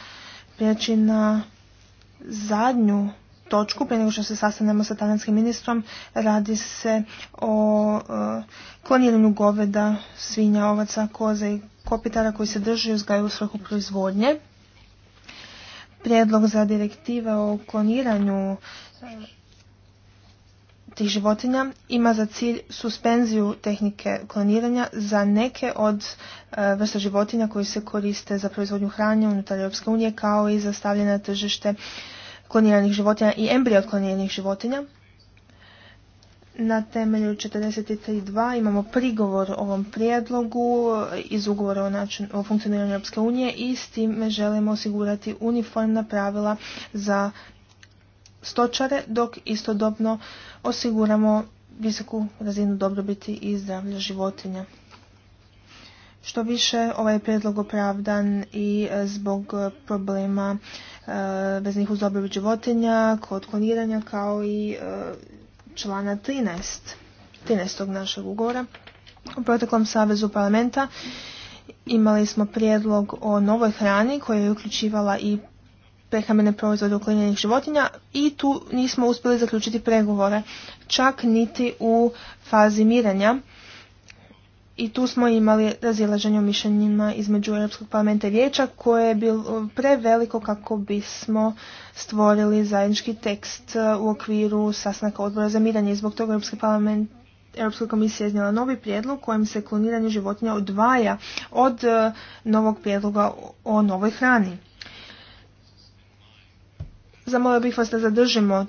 prijeći na zadnju točku, prije nego što se sastanemo sa talijanskim ministrom, radi se o e, kloniranju goveda, svinja, ovaca, koza i kopitara koji se drži i uzgaju u svrhu proizvodnje. Prijedlog za direktive o kloniranju e, tih životinja ima za cilj suspenziju tehnike kloniranja za neke od e, vrsta životinja koji se koriste za proizvodnju hrane unutar Europske unije kao i za stavljanje na tržište kloniranih životinja i embrija od kloniranih životinja. Na temelju 43.2 imamo prigovor ovom prijedlogu iz ugovora o, način, funkcioniranju Europske unije i s time želimo osigurati uniformna pravila za stočare dok istodobno osiguramo visoku razinu dobrobiti i zdravlja životinja. Što više, ovaj prijedlog opravdan i e, zbog problema Eh, veznih uz dobrobit životinja, kod kloniranja kao i eh, člana 13. 13. našeg ugovora. U proteklom savezu parlamenta imali smo prijedlog o novoj hrani koja je uključivala i prehrambene proizvode uklinjenih životinja i tu nismo uspjeli zaključiti pregovore, čak niti u fazi miranja i tu smo imali razilaženje u mišljenjima između Europskog parlamenta i vijeća koje je bilo preveliko kako bismo stvorili zajednički tekst e, u okviru sastanka odbora za miranje. Zbog toga Europski parlament Europska komisija iznijela novi prijedlog kojim se kloniranje životinja odvaja od e, novog prijedloga o novoj hrani. Zamolio bih vas da zadržimo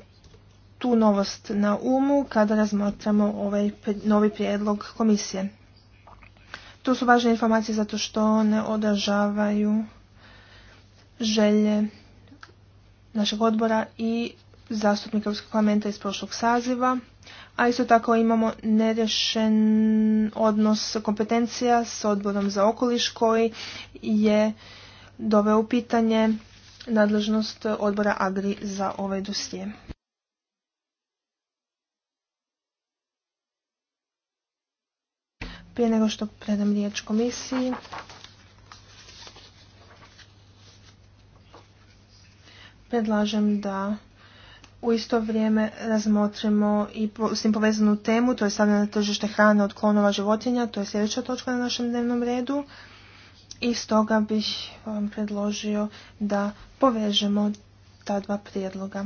tu novost na umu kada razmatramo ovaj novi prijedlog komisije. Tu su važne informacije zato što ne odražavaju želje našeg odbora i zastupnika Europskog parlamenta iz prošlog saziva, a isto tako imamo nerešen odnos kompetencija s odborom za okoliš koji je doveo u pitanje nadležnost odbora Agri za ovaj dosije. Prije nego što predam riječ komisiji, predlažem da u isto vrijeme razmotrimo i s tim povezanu temu, to je stavljanje na tržište hrane od klonova životinja, to je sljedeća točka na našem dnevnom redu. I stoga bih vam predložio da povežemo ta dva prijedloga.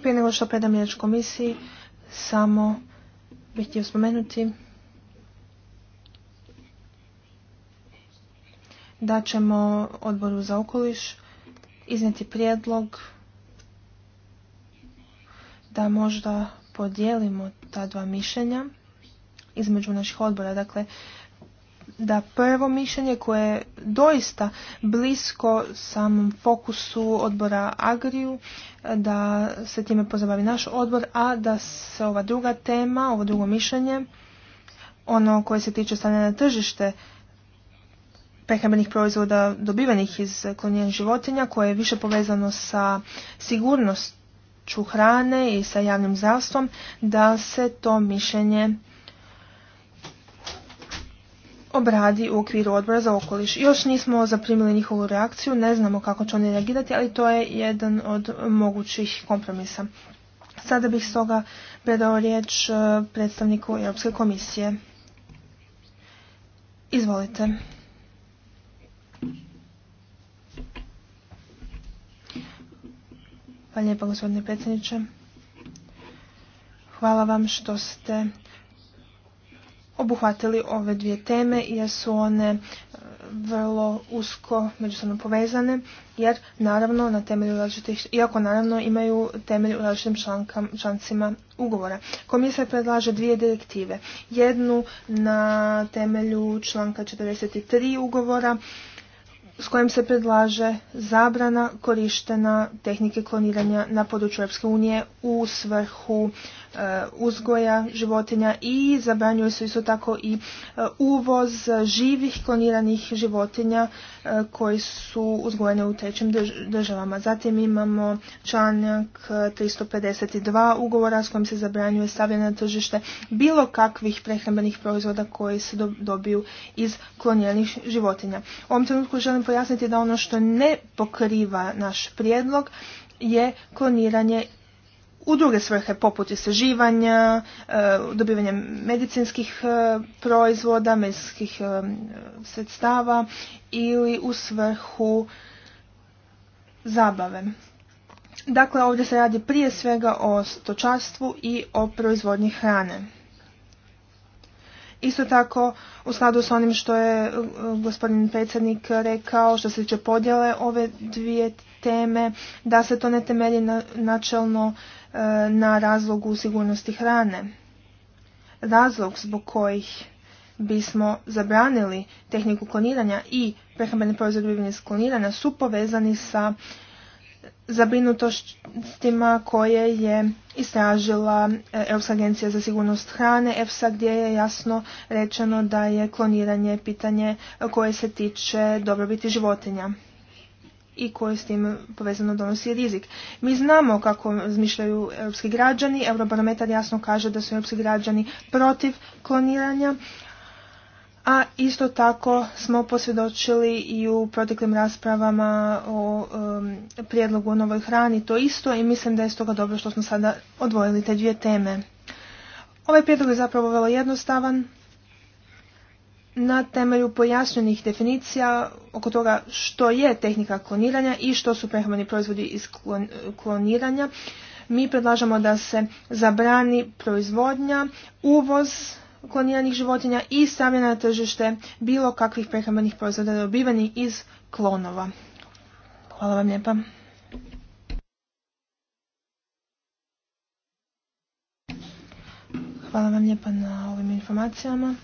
Prije nego što predam riječ komisiji, samo bih htio spomenuti da ćemo odboru za okoliš iznijeti prijedlog da možda podijelimo ta dva mišljenja između naših odbora. Dakle, da prvo mišljenje koje je doista blisko samom fokusu odbora Agriju, da se time pozabavi naš odbor, a da se ova druga tema, ovo drugo mišljenje, ono koje se tiče stavljanja na tržište prehrambenih proizvoda dobivenih iz klonjenih životinja, koje je više povezano sa sigurnošću hrane i sa javnim zdravstvom, da se to mišljenje obradi u okviru odbora za okoliš. Još nismo zaprimili njihovu reakciju, ne znamo kako će oni reagirati, ali to je jedan od mogućih kompromisa. Sada bih stoga predao riječ e, predstavniku Europske komisije. Izvolite. Hvala gospodine predsjedniče. Hvala vam što ste obuhvatili ove dvije teme jer su one e, vrlo usko međusobno povezane jer naravno na temelju različitih, iako naravno imaju temelj u različitim člancima ugovora. Komisija predlaže dvije direktive. Jednu na temelju članka 43 ugovora s kojim se predlaže zabrana korištena tehnike kloniranja na području Europske unije u svrhu E, uzgoja životinja i zabranjuje se isto tako i e, uvoz živih kloniranih životinja e, koji su uzgojene u trećim državama. Zatim imamo članak 352 ugovora s kojim se zabranjuje stavljanje na tržište bilo kakvih prehrambenih proizvoda koji se dobiju iz kloniranih životinja. U ovom trenutku želim pojasniti da ono što ne pokriva naš prijedlog je kloniranje u druge svrhe poput istraživanja, e, dobivanja medicinskih e, proizvoda, medicinskih e, sredstava ili u svrhu zabave. Dakle, ovdje se radi prije svega o stočarstvu i o proizvodnji hrane. Isto tako, u skladu s onim što je gospodin predsjednik rekao, što se tiče podjele ove dvije teme, da se to ne temelji na načelno na razlogu sigurnosti hrane. Razlog zbog kojih bismo zabranili tehniku kloniranja i prehrambeni proizvod biljni su povezani sa zabrinutoštima koje je istražila e, Europska agencija za sigurnost hrane, EFSA, gdje je jasno rečeno da je kloniranje pitanje koje se tiče dobrobiti životinja i koje s tim povezano donosi rizik. Mi znamo kako razmišljaju europski građani, Eurobarometar jasno kaže da su europski građani protiv kloniranja, a isto tako smo posvjedočili i u proteklim raspravama o um, prijedlogu o novoj hrani to isto i mislim da je stoga dobro što smo sada odvojili te dvije teme. Ovaj prijedlog je zapravo vrlo jednostavan na temelju pojasnjenih definicija oko toga što je tehnika kloniranja i što su prehrambeni proizvodi iz kloniranja. Mi predlažemo da se zabrani proizvodnja, uvoz kloniranih životinja i stavljanje na tržište bilo kakvih prehrambenih proizvoda dobivanih iz klonova. Hvala vam lijepa. Hvala vam lijepa na ovim informacijama.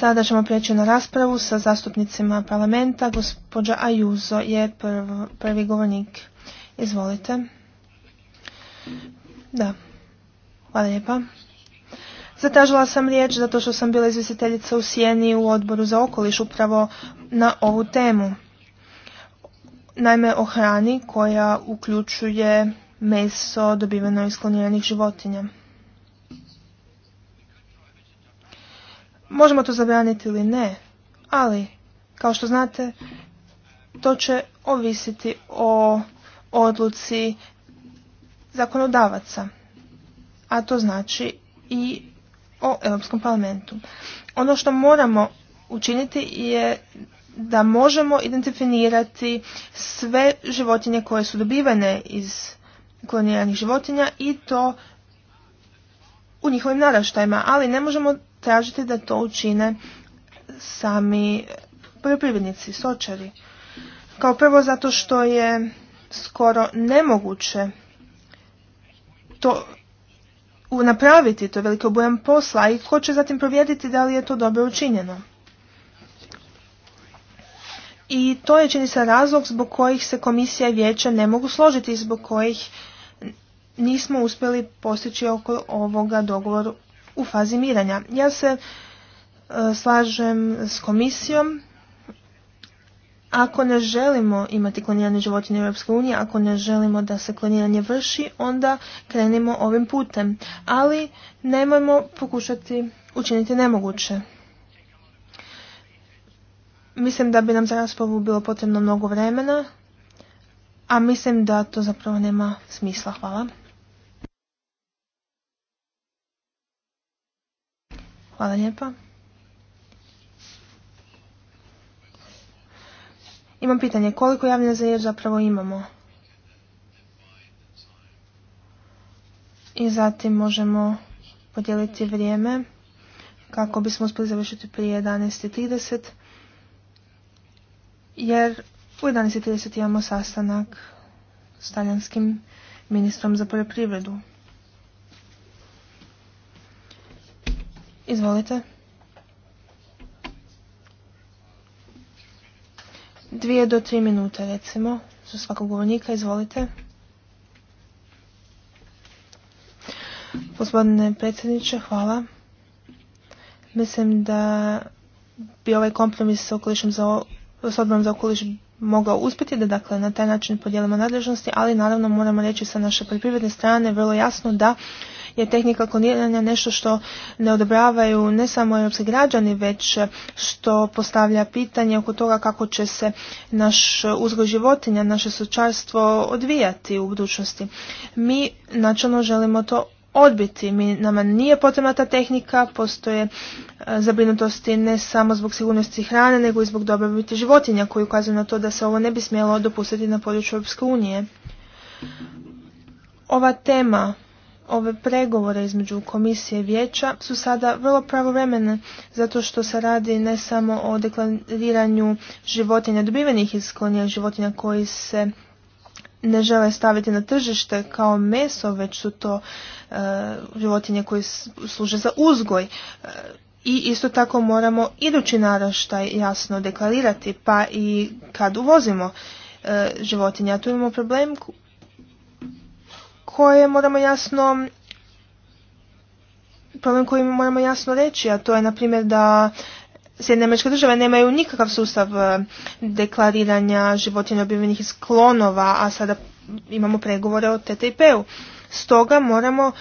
Sada ćemo prijeći na raspravu sa zastupnicima parlamenta. Gospođa Ajuzo je prvi govornik. Izvolite. Da. Hvala lijepa. Zatražila sam riječ zato što sam bila izvisiteljica u Sijeni u odboru za okoliš upravo na ovu temu. Naime o hrani koja uključuje meso dobiveno iz kloniranih životinja. Možemo to zabraniti ili ne, ali kao što znate to će ovisiti o odluci zakonodavaca, a to znači i o Europskom parlamentu. Ono što moramo učiniti je da možemo identifinirati sve životinje koje su dobivene iz kloniranih životinja i to u njihovim naraštajima, ali ne možemo tražiti da to učine sami poljoprivrednici, sočari. Kao prvo zato što je skoro nemoguće to napraviti, to je veliki obujam posla i tko će zatim provjeriti da li je to dobro učinjeno. I to je čini se razlog zbog kojih se komisija i vijeće ne mogu složiti i zbog kojih nismo uspjeli postići oko ovoga dogovoru u fazi miranja. Ja se e, slažem s komisijom ako ne želimo imati klonirane životinje u Europskoj uniji, ako ne želimo da se kloniranje vrši, onda krenimo ovim putem. Ali nemojmo pokušati učiniti nemoguće. Mislim da bi nam za raspravu bilo potrebno mnogo vremena, a mislim da to zapravo nema smisla. Hvala. Hvala lijepa. Imam pitanje, koliko javne za zapravo imamo? I zatim možemo podijeliti vrijeme kako bismo uspjeli završiti prije 11.30 jer u 11.30 imamo sastanak s talijanskim ministrom za poljoprivredu. Izvolite. Dvije do tri minute, recimo, za svakog govornika. Izvolite. Gospodine predsjedniče, hvala. Mislim da bi ovaj kompromis sa za, odborom za okoliš mogao uspjeti da dakle na taj način podijelimo nadležnosti, ali naravno moramo reći sa naše poljoprivredne strane vrlo jasno da je tehnika kloniranja nešto što ne odobravaju ne samo europski građani, već što postavlja pitanje oko toga kako će se naš uzgoj životinja, naše sučarstvo odvijati u budućnosti. Mi načelno želimo to odbiti. Mi, nama nije potrebna ta tehnika, postoje e, zabrinutosti ne samo zbog sigurnosti hrane, nego i zbog dobrobiti životinja koji ukazuju na to da se ovo ne bi smjelo dopustiti na području Europske unije. Ova tema ove pregovore između komisije i vijeća su sada vrlo pravovremene zato što se radi ne samo o deklariranju životinja dobivenih iz životinja koji se ne žele staviti na tržište kao meso, već su to e, životinje koje služe za uzgoj. E, I isto tako moramo idući naraštaj jasno deklarirati, pa i kad uvozimo e, životinja. Tu imamo problem koje moramo jasno problem koji moramo jasno reći, a to je na primjer da Sjedine američke države nemaju nikakav sustav e, deklariranja životinja objevenih iz klonova, a sada imamo pregovore o TTIP-u. Stoga moramo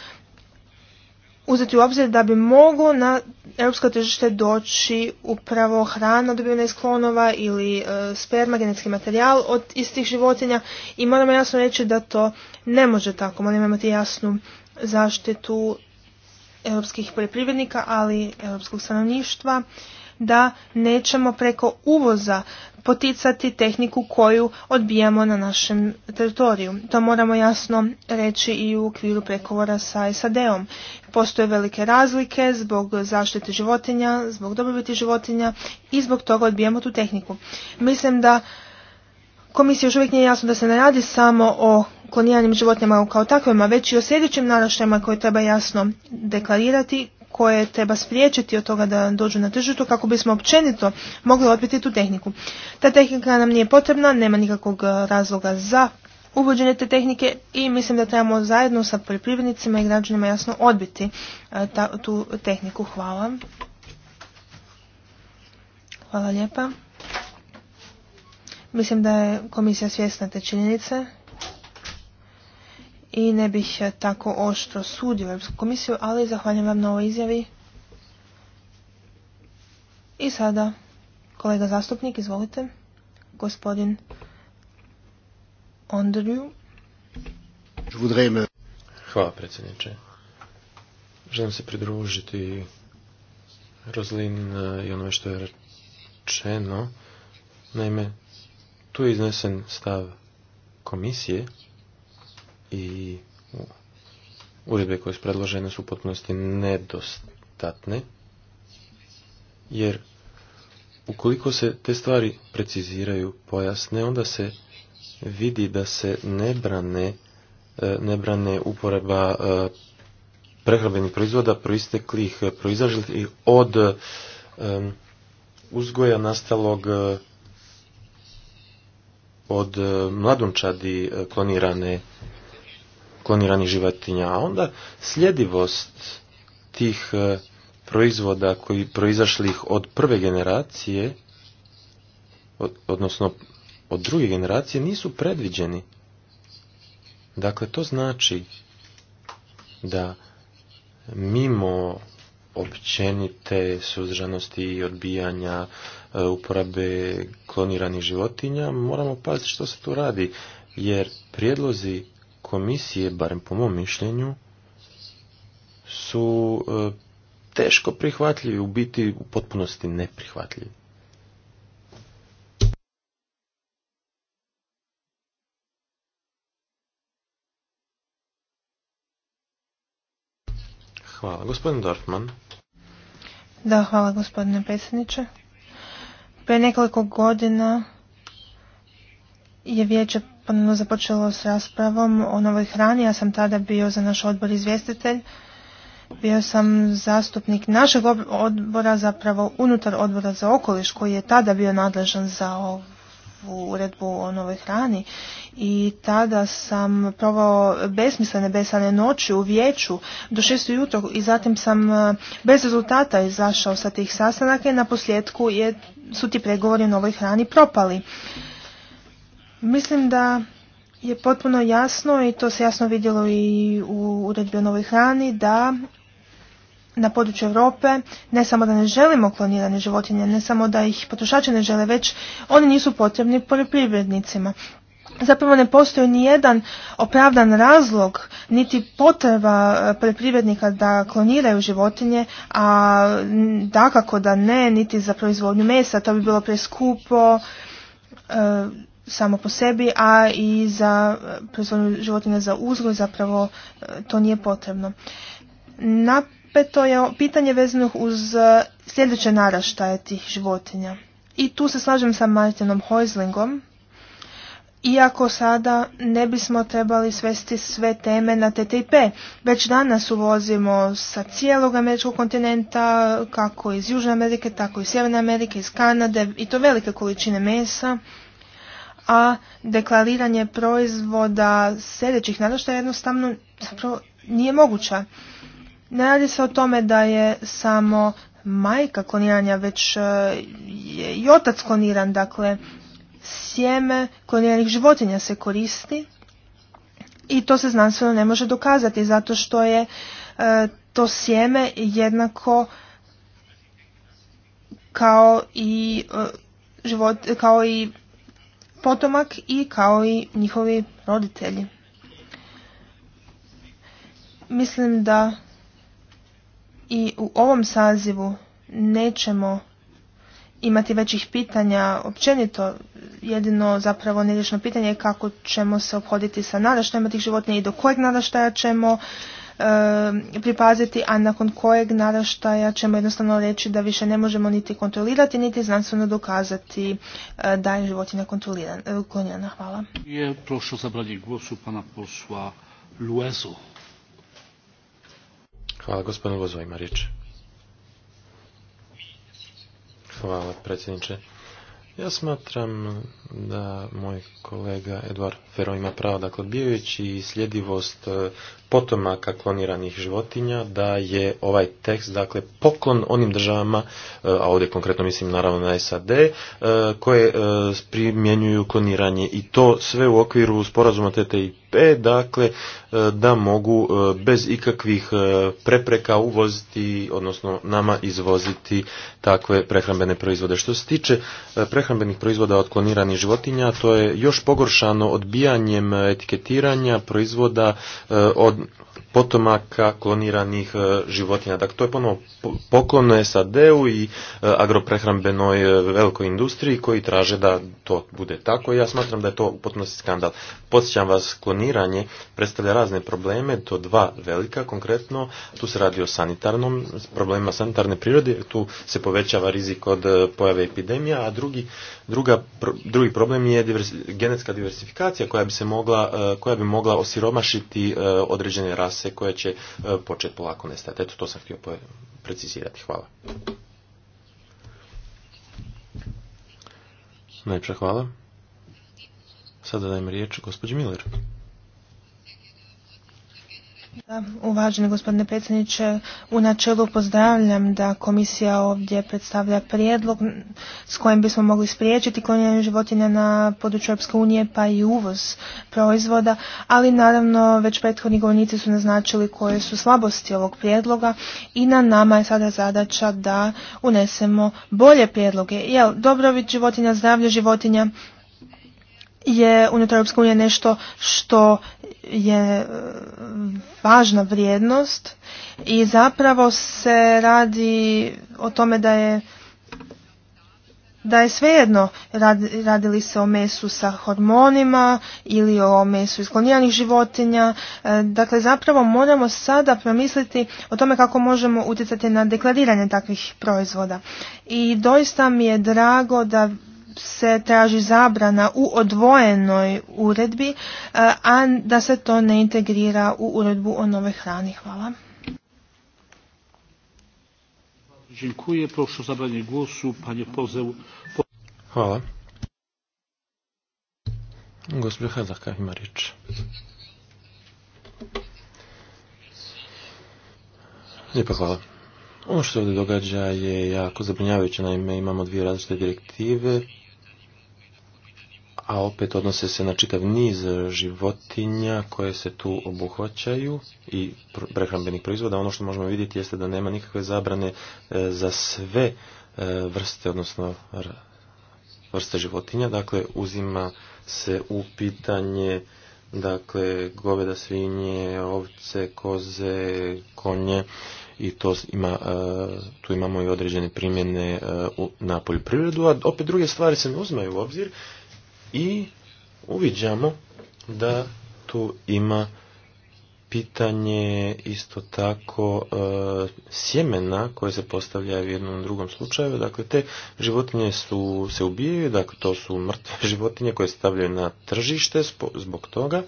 uzeti u obzir da bi moglo na europsko tržište doći upravo hrana dobivena iz klonova ili e, sperma, genetski materijal od istih životinja i moramo jasno reći da to ne može tako. Moramo imati jasnu zaštitu europskih poljoprivrednika, ali europskog stanovništva da nećemo preko uvoza poticati tehniku koju odbijamo na našem teritoriju. To moramo jasno reći i u okviru pregovora sa SAD-om. Postoje velike razlike zbog zaštite životinja, zbog dobrobiti životinja i zbog toga odbijamo tu tehniku. Mislim da komisija još uvijek nije jasno da se ne radi samo o klonijanim životinjama kao takvima, već i o sljedećim naraštajima koje treba jasno deklarirati koje treba spriječiti od toga da dođu na tržištu kako bismo općenito mogli odbiti tu tehniku. Ta tehnika nam nije potrebna, nema nikakvog e, razloga za uvođenje te tehnike i mislim da trebamo zajedno sa poljoprivrednicima i građanima jasno odbiti e, ta, tu tehniku. Hvala. Hvala lijepa. Mislim da je komisija svjesna te činjenice i ne bih tako oštro sudio Europsku komisiju, ali zahvaljujem vam na ovoj izjavi. I sada, kolega zastupnik, izvolite, gospodin Andriju. Hvala predsjedniče. Želim se pridružiti Rozlin eh, i ono što je rečeno. Naime, tu je iznesen stav komisije i uredbe koje su predložene su u potpunosti nedostatne, jer ukoliko se te stvari preciziraju, pojasne, onda se vidi da se ne brane, e, ne brane uporaba e, prehrambenih proizvoda proisteklih, e, i od uzgoja nastalog od mladunčadi klonirane kloniranih životinja. A onda sljedivost tih e, proizvoda koji proizašlih od prve generacije, odnosno od druge generacije, nisu predviđeni. Dakle, to znači da mimo općenite suzdržanosti i odbijanja e, uporabe kloniranih životinja, moramo paziti što se tu radi, jer prijedlozi komisije, barem po mom mišljenju, su e, teško prihvatljivi, u biti u potpunosti neprihvatljivi. Hvala. Gospodin Dorfman. Da, hvala gospodine predsjedniče. Pre nekoliko godina je vijeće ponovno započelo s raspravom o novoj hrani. Ja sam tada bio za naš odbor izvjestitelj. Bio sam zastupnik našeg odbora, zapravo unutar odbora za okoliš koji je tada bio nadležan za ovu uredbu o novoj hrani i tada sam provao besmislene besane noći u vijeću do šest jutro i zatim sam e, bez rezultata izašao sa tih sastanaka i na posljedku je, su ti pregovori o novoj hrani propali. Mislim da je potpuno jasno i to se jasno vidjelo i u uredbi o novoj hrani da na području Europe ne samo da ne želimo klonirane životinje, ne samo da ih potrošači ne žele, već oni nisu potrebni poljoprivrednicima. Zapravo ne postoji ni jedan opravdan razlog niti potreba e, poljoprivrednika da kloniraju životinje, a dakako da ne, niti za proizvodnju mesa, to bi bilo preskupo, e, samo po sebi, a i za e, proizvodnju životinja za uzgoj zapravo e, to nije potrebno. Napeto je pitanje vezano uz e, sljedeće naraštaje tih životinja. I tu se slažem sa Martinom Hojzlingom, iako sada ne bismo trebali svesti sve teme na TTIP. Već danas uvozimo sa cijelog američkog kontinenta, kako iz Južne Amerike, tako iz Sjeverne Amerike, iz Kanade, i to velike količine mesa a deklariranje proizvoda sljedećih naraštaja jednostavno nije moguća. Ne radi se o tome da je samo majka kloniranja, već e, je i otac kloniran, dakle sjeme kloniranih životinja se koristi i to se znanstveno ne može dokazati zato što je e, to sjeme jednako kao i e, kao i potomak i kao i njihovi roditelji. Mislim da i u ovom sazivu nećemo imati većih pitanja općenito. Jedino zapravo neriješeno pitanje je kako ćemo se obhoditi sa naraštajima tih životinja i do kojeg nadaštaja ćemo E, pripaziti, a nakon kojeg naraštaja ćemo jednostavno reći da više ne možemo niti kontrolirati, niti znanstveno dokazati e, da je životinja e, klonjena. Hvala. Je prošlo zabranje głosu pana posla Luezu. Hvala, gospodin Luezo ima riječ. Hvala, predsjedniče. Ja smatram da moj kolega Edvard Fero ima pravo, dakle, odbijajući sljedivost e, potomaka kloniranih životinja, da je ovaj tekst, dakle, poklon onim državama, e, a ovdje konkretno mislim naravno na SAD, e, koje primjenjuju kloniranje i to sve u okviru sporazuma TTIP, dakle, da mogu bez ikakvih prepreka uvoziti, odnosno nama izvoziti takve prehrambene proizvode. Što se tiče prehrambenih proizvoda od kloniranih životinja, to je još pogoršano odbijanjem e, etiketiranja proizvoda e, od potomaka kloniranih e, životinja. Dakle, to je ponovno poklon SAD-u i e, agroprehrambenoj e, velikoj industriji koji traže da to bude tako i ja smatram da je to u potpunosti skandal. Podsjećam vas, kloniranje predstavlja razne probleme, to dva velika konkretno, tu se radi o sanitarnom, problemima sanitarne prirode, tu se povećava rizik od pojave epidemija, a drugi, druga, drugi problem je genetska diversifikacija koja bi, se mogla, koja bi mogla osiromašiti određene rase prakse koja će e, početi polako nestati. Eto, to sam htio precizirati. Hvala. Najpša hvala. Sada dajem riječ gospođi Miller. Uvaženi gospodine predsjedniče, u načelu pozdravljam da komisija ovdje predstavlja prijedlog s kojim bismo mogli spriječiti klonjenje životinja na području Europske unije pa i uvoz proizvoda, ali naravno već prethodni govornici su naznačili koje su slabosti ovog prijedloga i na nama je sada zadaća da unesemo bolje prijedloge. Jel, dobrobit životinja, zdravlje životinja je unutar Europske unije nešto što je e, važna vrijednost i zapravo se radi o tome da je da je svejedno radili se o mesu sa hormonima ili o mesu iz životinja. E, dakle, zapravo moramo sada promisliti o tome kako možemo utjecati na deklariranje takvih proizvoda. I doista mi je drago da se traži zabrana u odvojenoj uredbi, e, a da se to ne integrira u uredbu o nove hrani. Hvala. Dziękuję. Proszę o zabranie głosu panie poseł. Hvala. Gospodin Hedaka ima riječ. Lijepa hvala. Ono što se ovdje događa je jako zabrinjavajuće. Naime, imamo dvije različite direktive a opet odnose se na čitav niz životinja koje se tu obuhvaćaju i prehrambenih proizvoda. Ono što možemo vidjeti jeste da nema nikakve zabrane e, za sve e, vrste, odnosno vrste životinja. Dakle, uzima se u pitanje dakle, goveda, svinje, ovce, koze, konje i to ima, e, tu imamo i određene primjene na poljoprivredu, a opet druge stvari se ne uzmaju u obzir i uviđamo da tu ima pitanje isto tako e, sjemena koje se postavlja u jednom drugom slučaju. Dakle, te životinje su, se ubijaju, dakle to su mrtve životinje koje se stavljaju na tržište zbog toga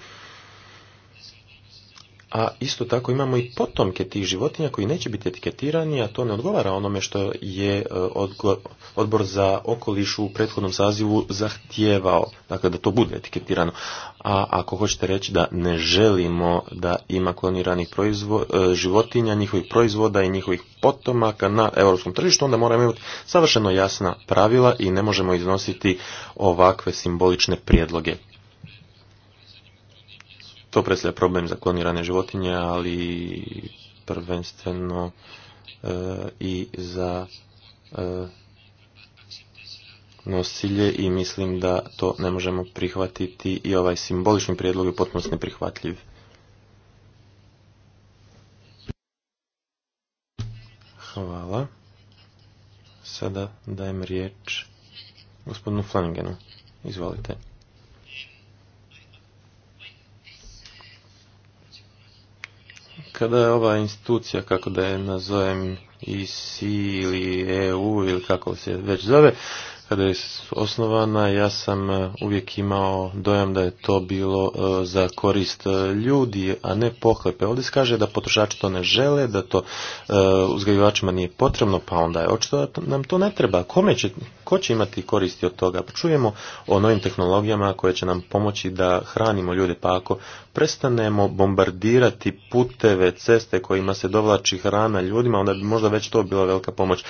a isto tako imamo i potomke tih životinja koji neće biti etiketirani, a to ne odgovara onome što je e, odbor za okoliš u prethodnom sazivu zahtijevao, dakle da to bude etiketirano. A ako hoćete reći da ne želimo da ima kloniranih e, životinja, njihovih proizvoda i njihovih potomaka na europskom tržištu, onda moramo imati savršeno jasna pravila i ne možemo iznositi ovakve simbolične prijedloge to predstavlja problem za klonirane životinje, ali prvenstveno e, i za e, nosilje i mislim da to ne možemo prihvatiti i ovaj simbolični prijedlog je potpuno neprihvatljiv. Hvala. Sada dajem riječ gospodinu Flanagenu. Izvolite. Kada je ova institucija, kako da je nazovem ISI ili EU ili kako se već zove, kada je osnovana, ja sam e, uvijek imao dojam da je to bilo e, za korist e, ljudi, a ne pohlepe. Ovdje se kaže da potrošači to ne žele, da to uzgajivačima nije potrebno, pa onda je očito da nam to ne treba. Kome će, ko će imati koristi od toga? Pa čujemo o novim tehnologijama koje će nam pomoći da hranimo ljude, pa ako prestanemo bombardirati puteve, ceste kojima se dovlači hrana ljudima, onda bi možda već to bila velika pomoć.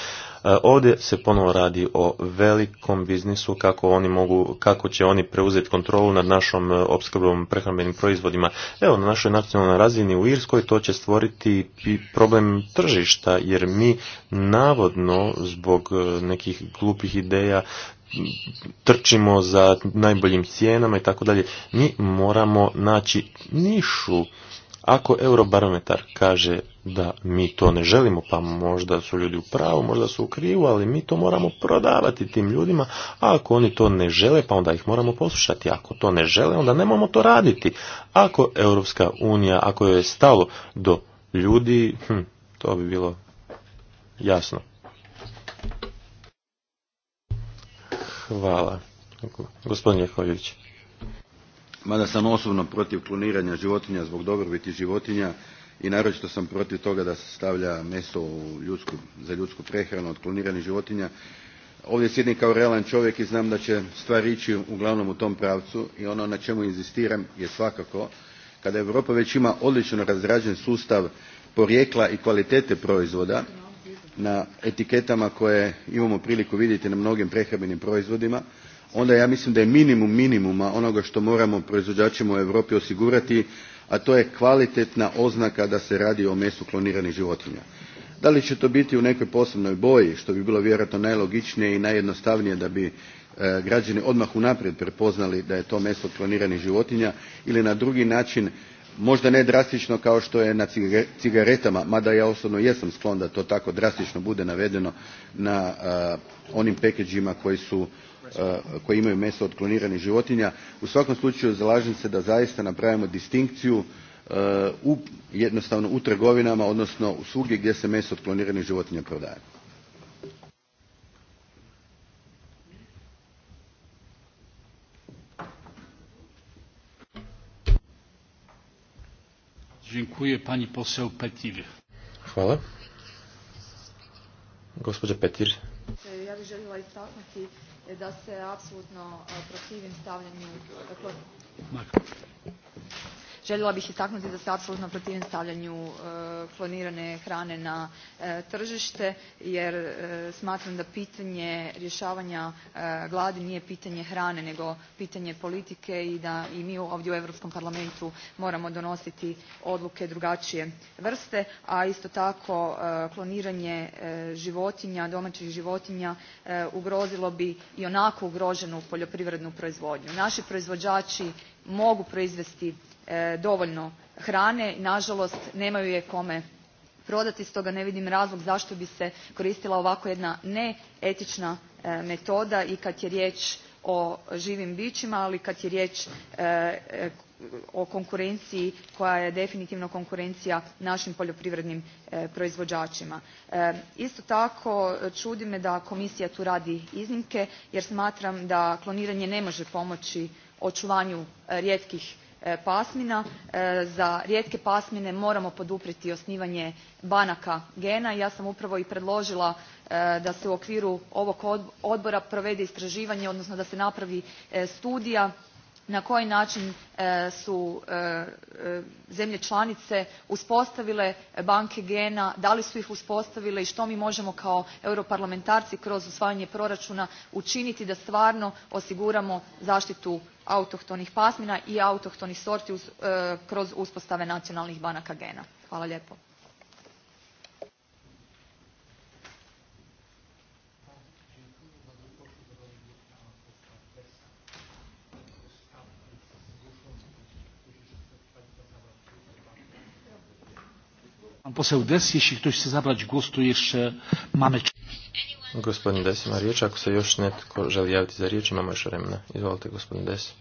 Ovdje se ponovo radi o velikom kom biznisu kako oni mogu, kako će oni preuzeti kontrolu nad našom e, opskrbom prehrambenim proizvodima. Evo na našoj nacionalnoj razini u Irskoj to će stvoriti problem tržišta jer mi navodno zbog e, nekih glupih ideja trčimo za najboljim cijenama i tako dalje. Mi moramo naći nišu ako Eurobarometar kaže da mi to ne želimo, pa možda su ljudi u pravu, možda su u krivu, ali mi to moramo prodavati tim ljudima, a ako oni to ne žele, pa onda ih moramo poslušati. Ako to ne žele, onda nemamo to raditi. Ako Europska unija, ako joj je stalo do ljudi, hm, to bi bilo jasno. Hvala. Gospodin Jehović mada sam osobno protiv kloniranja životinja zbog dobrobiti životinja i naročito sam protiv toga da se stavlja meso u ljudsku, za ljudsku prehranu od kloniranih životinja ovdje sjedim kao realan čovjek i znam da će stvar ići uglavnom u tom pravcu i ono na čemu inzistiram je svakako kada europa već ima odlično razrađen sustav porijekla i kvalitete proizvoda na etiketama koje imamo priliku vidjeti na mnogim prehrambenim proizvodima onda ja mislim da je minimum minimuma onoga što moramo proizvođačima u europi osigurati a to je kvalitetna oznaka da se radi o mesu kloniranih životinja. da li će to biti u nekoj posebnoj boji što bi bilo vjerojatno najlogičnije i najjednostavnije da bi e, građani odmah unaprijed prepoznali da je to meso kloniranih životinja ili na drugi način možda ne drastično kao što je na cigaretama mada ja osobno jesam sklon da to tako drastično bude navedeno na onim pekeđima koji su E, koje imaju meso od kloniranih životinja. u svakom slučaju zalažem se da zaista napravimo distinkciju e, u, jednostavno u trgovinama odnosno svugdje gdje se meso od kloniranih životinja prodaje željela istaknuti da se apsolutno eh, protivim stavljanju dakle, željela bih istaknuti da se apsolutno protivim stavljanju e, klonirane hrane na e, tržište jer e, smatram da pitanje rješavanja gladi nije pitanje hrane nego pitanje politike i da i mi ovdje u europskom parlamentu moramo donositi odluke drugačije vrste a isto tako kloniranje životinja domaćih životinja ugrozilo bi ionako ugroženu poljoprivrednu proizvodnju. naši proizvođači mogu proizvesti e, dovoljno hrane nažalost nemaju je kome prodati stoga ne vidim razlog zašto bi se koristila ovako jedna neetična e, metoda i kad je riječ o živim bićima ali kad je riječ e, o konkurenciji koja je definitivno konkurencija našim poljoprivrednim proizvođačima. Isto tako čudi me da komisija tu radi iznimke jer smatram da kloniranje ne može pomoći očuvanju e, rijetkih e, pasmina. E, za rijetke pasmine moramo poduprijeti osnivanje banaka gena ja sam upravo i predložila da se u okviru ovog odbora provede istraživanje odnosno da se napravi studija na koji način e, su e, e, zemlje članice uspostavile banke gena da li su ih uspostavile i što mi možemo kao europarlamentarci kroz usvajanje proračuna učiniti da stvarno osiguramo zaštitu autohtonih pasmina i autohtonih sorti kroz uspostave nacionalnih banaka gena. hvala lijepo. Pan poseł Des, jeśli ktoś chce zabrać głos, to jeszcze mamy... Gospodin Des ima riječ, ako se još netko želi javiti za riječ, imamo još vremena. Izvolite, gospodin Des.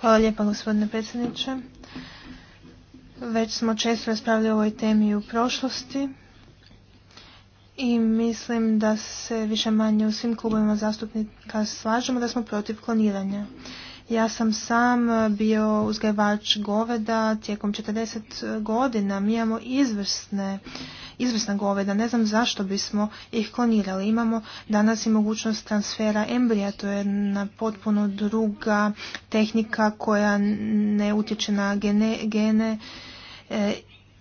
Hvala lijepa, gospodine predsjedniče. Već smo često raspravljali o ovoj temi u prošlosti i mislim da se više manje u svim klubovima zastupnika slažemo da smo protiv kloniranja. Ja sam sam e, bio uzgajivač goveda tijekom 40 godina. Mi imamo izvrsne, izvrsna goveda. Ne znam zašto bismo ih klonirali. Imamo danas i mogućnost transfera embrija. To je jedna potpuno druga tehnika koja ne utječe na gene. E,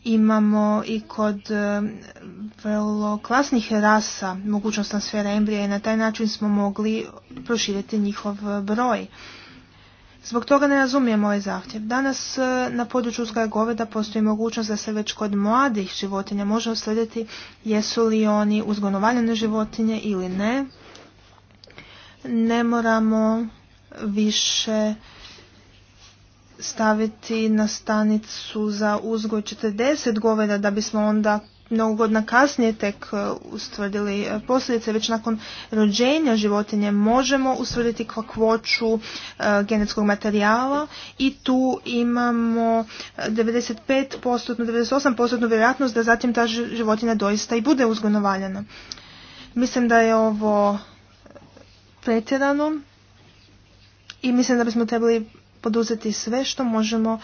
imamo i kod e, vrlo klasnih rasa mogućnost transfera embrija i na taj način smo mogli proširiti njihov broj. Zbog toga ne razumijem ovaj zahtjev. Danas e, na području uzgoja goveda postoji mogućnost da se već kod mladih životinja može uslediti jesu li oni uzgonovaljene životinje ili ne. Ne moramo više staviti na stanicu za uzgoj 40 goveda da bismo onda mnogo godina kasnije tek e, ustvrdili e, posljedice, već nakon rođenja životinje možemo ustvrditi kakvoću e, genetskog materijala i tu imamo 95%, 98% vjerojatnost da zatim ta životinja doista i bude uzgojno valjana. Mislim da je ovo pretjerano i mislim da bismo trebali poduzeti sve što možemo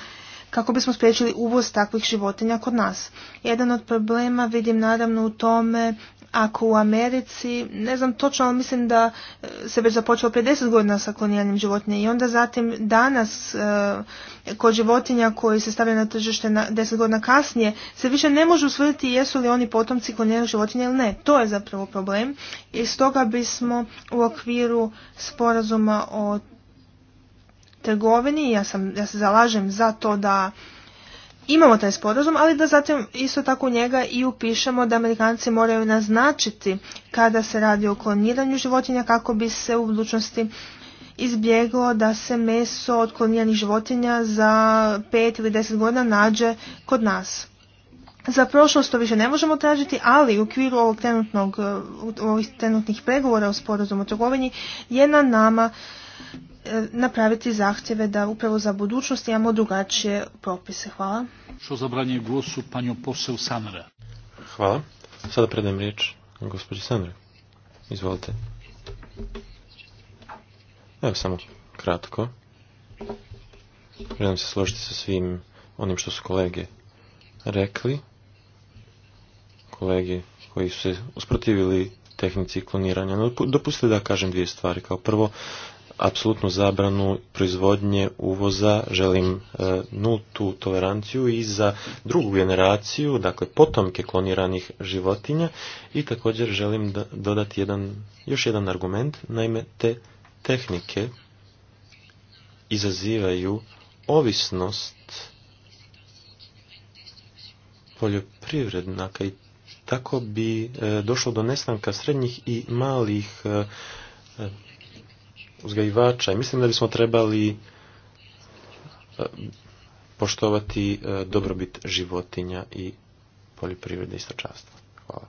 kako bismo spriječili uvoz takvih životinja kod nas. Jedan od problema vidim naravno u tome ako u Americi, ne znam točno, ali mislim da e, se već započelo 50 godina sa klonijanjem životinja i onda zatim danas e, kod životinja koji se stavljaju na tržište deset 10 godina kasnije se više ne može usvrditi jesu li oni potomci kloniranih životinja ili ne. To je zapravo problem i stoga bismo u okviru sporazuma o trgovini. Ja, sam, ja se zalažem za to da imamo taj sporazum, ali da zatim isto tako njega i upišemo da Amerikanci moraju naznačiti kada se radi o kloniranju životinja kako bi se u budućnosti izbjeglo da se meso od kloniranih životinja za 5 ili 10 godina nađe kod nas. Za prošlost to više ne možemo tražiti, ali u okviru ovog trenutnog, ovih trenutnih pregovora o sporazumu o trgovini je na nama E, napraviti zahtjeve da upravo za budućnost imamo drugačije propise. Hvala. Što zabranje glosu panju poseł Sanre. Hvala. Sada predajem riječ gospođi Sanre. Izvolite. Evo samo kratko. Želim se složiti sa svim onim što su kolege rekli. Kolege koji su se usprotivili tehnici kloniranja. No, dopustite da kažem dvije stvari. Kao prvo, apsolutnu zabranu proizvodnje uvoza, želim e, nultu toleranciju i za drugu generaciju, dakle potomke kloniranih životinja i također želim dodati jedan, još jedan argument, naime te tehnike izazivaju ovisnost poljoprivredna i tako bi e, došlo do nestanka srednjih i malih e, uzgajivača i mislim da bismo trebali e, poštovati e, dobrobit životinja i poljoprivrede i stočarstva. Hvala.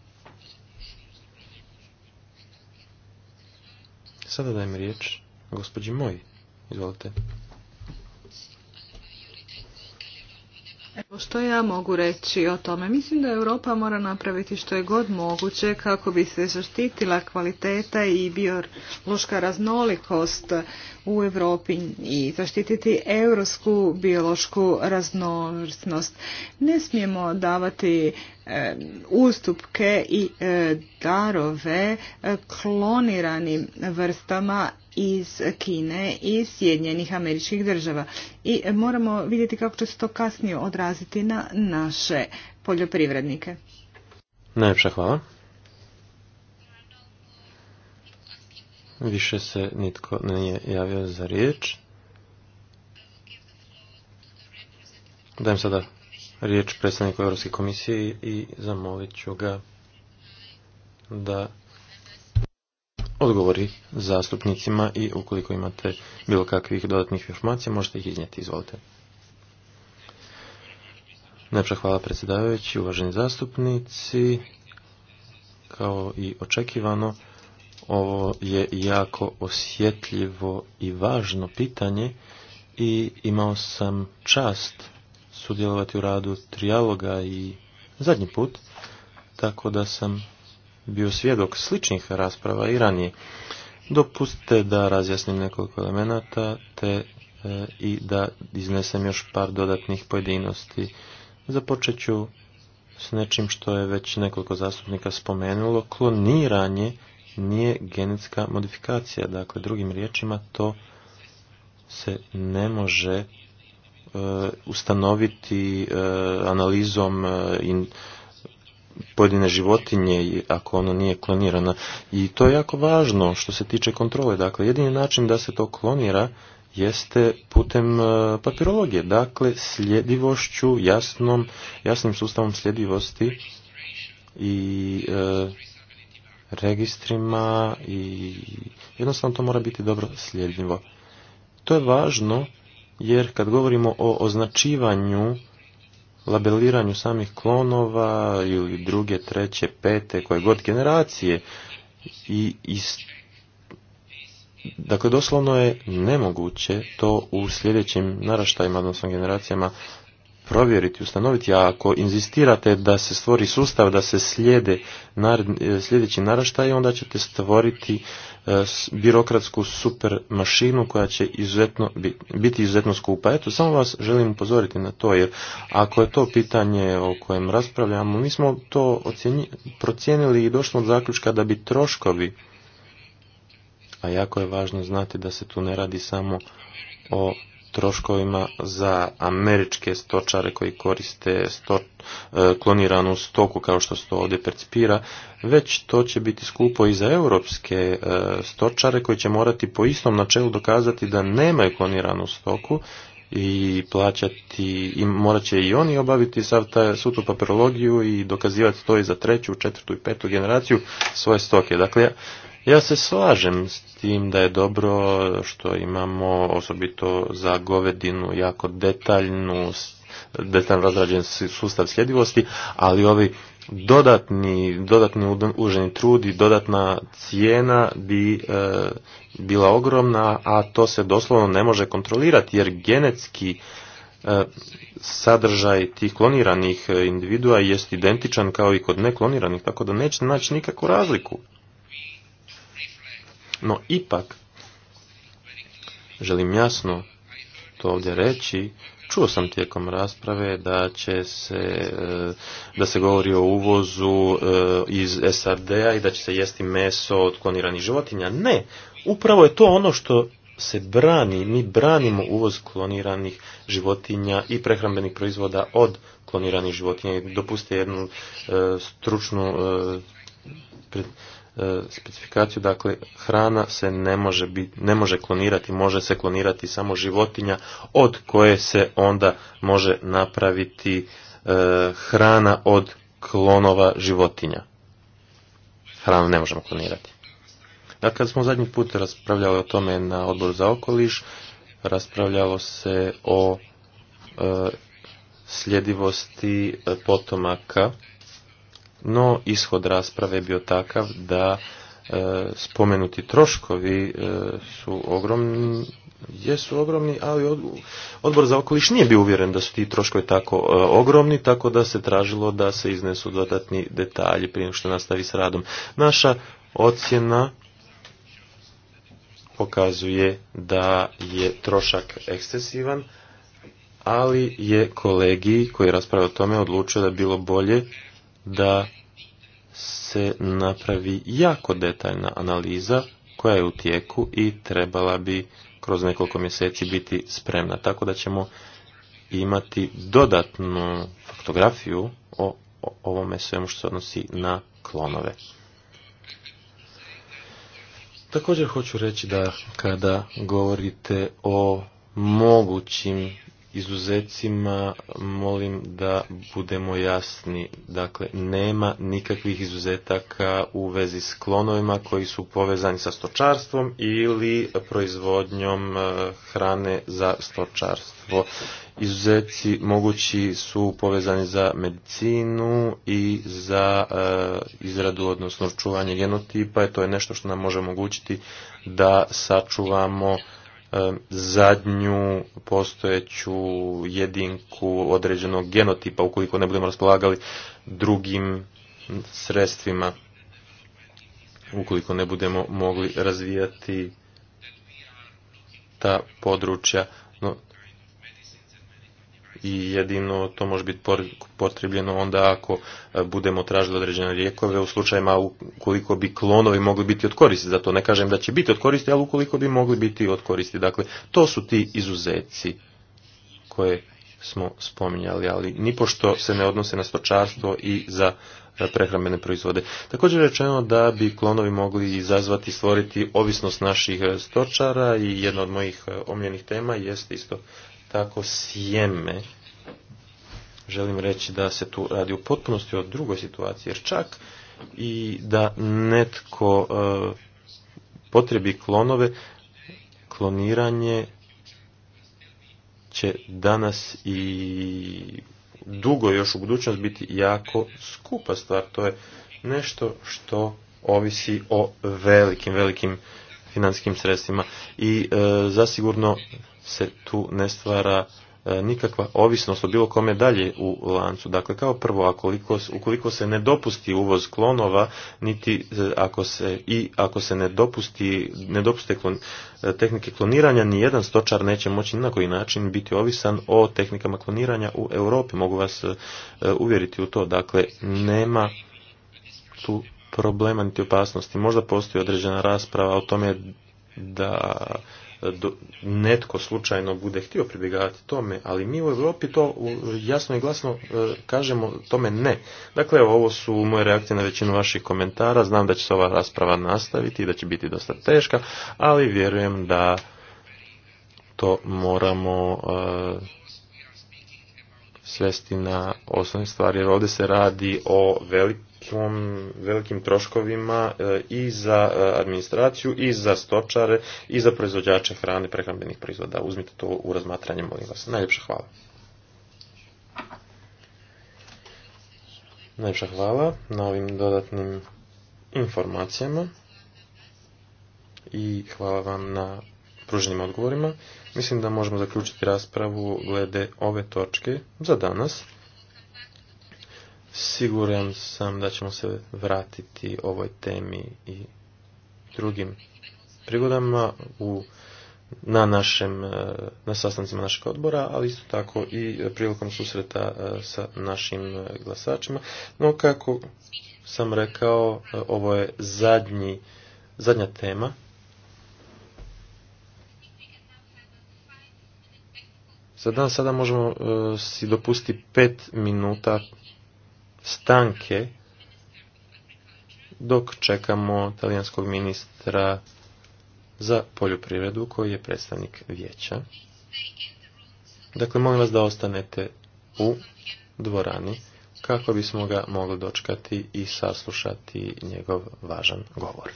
Sada dajem riječ gospođi moji. Izvolite. Evo što ja mogu reći o tome? Mislim da Europa mora napraviti što je god moguće kako bi se zaštitila kvaliteta i biološka raznolikost u Europi i zaštititi europsku biološku raznovrsnost. Ne smijemo davati e, ustupke i e, darove e, kloniranim vrstama iz Kine i Sjedinjenih američkih država. I moramo vidjeti kako će se to kasnije odraziti na naše poljoprivrednike. Najljepša hvala. Više se nitko nije javio za riječ. Dajem sada riječ predstavniku Europske komisije i zamolit ću ga da odgovori zastupnicima i ukoliko imate bilo kakvih dodatnih informacija možete ih iznijeti. Izvolite. Najpša hvala predsjedavajući, uvaženi zastupnici. Kao i očekivano, ovo je jako osjetljivo i važno pitanje i imao sam čast sudjelovati u radu trijaloga i zadnji put, tako da sam bio svjedok sličnih rasprava i ranije. Dopustite da razjasnim nekoliko elemenata te e, i da iznesem još par dodatnih pojedinosti. Započet ću s nečim što je već nekoliko zastupnika spomenulo. Kloniranje nije genetska modifikacija. Dakle, drugim riječima to se ne može e, ustanoviti e, analizom i pojedine životinje ako ono nije klonirano. I to je jako važno što se tiče kontrole. Dakle, jedini način da se to klonira jeste putem e, papirologije. Dakle, sljedivošću, jasnom, jasnim sustavom sljedivosti i e, registrima i jednostavno to mora biti dobro sljedivo. To je važno jer kad govorimo o označivanju labeliranju samih klonova ili druge, treće, pete, koje god generacije. I, dakle, doslovno je nemoguće to u sljedećim naraštajima, odnosno generacijama, provjeriti, ustanoviti, a ako inzistirate da se stvori sustav, da se slijede e, sljedeći naraštaj, onda ćete stvoriti e, birokratsku super mašinu koja će izuzetno, biti izuzetno skupa. Eto, samo vas želim upozoriti na to, jer ako je to pitanje o kojem raspravljamo, mi smo to procijenili i došli od zaključka da bi troškovi, a jako je važno znati da se tu ne radi samo o troškovima za američke stočare koji koriste sto, e, kloniranu stoku kao što se to ovdje percipira, već to će biti skupo i za europske e, stočare koji će morati po istom načelu dokazati da nemaju kloniranu stoku i plaćati, i morat će i oni obaviti sav taj, svu tu papirologiju i dokazivati to i za treću, četvrtu i petu generaciju svoje stoke. Dakle, ja se slažem s tim da je dobro što imamo osobito za govedinu jako detaljnu detaljno razrađen sustav sljedivosti, ali ovi dodatni, dodatni uženi trud i dodatna cijena bi e, bila ogromna, a to se doslovno ne može kontrolirati jer genetski e, sadržaj tih kloniranih individua jest identičan kao i kod nekloniranih, tako da neće naći nikakvu razliku. No ipak, želim jasno to ovdje reći, čuo sam tijekom rasprave da će se, e, da se govori o uvozu e, iz SAD-a i da će se jesti meso od kloniranih životinja. Ne, upravo je to ono što se brani, mi branimo uvoz kloniranih životinja i prehrambenih proizvoda od kloniranih životinja. Dopustite jednu e, stručnu e, E, specifikaciju, dakle hrana se ne može, bit, ne može klonirati, može se klonirati samo životinja od koje se onda može napraviti e, hrana od klonova životinja. Hranu ne možemo klonirati. Dakle, kad smo zadnji put raspravljali o tome na odboru za okoliš, raspravljalo se o e, sljedivosti potomaka no ishod rasprave je bio takav da e, spomenuti troškovi e, su ogromni, jesu ogromni, ali odbor za okoliš nije bio uvjeren da su ti troškovi tako e, ogromni, tako da se tražilo da se iznesu dodatni detalji prije što nastavi s radom. Naša ocjena pokazuje da je trošak ekscesivan, ali je kolegi koji raspravljao o tome odlučio da je bilo bolje da se napravi jako detaljna analiza koja je u tijeku i trebala bi kroz nekoliko mjeseci biti spremna. Tako da ćemo imati dodatnu faktografiju o ovome svemu što se odnosi na klonove. Također hoću reći da kada govorite o mogućim izuzecima molim da budemo jasni. Dakle, nema nikakvih izuzetaka u vezi s klonovima koji su povezani sa stočarstvom ili proizvodnjom e, hrane za stočarstvo. Izuzeci mogući su povezani za medicinu i za e, izradu, odnosno čuvanje genotipa. I to je nešto što nam može omogućiti da sačuvamo E, zadnju postojeću jedinku određenog genotipa ukoliko ne budemo raspolagali drugim sredstvima ukoliko ne budemo mogli razvijati ta područja i jedino to može biti potrebljeno onda ako e, budemo tražili određene lijekove u slučajima ukoliko bi klonovi mogli biti od koristi. Zato ne kažem da će biti od koristi, ali ukoliko bi mogli biti od koristi. Dakle, to su ti izuzeci koje smo spominjali, ali nipošto se ne odnose na stočarstvo i za e, prehrambene proizvode. Također je rečeno da bi klonovi mogli izazvati i stvoriti ovisnost naših e, stočara i jedna od mojih omljenih tema jeste isto tako sjeme. Želim reći da se tu radi u potpunosti o drugoj situaciji, jer čak i da netko e, potrebi klonove, kloniranje će danas i dugo još u budućnost biti jako skupa stvar. To je nešto što ovisi o velikim, velikim financijskim sredstvima i e, zasigurno se tu ne stvara e, nikakva ovisnost o bilo kome dalje u lancu. Dakle, kao prvo, ukoliko se ne dopusti uvoz klonova, niti e, ako se, i ako se ne dopusti, ne dopuste klon, e, tehnike kloniranja, ni jedan stočar neće moći na koji način biti ovisan o tehnikama kloniranja u Europi. Mogu vas uvjeriti u to. Dakle, nema tu problema niti opasnosti. Možda postoji određena rasprava o tome da netko slučajno bude htio pribjegavati tome, ali mi u Europi to jasno i glasno e, kažemo tome ne. Dakle, ovo su moje reakcije na većinu vaših komentara. Znam da će se ova rasprava nastaviti i da će biti dosta teška, ali vjerujem da to moramo e, svesti na osnovne stvari, jer ovdje se radi o velik velikim, velikim troškovima e, i za e, administraciju, i za stočare, i za proizvođače hrane prehrambenih proizvoda. Uzmite to u razmatranje, molim vas. Najljepša hvala. Najljepša hvala na ovim dodatnim informacijama i hvala vam na pruženim odgovorima. Mislim da možemo zaključiti raspravu glede ove točke za danas. Siguran sam da ćemo se vratiti ovoj temi i drugim prigodama u na našem, e, na sastancima našeg odbora, ali isto tako i prilikom susreta e, sa našim e, glasačima. No, kako sam rekao, ovo je zadnji, zadnja tema. Za dan sada možemo si dopustiti pet minuta stanke dok čekamo talijanskog ministra za poljoprivredu koji je predstavnik vijeća. Dakle, molim vas da ostanete u dvorani kako bismo ga mogli dočkati i saslušati njegov važan govor.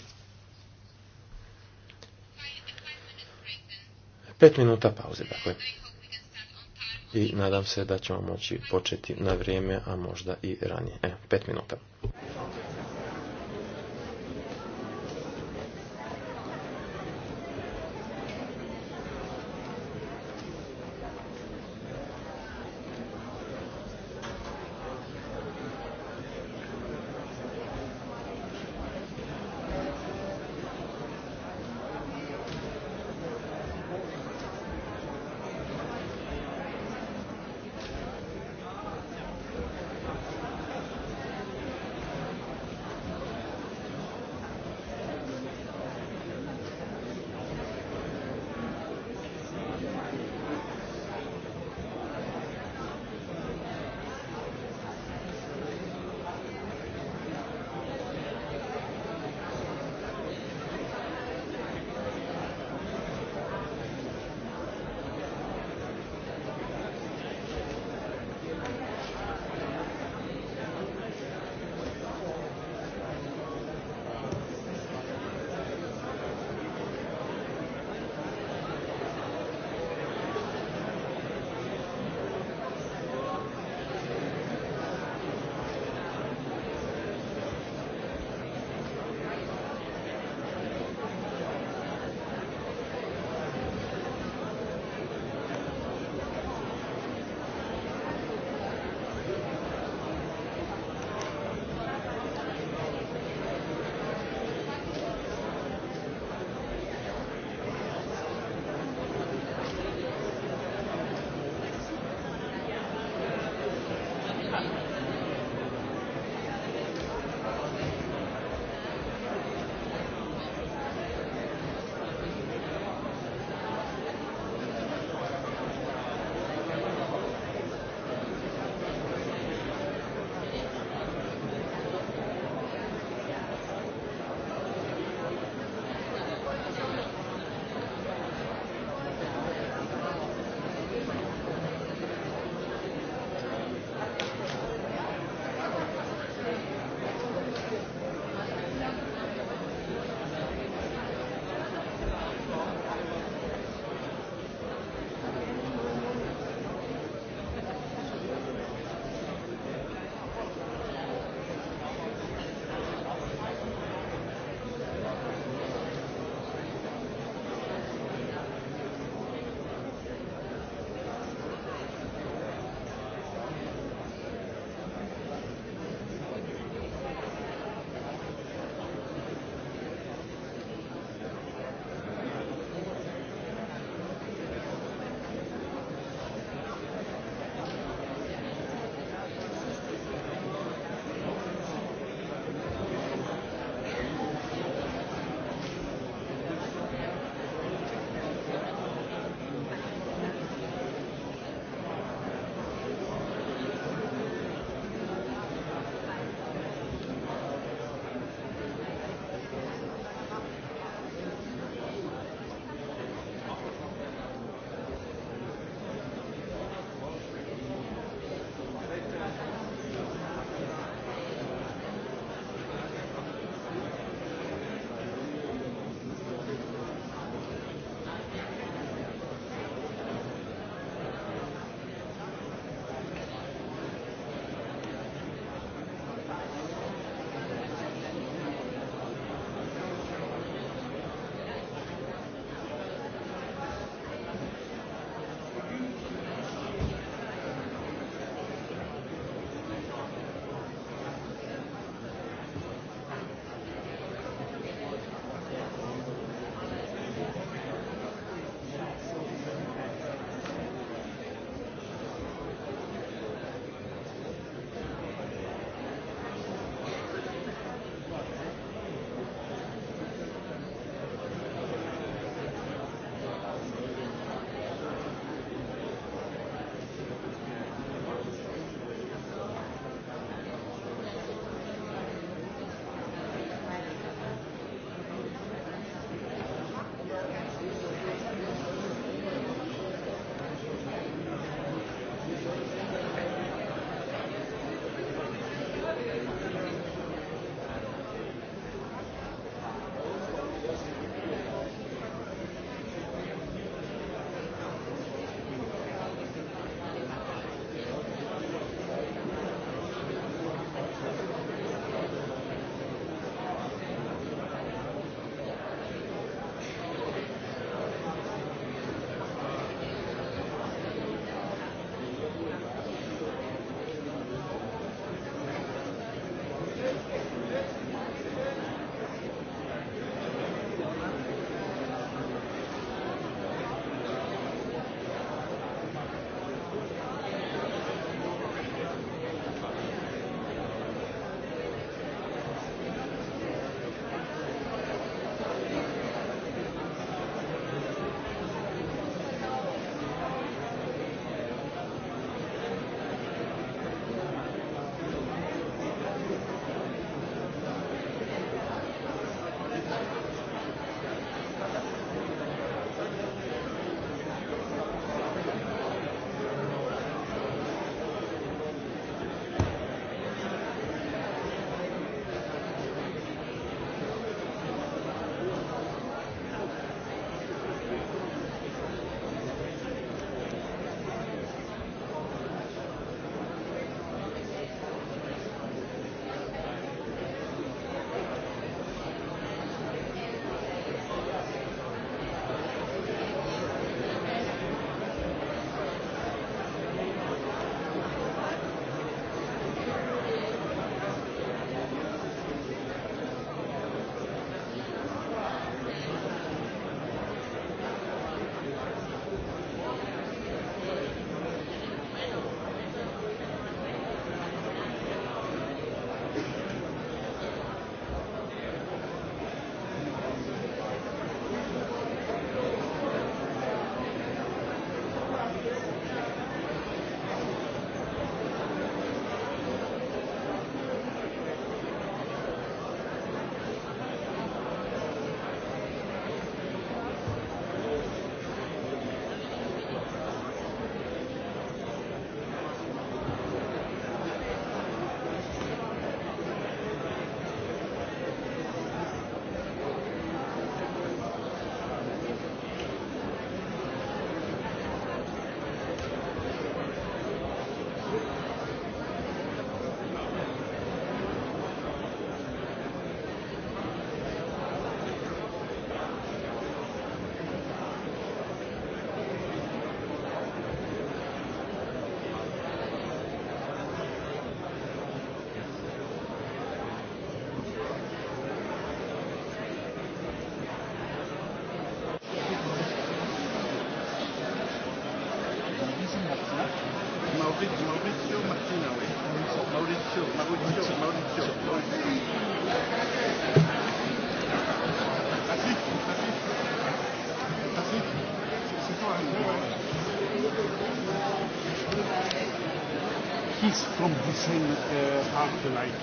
Pet minuta pauze, dakle i nadam se da ćemo moći početi na vrijeme, a možda i ranije. E pet minuta.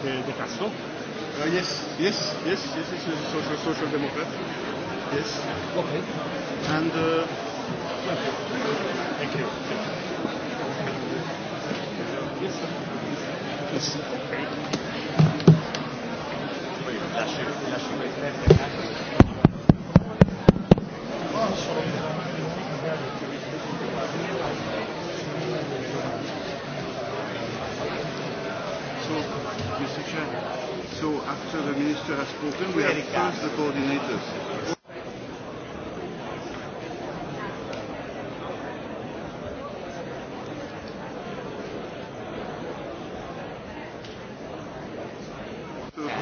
De Castro. Uh, yes, yes, yes, yes, a social, social democrat. Yes. Okay. And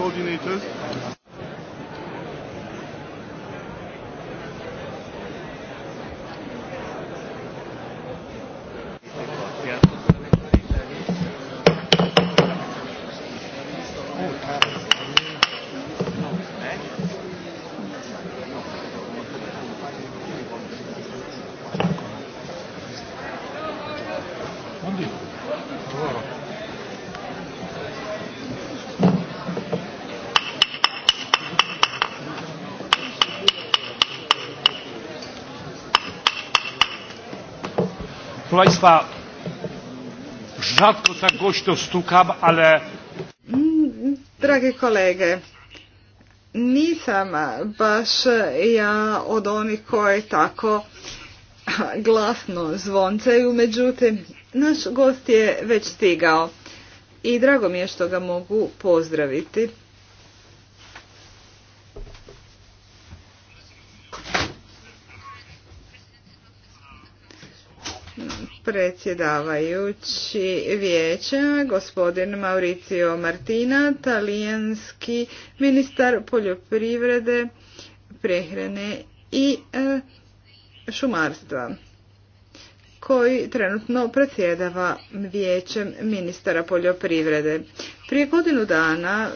coordinators Państwa, rzadko tak głośno stukam, ale... Drage kolege, nisam baš ja od onih koje tako glasno zvoncaju, međutim, naš gost je već stigao i drago mi je što ga mogu pozdraviti. predsjedavajući vijeća, gospodin Mauricio Martina, talijanski ministar poljoprivrede, prehrane i e, šumarstva koji trenutno predsjedava vijećem ministara poljoprivrede. Prije godinu dana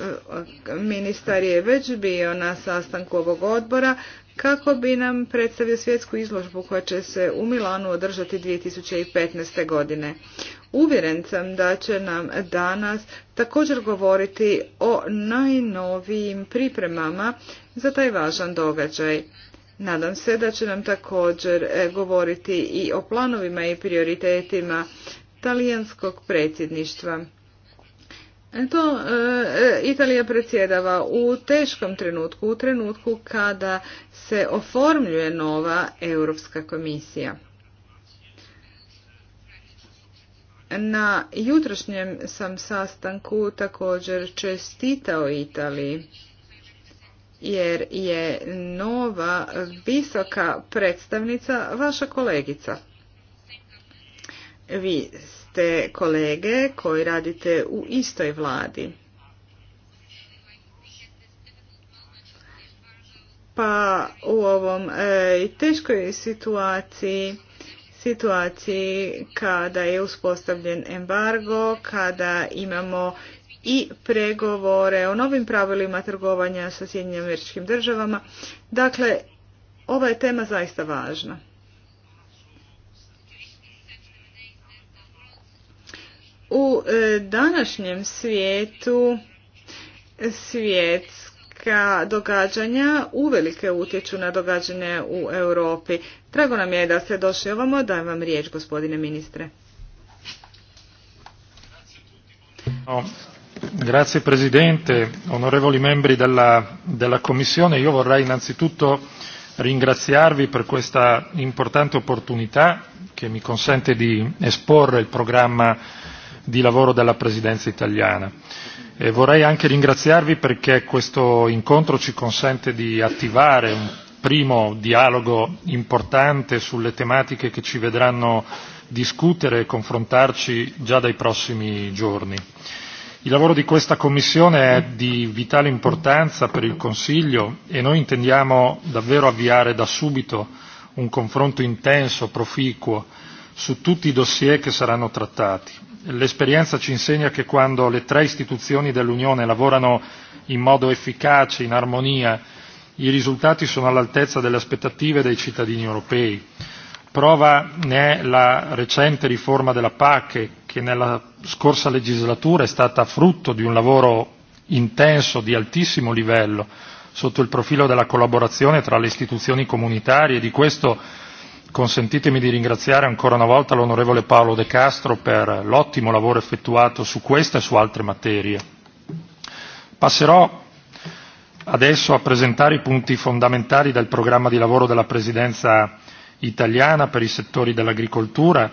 e, ministar je već bio na sastanku ovog odbora kako bi nam predstavio svjetsku izložbu koja će se u Milanu održati 2015. godine. Uvjeren sam da će nam danas također govoriti o najnovijim pripremama za taj važan događaj. Nadam se da će nam također e, govoriti i o planovima i prioritetima talijanskog predsjedništva. E, to e, e, Italija predsjedava u teškom trenutku, u trenutku kada se oformljuje nova Europska komisija. Na jutrošnjem sam sastanku također čestitao Italiji jer je nova visoka predstavnica vaša kolegica. Vi te kolege koji radite u istoj vladi. Pa u ovom e, teškoj situaciji, situaciji kada je uspostavljen embargo, kada imamo i pregovore o novim pravilima trgovanja sa Sjedinjenim američkim državama. Dakle, ova je tema zaista važna. U e, današnjem svijetu svjetska događanja uvelike utječu na događanje u Europi. Drago nam je da ste došli ovamo. Dajem vam riječ, gospodine ministre. grazie Presidente, onorevoli membri della, della Commissione, io vorrei innanzitutto ringraziarvi per questa importante opportunità che mi consente di esporre il programma di lavoro della presidenza italiana. E vorrei anche ringraziarvi perché questo incontro ci consente di attivare un primo dialogo importante sulle tematiche che ci vedranno discutere e confrontarci già dai prossimi giorni. Il lavoro di questa Commissione è di vitale importanza per il Consiglio e noi intendiamo davvero avviare da subito un confronto intenso, proficuo, su tutti i dossier che saranno trattati l'esperienza ci insegna che quando le tre istituzioni dell'Unione lavorano in modo efficace, in armonia, i risultati sono all'altezza delle aspettative dei cittadini europei. Prova ne è la recente riforma della PAC e, che nella scorsa legislatura è stata frutto di un lavoro intenso di altissimo livello sotto il profilo della collaborazione tra le istituzioni comunitarie e di questo consentitemi di ringraziare ancora una volta l'onorevole Paolo De Castro per l'ottimo lavoro effettuato su questa e su altre materie. Passerò adesso a presentare i punti fondamentali del programma di lavoro della presidenza italiana per i settori dell'agricoltura,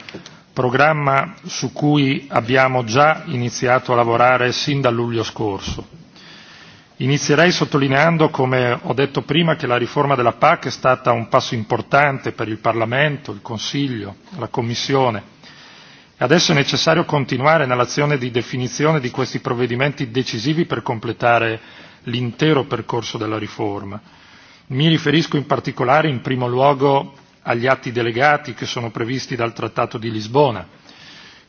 programma su cui abbiamo già iniziato a lavorare sin da luglio scorso Inizierei sottolineando, come ho detto prima, che la riforma della PAC è stata un passo importante per il Parlamento, il Consiglio, la Commissione. Adesso è necessario continuare nell'azione di definizione di questi provvedimenti decisivi per completare l'intero percorso della riforma. Mi riferisco in particolare in primo luogo agli atti delegati che sono previsti dal Trattato di Lisbona.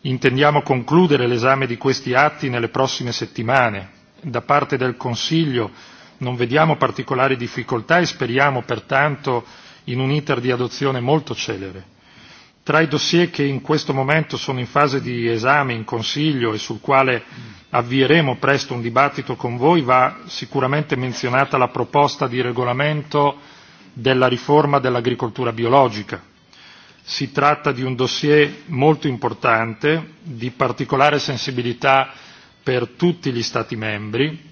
Intendiamo concludere l'esame di questi atti nelle prossime settimane da parte del Consiglio non vediamo particolari difficoltà e speriamo pertanto in un iter di adozione molto celere. Tra i dossier che in questo momento sono in fase di esame in Consiglio e sul quale avvieremo presto un dibattito con voi va sicuramente menzionata la proposta di regolamento della riforma dell'agricoltura biologica. Si tratta di un dossier molto importante, di particolare sensibilità per tutti gli Stati membri.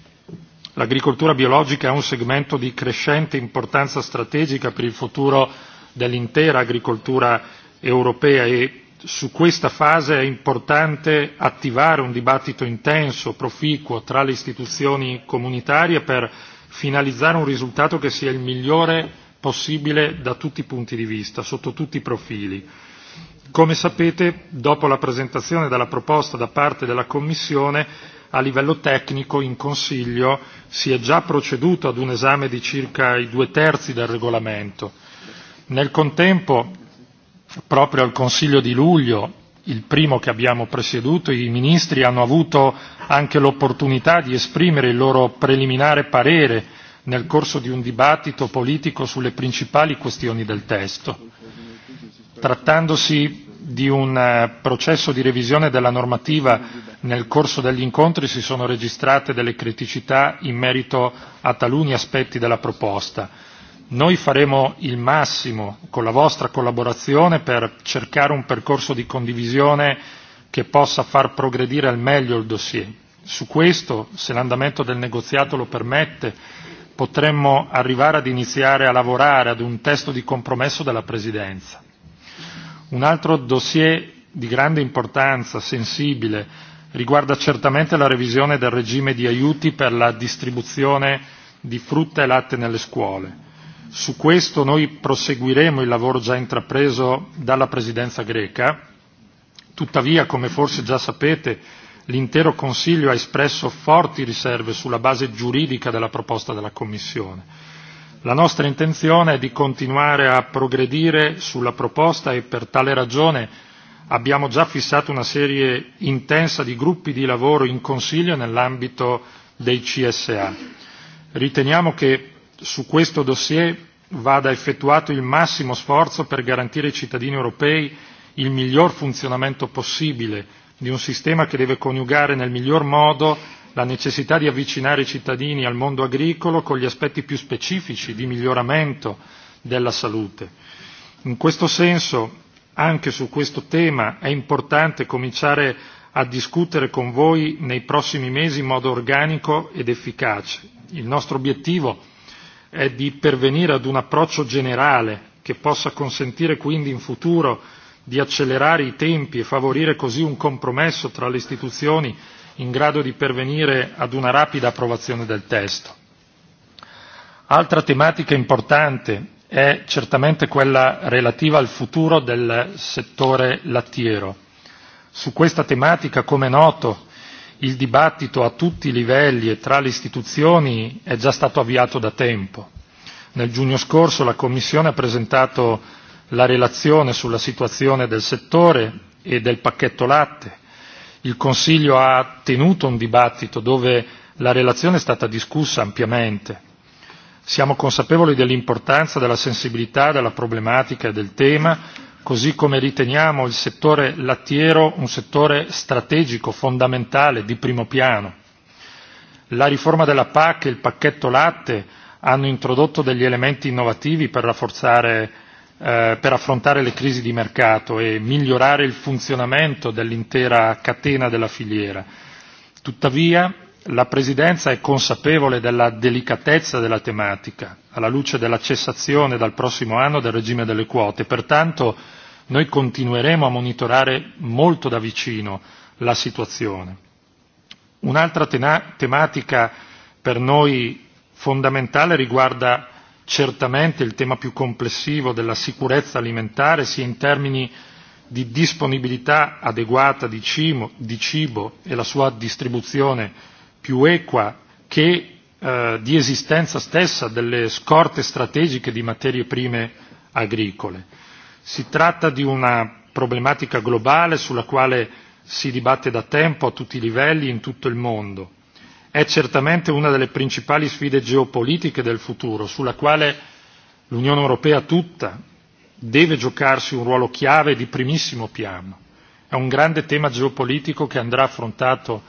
L'agricoltura biologica è un segmento di crescente importanza strategica per il futuro dell'intera agricoltura europea e su questa fase è importante attivare un dibattito intenso, proficuo tra le istituzioni comunitarie per finalizzare un risultato che sia il migliore possibile da tutti i punti di vista, sotto tutti i profili come sapete dopo la presentazione della proposta da parte della commissione a livello tecnico in consiglio si è già proceduto ad un esame di circa i due terzi del regolamento nel contempo proprio al consiglio di luglio il primo che abbiamo presieduto i ministri hanno avuto anche l'opportunità di esprimere il loro preliminare parere nel corso di un dibattito politico sulle principali questioni del testo trattandosi di un eh, processo di revisione della normativa nel corso degli incontri si sono registrate delle criticità in merito a taluni aspetti della proposta noi faremo il massimo con la vostra collaborazione per cercare un percorso di condivisione che possa far progredire al meglio il dossier su questo se l'andamento del negoziato lo permette potremmo arrivare ad iniziare a lavorare ad un testo di compromesso della presidenza Un altro dossier di grande importanza, sensibile, riguarda certamente la revisione del regime di aiuti per la distribuzione di frutta e latte nelle scuole. Su questo noi proseguiremo il lavoro già intrapreso dalla presidenza greca. Tuttavia, come forse già sapete, l'intero Consiglio ha espresso forti riserve sulla base giuridica della proposta della Commissione la nostra intenzione è di continuare a progredire sulla proposta e per tale ragione abbiamo già fissato una serie intensa di gruppi di lavoro in consiglio nell'ambito dei CSA. Riteniamo che su questo dossier vada effettuato il massimo sforzo per garantire ai cittadini europei il miglior funzionamento possibile di un sistema che deve coniugare nel miglior modo la necessità di avvicinare i cittadini al mondo agricolo con gli aspetti più specifici di miglioramento della salute. In questo senso anche su questo tema è importante cominciare a discutere con voi nei prossimi mesi in modo organico ed efficace. Il nostro obiettivo è di pervenire ad un approccio generale che possa consentire quindi in futuro di accelerare i tempi e favorire così un compromesso tra le istituzioni in grado di pervenire ad una rapida approvazione del testo. Altra tematica importante è certamente quella relativa al futuro del settore lattiero. Su questa tematica, come noto, il dibattito a tutti i livelli e tra le istituzioni è già stato avviato da tempo. Nel giugno scorso la Commissione ha presentato la relazione sulla situazione del settore e del pacchetto latte il Consiglio ha tenuto un dibattito dove la relazione è stata discussa ampiamente. Siamo consapevoli dell'importanza della sensibilità della problematica e del tema, così come riteniamo il settore lattiero un settore strategico, fondamentale, di primo piano. La riforma della PAC e il pacchetto latte hanno introdotto degli elementi innovativi per rafforzare Eh, per affrontare le crisi di mercato e migliorare il funzionamento dell'intera catena della filiera. Tuttavia, la Presidenza è consapevole della delicatezza della tematica, alla luce della cessazione dal prossimo anno del regime delle quote. Pertanto, noi continueremo a monitorare molto da vicino la situazione. Un'altra tematica per noi fondamentale riguarda certamente il tema più complessivo della sicurezza alimentare sia in termini di disponibilità adeguata di cibo, e la sua distribuzione più equa che eh, di esistenza stessa delle scorte strategiche di materie prime agricole. Si tratta di una problematica globale sulla quale si dibatte da tempo a tutti i livelli in tutto il mondo è certamente una delle principali sfide geopolitiche del futuro sulla quale l'unione europea tutta deve giocarsi un ruolo chiave di primissimo piano è un grande tema geopolitico che andrà affrontato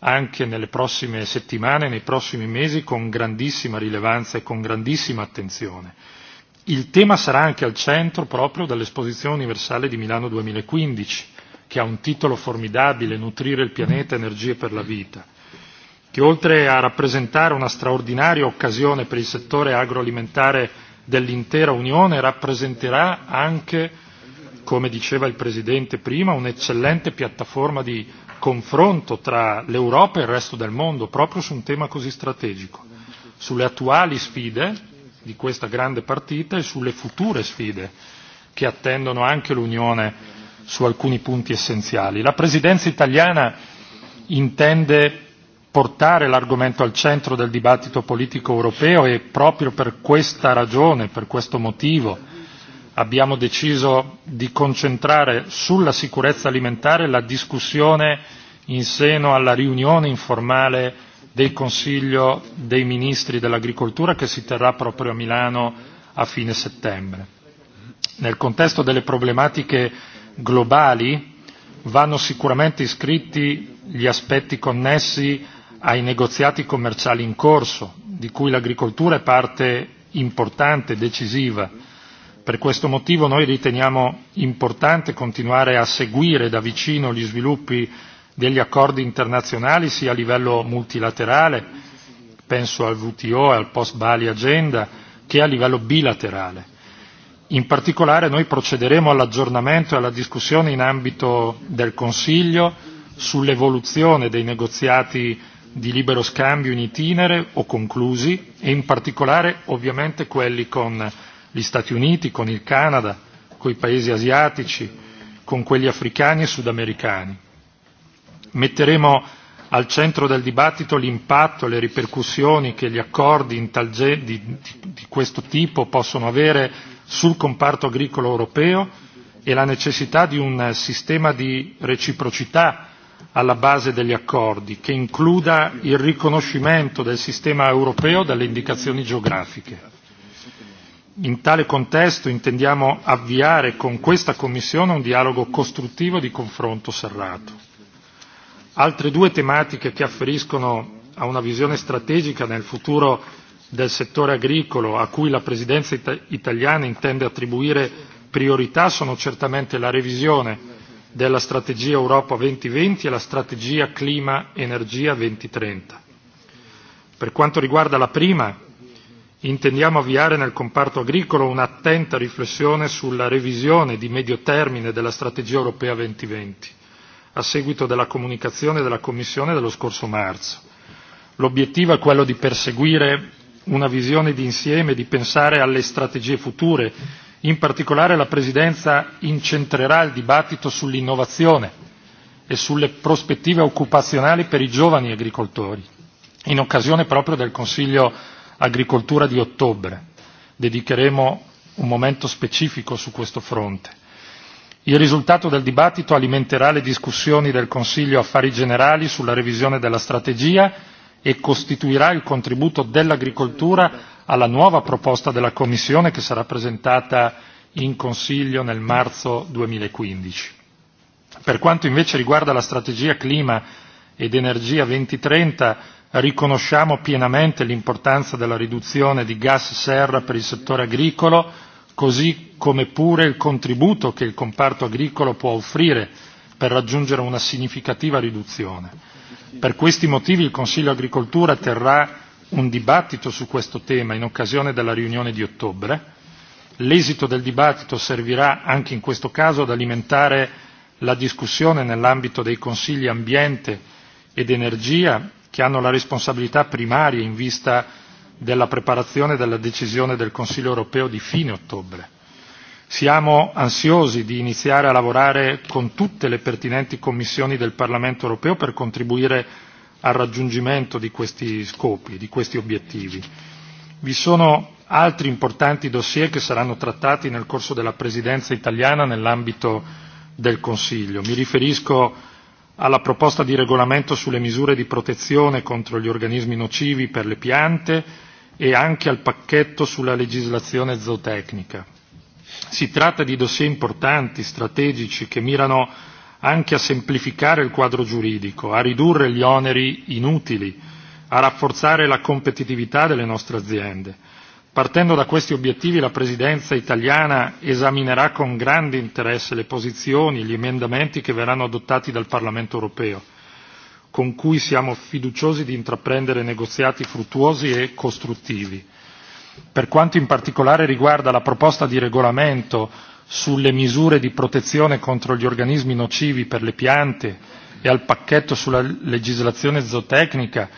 anche nelle prossime settimane nei prossimi mesi con grandissima rilevanza e con grandissima attenzione il tema sarà anche al centro proprio dell'esposizione universale di Milano 2015 che ha un titolo formidabile nutrire il pianeta energie per la vita che oltre a rappresentare una straordinaria occasione per il settore agroalimentare dell'intera Unione rappresenterà anche, come diceva il Presidente prima, un'eccellente piattaforma di confronto tra l'Europa e il resto del mondo, proprio su un tema così strategico, sulle attuali sfide di questa grande partita e sulle future sfide che attendono anche l'Unione su alcuni punti essenziali. La Presidenza italiana intende portare l'argomento al centro del dibattito politico europeo e proprio per questa ragione per questo motivo abbiamo deciso di concentrare sulla sicurezza alimentare la discussione in seno alla riunione informale del Consiglio dei Ministri dell'Agricoltura che si terrà proprio a Milano a fine settembre. Nel contesto delle problematiche globali vanno sicuramente iscritti gli aspetti connessi ai negoziati commerciali in corso di cui l'agricoltura è parte importante e decisiva per questo motivo noi riteniamo importante continuare a seguire da vicino gli sviluppi degli accordi internazionali sia a livello multilaterale penso al WTO e al post Bali agenda che a livello bilaterale in particolare noi procederemo all'aggiornamento e alla discussione in ambito del Consiglio sull'evoluzione dei negoziati di libero scambio in itinere o conclusi e in particolare ovviamente quelli con gli Stati Uniti, con il Canada, con i paesi asiatici, con quelli africani e sudamericani. Metteremo al centro del dibattito l'impatto e le ripercussioni che gli accordi in tal di, di, di questo tipo possono avere sul comparto agricolo europeo e la necessità di un sistema di reciprocità alla base degli accordi che includa il riconoscimento del sistema europeo delle indicazioni geografiche. In tale contesto intendiamo avviare con questa Commissione un dialogo costruttivo di confronto serrato. Altre due tematiche che afferiscono a una visione strategica nel futuro del settore agricolo a cui la Presidenza italiana intende attribuire priorità sono certamente la revisione della strategia Europa 2020 e la strategia Clima Energia 2030. Per quanto riguarda la prima, intendiamo avviare nel comparto agricolo un'attenta riflessione sulla revisione di medio termine della strategia europea 2020, a seguito della comunicazione della Commissione dello scorso marzo. L'obiettivo è quello di perseguire una visione d'insieme, di pensare alle strategie future in particolare la presidenza incentrerà il dibattito sull'innovazione e sulle prospettive occupazionali per i giovani agricoltori in occasione proprio del consiglio agricoltura di ottobre dedicheremo un momento specifico su questo fronte il risultato del dibattito alimenterà le discussioni del consiglio affari generali sulla revisione della strategia e costituirà il contributo dell'agricoltura alla nuova proposta della Commissione che sarà presentata in Consiglio nel marzo 2015. Per quanto invece riguarda la strategia clima ed energia 2030, riconosciamo pienamente l'importanza della riduzione di gas serra per il settore agricolo, così come pure il contributo che il comparto agricolo può offrire per raggiungere una significativa riduzione. Per questi motivi il Consiglio agricoltura terrà un dibattito su questo tema in occasione della riunione di ottobre l'esito del dibattito servirà anche in questo caso ad alimentare la discussione nell'ambito dei consigli ambiente ed energia che hanno la responsabilità primaria in vista della preparazione della decisione del Consiglio europeo di fine ottobre siamo ansiosi di iniziare a lavorare con tutte le pertinenti commissioni del Parlamento europeo per contribuire al raggiungimento di questi scopi, di questi obiettivi. Vi sono altri importanti dossier che saranno trattati nel corso della presidenza italiana nell'ambito del Consiglio. Mi riferisco alla proposta di regolamento sulle misure di protezione contro gli organismi nocivi per le piante e anche al pacchetto sulla legislazione zootecnica. Si tratta di dossier importanti, strategici, che mirano anche a semplificare il quadro giuridico, a ridurre gli oneri inutili, a rafforzare la competitività delle nostre aziende. Partendo da questi obiettivi la presidenza italiana esaminerà con grande interesse le posizioni, gli emendamenti che verranno adottati dal Parlamento europeo, con cui siamo fiduciosi di intraprendere negoziati fruttuosi e costruttivi. Per quanto in particolare riguarda la proposta di regolamento sulle misure di protezione contro gli organismi nocivi per le piante e al pacchetto sulla legislazione zootecnica,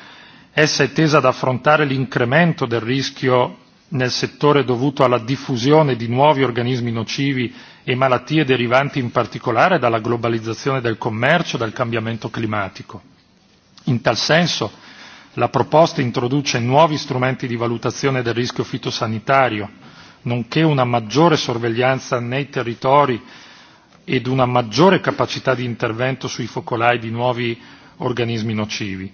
essa è tesa ad affrontare l'incremento del rischio nel settore dovuto alla diffusione di nuovi organismi nocivi e malattie derivanti in particolare dalla globalizzazione del commercio e dal cambiamento climatico. In tal senso, la proposta introduce nuovi strumenti di valutazione del rischio fitosanitario, nonché una maggiore sorveglianza nei territori ed una maggiore capacità di intervento sui focolai di nuovi organismi nocivi.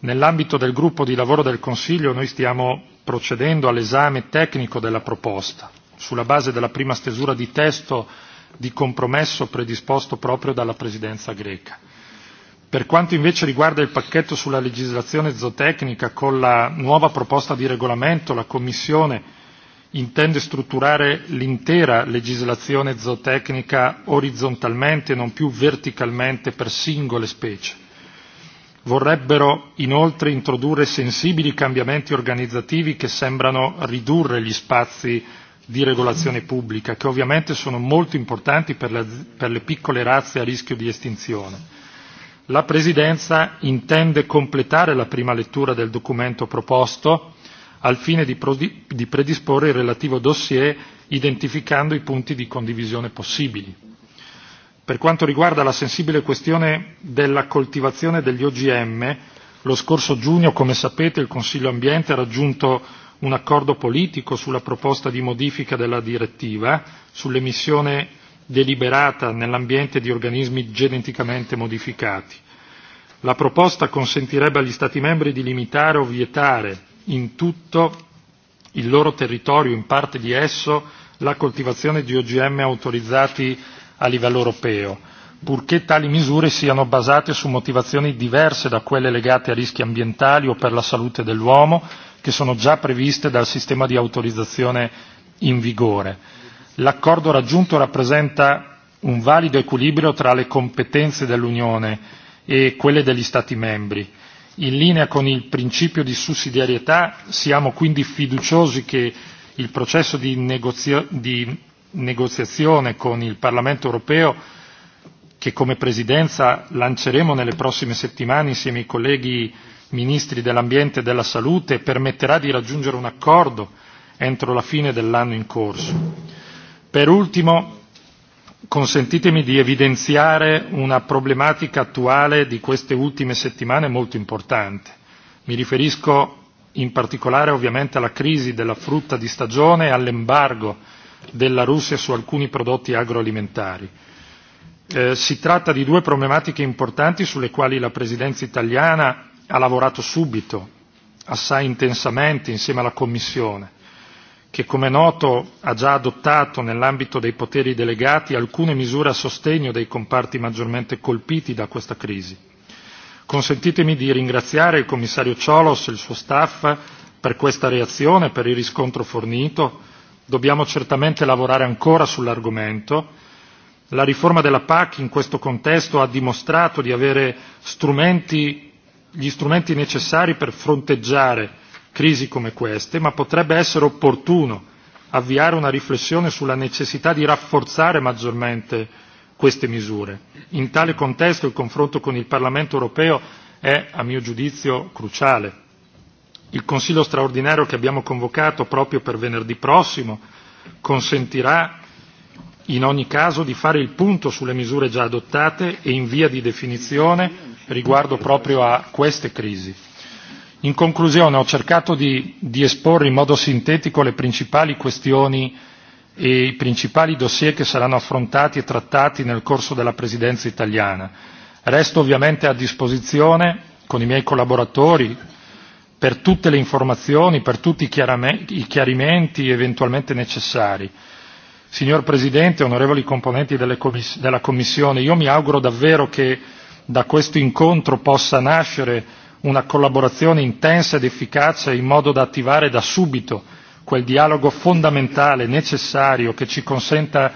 Nell'ambito del gruppo di lavoro del Consiglio noi stiamo procedendo all'esame tecnico della proposta, sulla base della prima stesura di testo di compromesso predisposto proprio dalla Presidenza greca. Per quanto invece riguarda il pacchetto sulla legislazione zootecnica, con la nuova proposta di regolamento la Commissione intende strutturare l'intera legislazione zootecnica orizzontalmente e non più verticalmente per singole specie vorrebbero inoltre introdurre sensibili cambiamenti organizzativi che sembrano ridurre gli spazi di regolazione pubblica che ovviamente sono molto importanti per le, per le piccole razze a rischio di estinzione. La presidenza intende completare la prima lettura del documento proposto al fine di, predisporre il relativo dossier identificando i punti di condivisione possibili. Per quanto riguarda la sensibile questione della coltivazione degli OGM, lo scorso giugno, come sapete, il Consiglio Ambiente ha raggiunto un accordo politico sulla proposta di modifica della direttiva sull'emissione deliberata nell'ambiente di organismi geneticamente modificati. La proposta consentirebbe agli Stati membri di limitare o vietare in tutto il loro territorio, in parte di esso, la coltivazione di OGM autorizzati a livello europeo, purché tali misure siano basate su motivazioni diverse da quelle legate a rischi ambientali o per la salute dell'uomo, che sono già previste dal sistema di autorizzazione in vigore. L'accordo raggiunto rappresenta un valido equilibrio tra le competenze dell'Unione e quelle degli Stati membri in linea con il principio di sussidiarietà siamo quindi fiduciosi che il processo di, negozio, negoziazione con il Parlamento europeo che come presidenza lanceremo nelle prossime settimane insieme ai colleghi ministri dell'ambiente e della salute permetterà di raggiungere un accordo entro la fine dell'anno in corso. Per ultimo consentitemi di evidenziare una problematica attuale di queste ultime settimane molto importante mi riferisco in particolare ovviamente alla crisi della frutta di stagione e all'embargo della Russia su alcuni prodotti agroalimentari eh, si tratta di due problematiche importanti sulle quali la presidenza italiana ha lavorato subito assai intensamente insieme alla commissione che come noto ha già adottato nell'ambito dei poteri delegati alcune misure a sostegno dei comparti maggiormente colpiti da questa crisi. consentitemi di ringraziare il commissario Ciolos e il suo staff per questa reazione per il riscontro fornito dobbiamo certamente lavorare ancora sull'argomento la riforma della pac in questo contesto ha dimostrato di avere strumenti gli strumenti necessari per fronteggiare crisi come queste ma potrebbe essere opportuno avviare una riflessione sulla necessità di rafforzare maggiormente queste misure. in tale contesto il confronto con il parlamento europeo è a mio giudizio cruciale. il consiglio straordinario che abbiamo convocato proprio per venerdì prossimo consentirà in ogni caso di fare il punto sulle misure già adottate e in via di definizione riguardo proprio a queste crisi. In conclusione ho cercato di, di esporre in modo sintetico le principali questioni e i principali dossier che saranno affrontati e trattati nel corso della presidenza italiana. Resto ovviamente a disposizione con i miei collaboratori per tutte le informazioni, per tutti i chiarimenti eventualmente necessari. Signor Presidente, onorevoli componenti delle della Commissione, io mi auguro davvero che da questo incontro possa nascere una collaborazione intensa ed efficace in modo da attivare da subito quel dialogo fondamentale necessario che ci consenta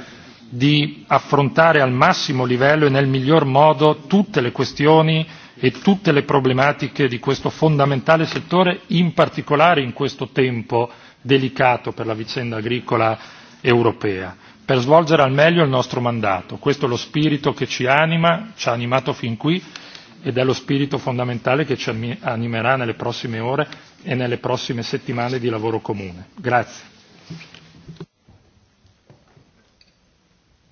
di affrontare al massimo livello e nel miglior modo tutte le questioni e tutte le problematiche di questo fondamentale settore in particolare in questo tempo delicato per la vicenda agricola europea per svolgere al meglio il nostro mandato questo è lo spirito che ci anima ci ha animato fin qui ed è lo spirito fondamentale che ci animerà nelle prossime ore e nelle prossime settimane di lavoro comune. Grazie.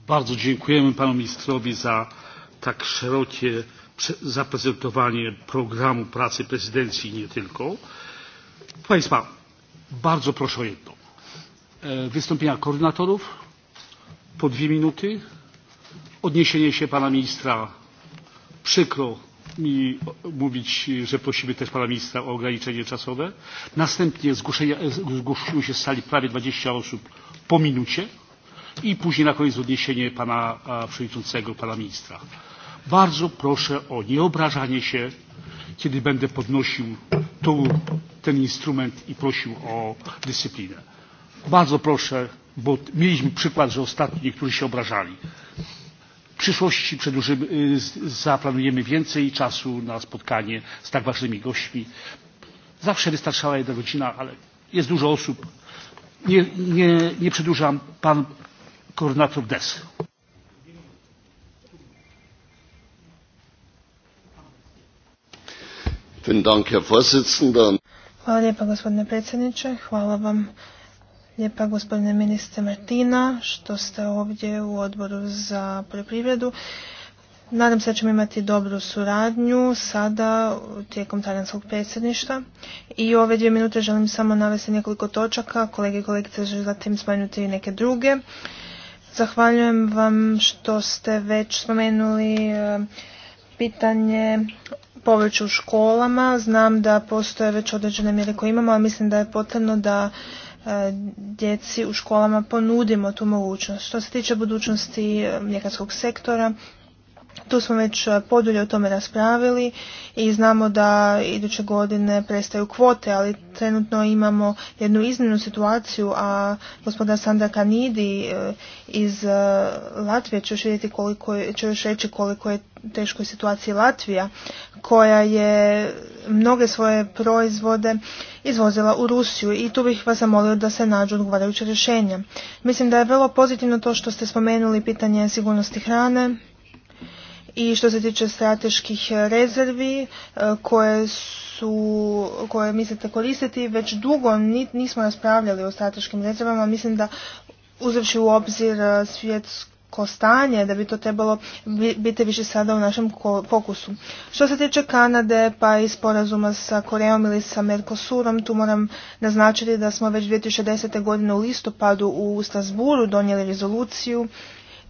Bardzo dziękujemy panu ministrowi za tak szerokie zaprezentowanie programu pracy prezydencji nie tylko. Państwa, bardzo proszę o jedno. E, wystąpienia koordynatorów po dwie minuty. Odniesienie się pana ministra. Przykro, mi mówić, że prosimy też pana ministra o ograniczenie czasowe. Następnie e, zgłosiło się z sali prawie 20 osób po minucie i później na koniec odniesienie pana przewodniczącego, pana ministra. Bardzo proszę o nieobrażanie się, kiedy będę podnosił ten instrument i prosił o dyscyplinę. Bardzo proszę, bo mieliśmy przykład, że ostatni, niektórzy się obrażali przyszłości przedłużymy, zaplanujemy więcej czasu na spotkanie z tak ważnymi gośćmi. Zawsze wystarczała jedna godzina, ale jest dużo osób. Nie, nie, nie przedłużam. Pan koordynator DES. Hvala lijepa gospodine predsjedniče, hvala vam lijepa gospodine ministre Martina što ste ovdje u odboru za poljoprivredu. Nadam se da ćemo imati dobru suradnju sada tijekom talijanskog predsjedništva. I ove dvije minute želim samo navesti nekoliko točaka, kolege i kolegice želim zatim spomenuti i neke druge. Zahvaljujem vam što ste već spomenuli eh, pitanje povrću u školama. Znam da postoje već određene mjere koje imamo, ali mislim da je potrebno da E, djeci u školama ponudimo tu mogućnost. Što se tiče budućnosti e, mljekarskog sektora, tu smo već e, podulje o tome raspravili i znamo da iduće godine prestaju kvote, ali trenutno imamo jednu iznimnu situaciju, a gospoda Sandra Kanidi e, iz e, Latvije će još, vidjeti koliko će još reći koliko je teškoj situaciji Latvija, koja je mnoge svoje proizvode izvozila u Rusiju i tu bih vas zamolio da se nađu odgovarajuće rješenja. Mislim da je vrlo pozitivno to što ste spomenuli pitanje sigurnosti hrane, i što se tiče strateških rezervi e, koje su, koje mislite koristiti, već dugo nismo raspravljali o strateškim rezervama. Mislim da uzevši u obzir e, svjetsko stanje, da bi to trebalo biti više sada u našem fokusu. Što se tiče Kanade pa i sporazuma sa Korejom ili sa Mercosurom, tu moram naznačiti da smo već 2010. godine u listopadu u Strasburu donijeli rezoluciju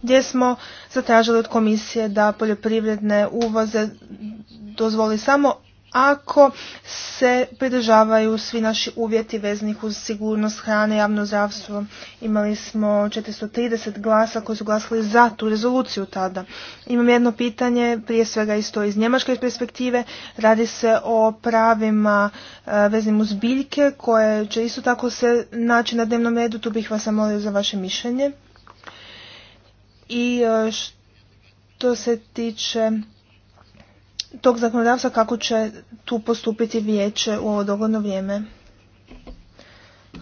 gdje smo zatražili od komisije da poljoprivredne uvoze dozvoli samo ako se pridržavaju svi naši uvjeti veznih uz sigurnost hrane, javno zdravstvo. Imali smo 430 glasa koji su glasili za tu rezoluciju tada. Imam jedno pitanje, prije svega isto iz njemačke perspektive. Radi se o pravima e, veznim uz biljke koje će isto tako se naći na dnevnom redu. Tu bih vas zamolio za vaše mišljenje i e, što se tiče tog zakonodavstva kako će tu postupiti vijeće u ovo dogodno vrijeme.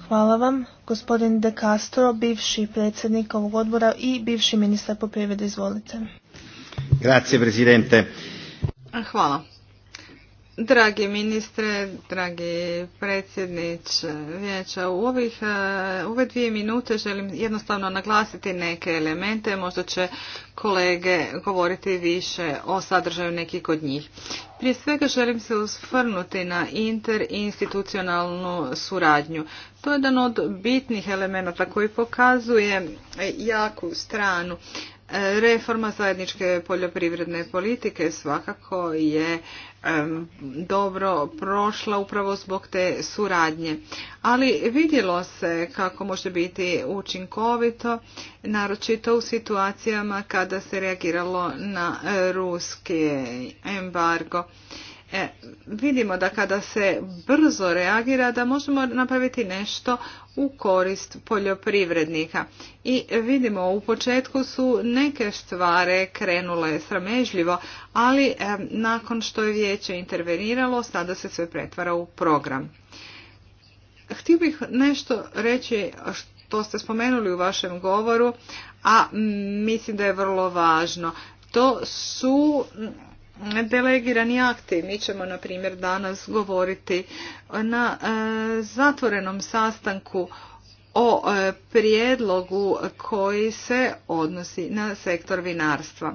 Hvala vam. Gospodin De Castro, bivši predsjednik ovog odbora i bivši ministar poljoprivrede, izvolite. Grazie, presidente. Hvala. Dragi ministre, dragi predsjedniče vijeća, u ovih, e, ove dvije minute želim jednostavno naglasiti neke elemente, možda će kolege govoriti više o sadržaju nekih kod njih. Prije svega želim se usvrnuti na interinstitucionalnu suradnju. To je jedan od bitnih elemenata koji pokazuje jaku stranu Reforma zajedničke poljoprivredne politike svakako je dobro prošla upravo zbog te suradnje. Ali vidjelo se kako može biti učinkovito, naročito u situacijama kada se reagiralo na ruske embargo. E, vidimo da kada se brzo reagira da možemo napraviti nešto u korist poljoprivrednika. I vidimo u početku su neke stvari krenule sramežljivo, ali e, nakon što je vijeće interveniralo sada se sve pretvara u program. Htio bih nešto reći što ste spomenuli u vašem govoru, a mislim da je vrlo važno. To su delegirani akti. Mi ćemo, na primjer, danas govoriti na e, zatvorenom sastanku o e, prijedlogu koji se odnosi na sektor vinarstva.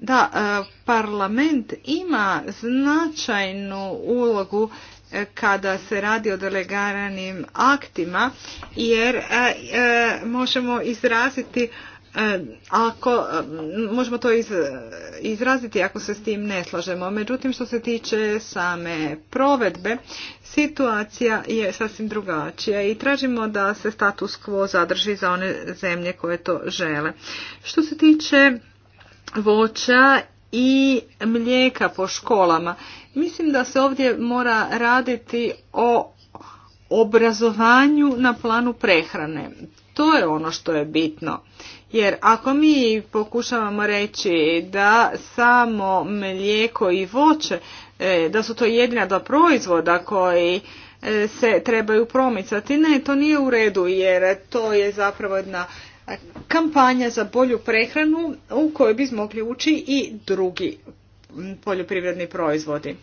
Da, e, parlament ima značajnu ulogu kada se radi o delegaranim aktima jer možemo izraziti E, ako možemo to izraziti ako se s tim ne slažemo. Međutim, što se tiče same provedbe, situacija je sasvim drugačija i tražimo da se status quo zadrži za one zemlje koje to žele. Što se tiče voća i mlijeka po školama, mislim da se ovdje mora raditi o obrazovanju na planu prehrane. To je ono što je bitno. Jer ako mi pokušavamo reći da samo mlijeko i voće, e, da su to jedina dva proizvoda koji e, se trebaju promicati, ne, to nije u redu jer to je zapravo jedna kampanja za bolju prehranu u kojoj bi mogli ući i drugi poljoprivredni proizvodi.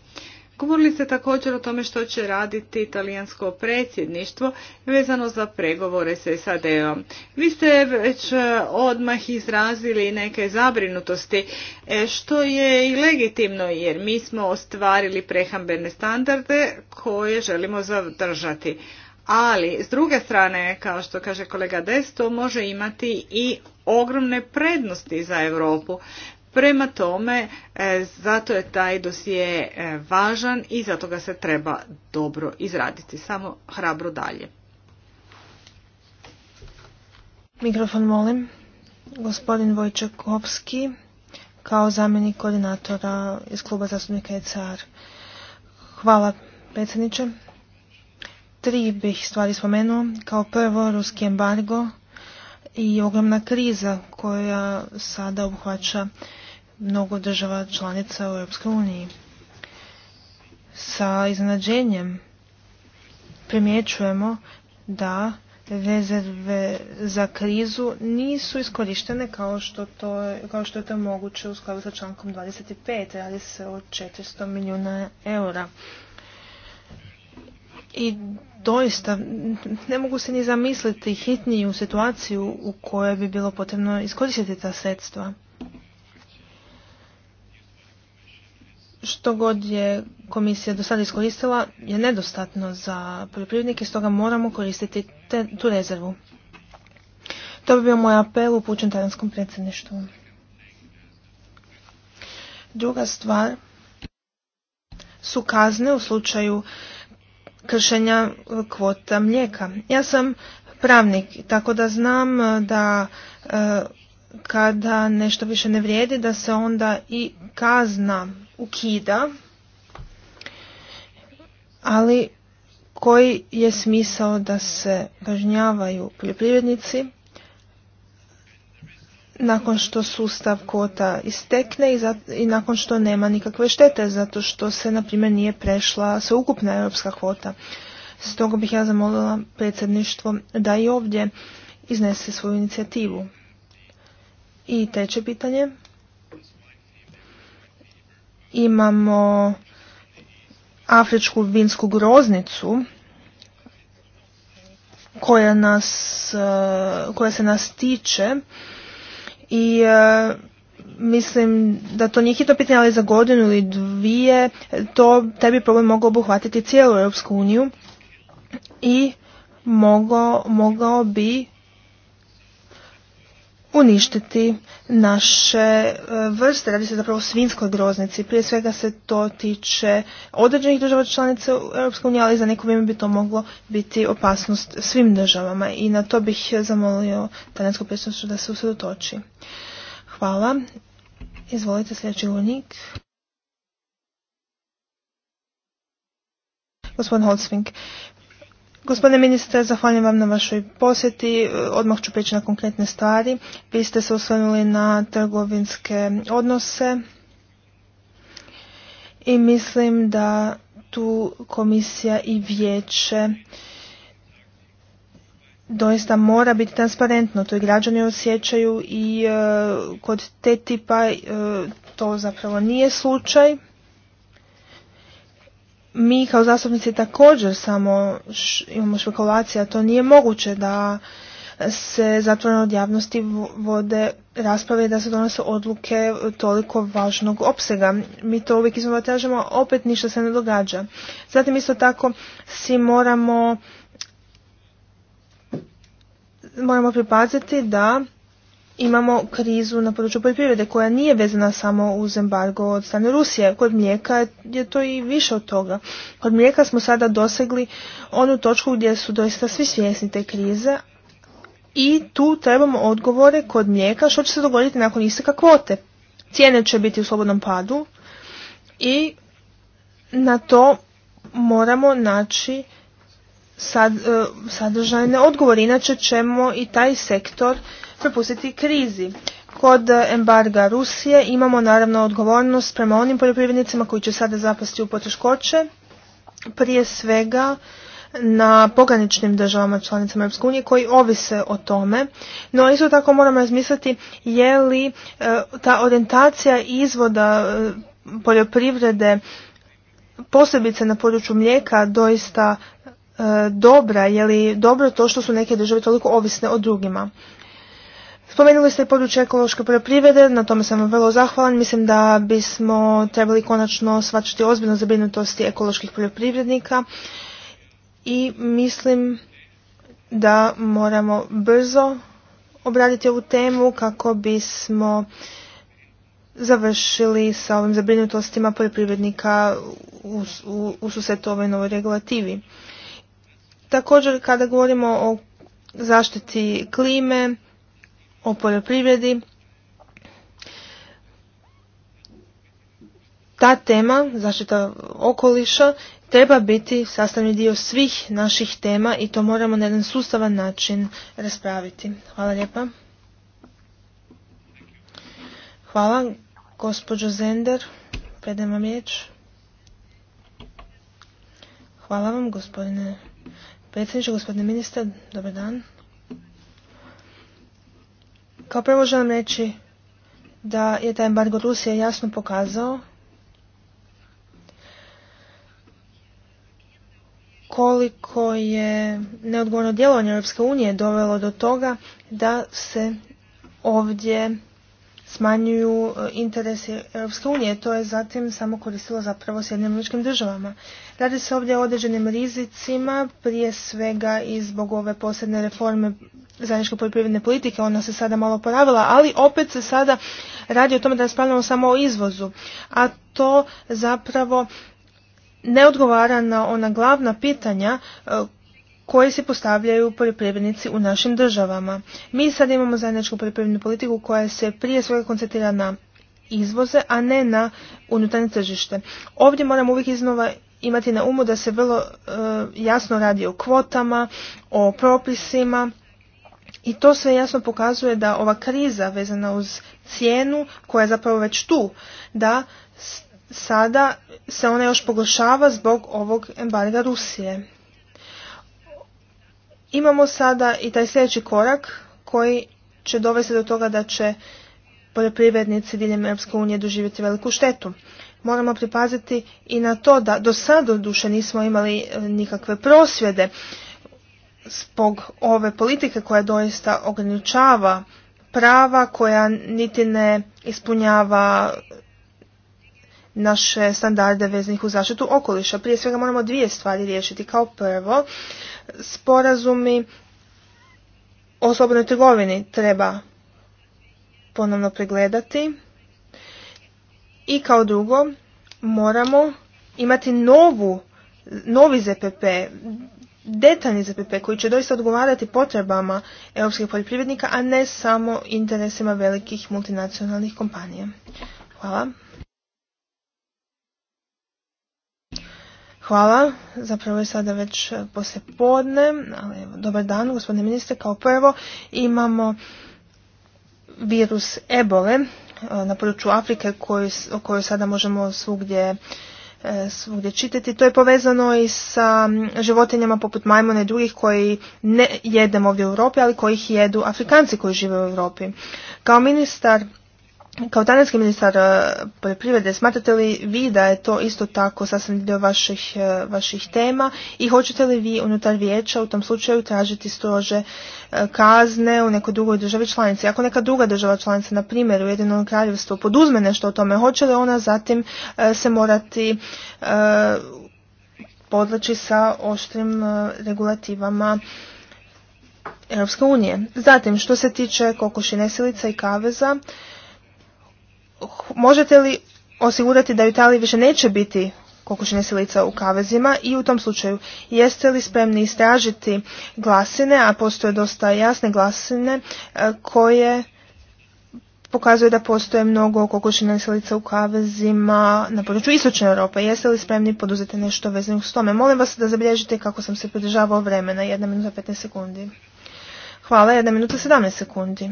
Govorili ste također o tome što će raditi italijansko predsjedništvo vezano za pregovore s SAD-om. Vi ste već e, odmah izrazili neke zabrinutosti, e, što je i legitimno jer mi smo ostvarili prehambene standarde koje želimo zadržati. Ali, s druge strane, kao što kaže kolega Desto, može imati i ogromne prednosti za Europu. Prema tome, e, zato je taj dosije e, važan i zato ga se treba dobro izraditi. Samo hrabro dalje. Mikrofon molim. Gospodin Vojčakovski, kao zamjenik koordinatora iz kluba zastupnika ECR. Hvala predsjedniče. Tri bih stvari spomenuo. Kao prvo, ruski embargo i ogromna kriza koja sada obuhvaća mnogo država članica u Europskoj uniji. Sa iznenađenjem primjećujemo da rezerve za krizu nisu iskorištene kao što, to kao što je to moguće u skladu sa člankom 25. Radi se o 400 milijuna eura. I doista, ne mogu se ni zamisliti hitniju situaciju u kojoj bi bilo potrebno iskoristiti ta sredstva. Što god je komisija do sada iskoristila je nedostatno za poljoprivrednike, stoga moramo koristiti tu rezervu. To bi bio moj apel upućen talijanskom predsjedništvu. Druga stvar su kazne u slučaju kršenja e, kvota mlijeka. Ja sam pravnik, tako da znam e, da e, kada nešto više ne vrijedi, da se onda i kazna ukida, ali koji je smisao da se kažnjavaju poljoprivrednici nakon što sustav kvota istekne i, i nakon što nema nikakve štete zato što se na primjer nije prešla sveukupna europska kvota. Stoga bih ja zamolila predsjedništvo da i ovdje iznese svoju inicijativu. I treće pitanje. Imamo afričku vinsku groznicu koja, nas, eh, koja se nas tiče i e, mislim da to nije hitno pitanje, ali za godinu ili dvije to taj bi problem mogao obuhvatiti cijelu Europsku uniju i mogao, mogao bi uništiti naše e, vrste. Radi se zapravo o svinskoj groznici. Prije svega se to tiče određenih država članica u unije, ali za neko vrijeme bi to moglo biti opasnost svim državama i na to bih zamolio talijansko predstavstvo da se usredotoči. Hvala. Izvolite sljedeći govornik. Gospodin Gospodine ministre, zahvaljujem vam na vašoj posjeti. E, odmah ću prići na konkretne stvari. Vi ste se osvrnuli na trgovinske odnose i mislim da tu komisija i vijeće doista mora biti transparentno. To i građani osjećaju i e, kod te tipa e, to zapravo nije slučaj mi kao zastupnici također samo imamo a to nije moguće da se zatvoreno od javnosti vode rasprave da se donose odluke toliko važnog opsega. Mi to uvijek izmjeno tražimo, opet ništa se ne događa. Zatim isto tako si moramo moramo pripaziti da imamo krizu na području poljoprivrede koja nije vezana samo uz embargo od strane Rusije. Kod mlijeka je to i više od toga. Kod mlijeka smo sada dosegli onu točku gdje su doista svi svjesni te krize i tu trebamo odgovore kod mlijeka što će se dogoditi nakon isteka kvote. Cijene će biti u slobodnom padu i na to moramo naći sad, e, sadržajne odgovore. Inače ćemo i taj sektor prepustiti krizi. Kod embarga Rusije imamo naravno odgovornost prema onim poljoprivrednicima koji će sada zapasti u poteškoće, prije svega na pograničnim državama članicama EU koji ovise o tome. No isto tako moramo razmisliti je li e, ta orijentacija izvoda e, poljoprivrede posebice na području mlijeka doista e, dobra, je li dobro to što su neke države toliko ovisne o drugima. Spomenuli ste područje ekološke poljoprivrede, na tome sam vam vrlo zahvalan. Mislim da bismo trebali konačno svačiti ozbiljno zabrinutosti ekoloških poljoprivrednika i mislim da moramo brzo obraditi ovu temu kako bismo završili sa ovim zabrinutostima poljoprivrednika u, u, ovoj novoj regulativi. Također kada govorimo o zaštiti klime, o poljoprivredi, ta tema, zaštita okoliša, treba biti sastavni dio svih naših tema i to moramo na jedan sustavan način raspraviti. Hvala lijepa. Hvala, gospođo Zender. Predajem vam riječ. Hvala vam, gospodine predsjedniče, gospodine ministar. Dobar dan. Kao prvo želim reći da je taj embargo Rusije jasno pokazao koliko je neodgovorno djelovanje Europske unije dovelo do toga da se ovdje smanjuju e, interesi Europske unije. To je zatim samo koristilo zapravo s jednim državama. Radi se ovdje o određenim rizicima, prije svega i zbog ove posebne reforme zajedničke poljoprivredne politike, ona se sada malo poravila, ali opet se sada radi o tome da raspravljamo samo o izvozu. A to zapravo ne odgovara na ona glavna pitanja e, koje se postavljaju poljoprivrednici u našim državama. Mi sad imamo zajedničku poljoprivrednu politiku koja se prije svega koncentrira na izvoze, a ne na unutarnje tržište. Ovdje moramo uvijek iznova imati na umu da se vrlo e, jasno radi o kvotama, o propisima i to sve jasno pokazuje da ova kriza vezana uz cijenu koja je zapravo već tu, da sada se ona još pogoršava zbog ovog embarga Rusije imamo sada i taj sljedeći korak koji će dovesti do toga da će poljoprivrednici diljem Europske unije doživjeti veliku štetu. Moramo pripaziti i na to da do sada duše nismo imali e, nikakve prosvjede spog ove politike koja doista ograničava prava koja niti ne ispunjava naše standarde veznih u zaštitu okoliša. Prije svega moramo dvije stvari riješiti. Kao prvo, sporazumi o slobodnoj trgovini treba ponovno pregledati. I kao drugo, moramo imati novu, novi ZPP, detaljni ZPP koji će doista odgovarati potrebama europskih poljoprivrednika, a ne samo interesima velikih multinacionalnih kompanija. Hvala. Hvala. Zapravo je sada već e, poslje podne, ali dobar dan gospodine ministre. Kao prvo imamo virus ebole e, na području Afrike o kojoj sada možemo svugdje e, svugdje čitati. To je povezano i sa životinjama poput majmuna i drugih koji ne jedemo ovdje u Europi, ali koji ih jedu Afrikanci koji žive u Europi. Kao ministar kao tadašnji ministar e, poljoprivrede, smatrate li vi da je to isto tako sasvim dio vaših, e, vaših tema i hoćete li vi unutar vijeća u tom slučaju tražiti strože e, kazne u nekoj drugoj državi članici? Ako neka druga država članica, na primjer u Jedinom kraljevstvu, poduzme nešto o tome, hoće li ona zatim se morati podlači sa oštrim regulativama Europske unije? Zatim, što se tiče kokoši nesilica i kaveza, možete li osigurati da u Italiji više neće biti kokošine silica u kavezima i u tom slučaju jeste li spremni istražiti glasine, a postoje dosta jasne glasine e, koje pokazuje da postoje mnogo kokošina silica u kavezima na području Istočne Europe. Jeste li spremni poduzeti nešto vezano s tome? Molim vas da zabilježite kako sam se pridržavao vremena, 1 minuta 15 sekundi. Hvala, 1 minuta 17 sekundi.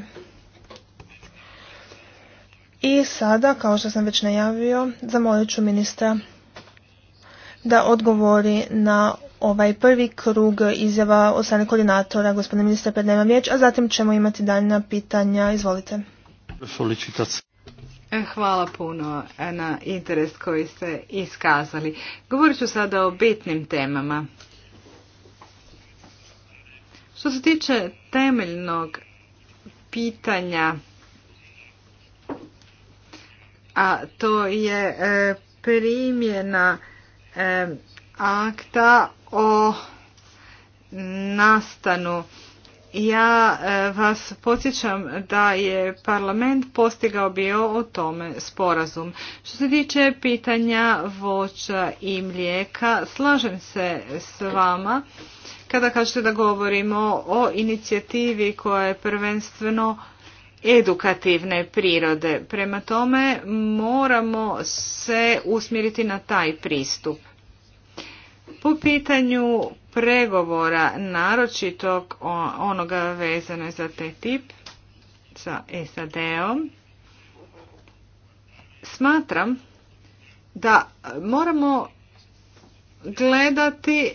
I sada, kao što sam već najavio, zamolit ću ministra da odgovori na ovaj prvi krug izjava od strane koordinatora, gospodine ministra, pred nema vječ, a zatim ćemo imati daljna pitanja. Izvolite. Hvala puno na interes koji ste iskazali. Govorit ću sada o bitnim temama. Što se tiče temeljnog pitanja a to je e, primjena e, akta o nastanu. Ja e, vas podsjećam da je parlament postigao bio o tome sporazum. Što se tiče pitanja voća i mlijeka, slažem se s vama kada kažete da govorimo o inicijativi koja je prvenstveno edukativne prirode. Prema tome moramo se usmjeriti na taj pristup. Po pitanju pregovora, naročitog onoga vezano za te tip, sa SAD-om, smatram da moramo gledati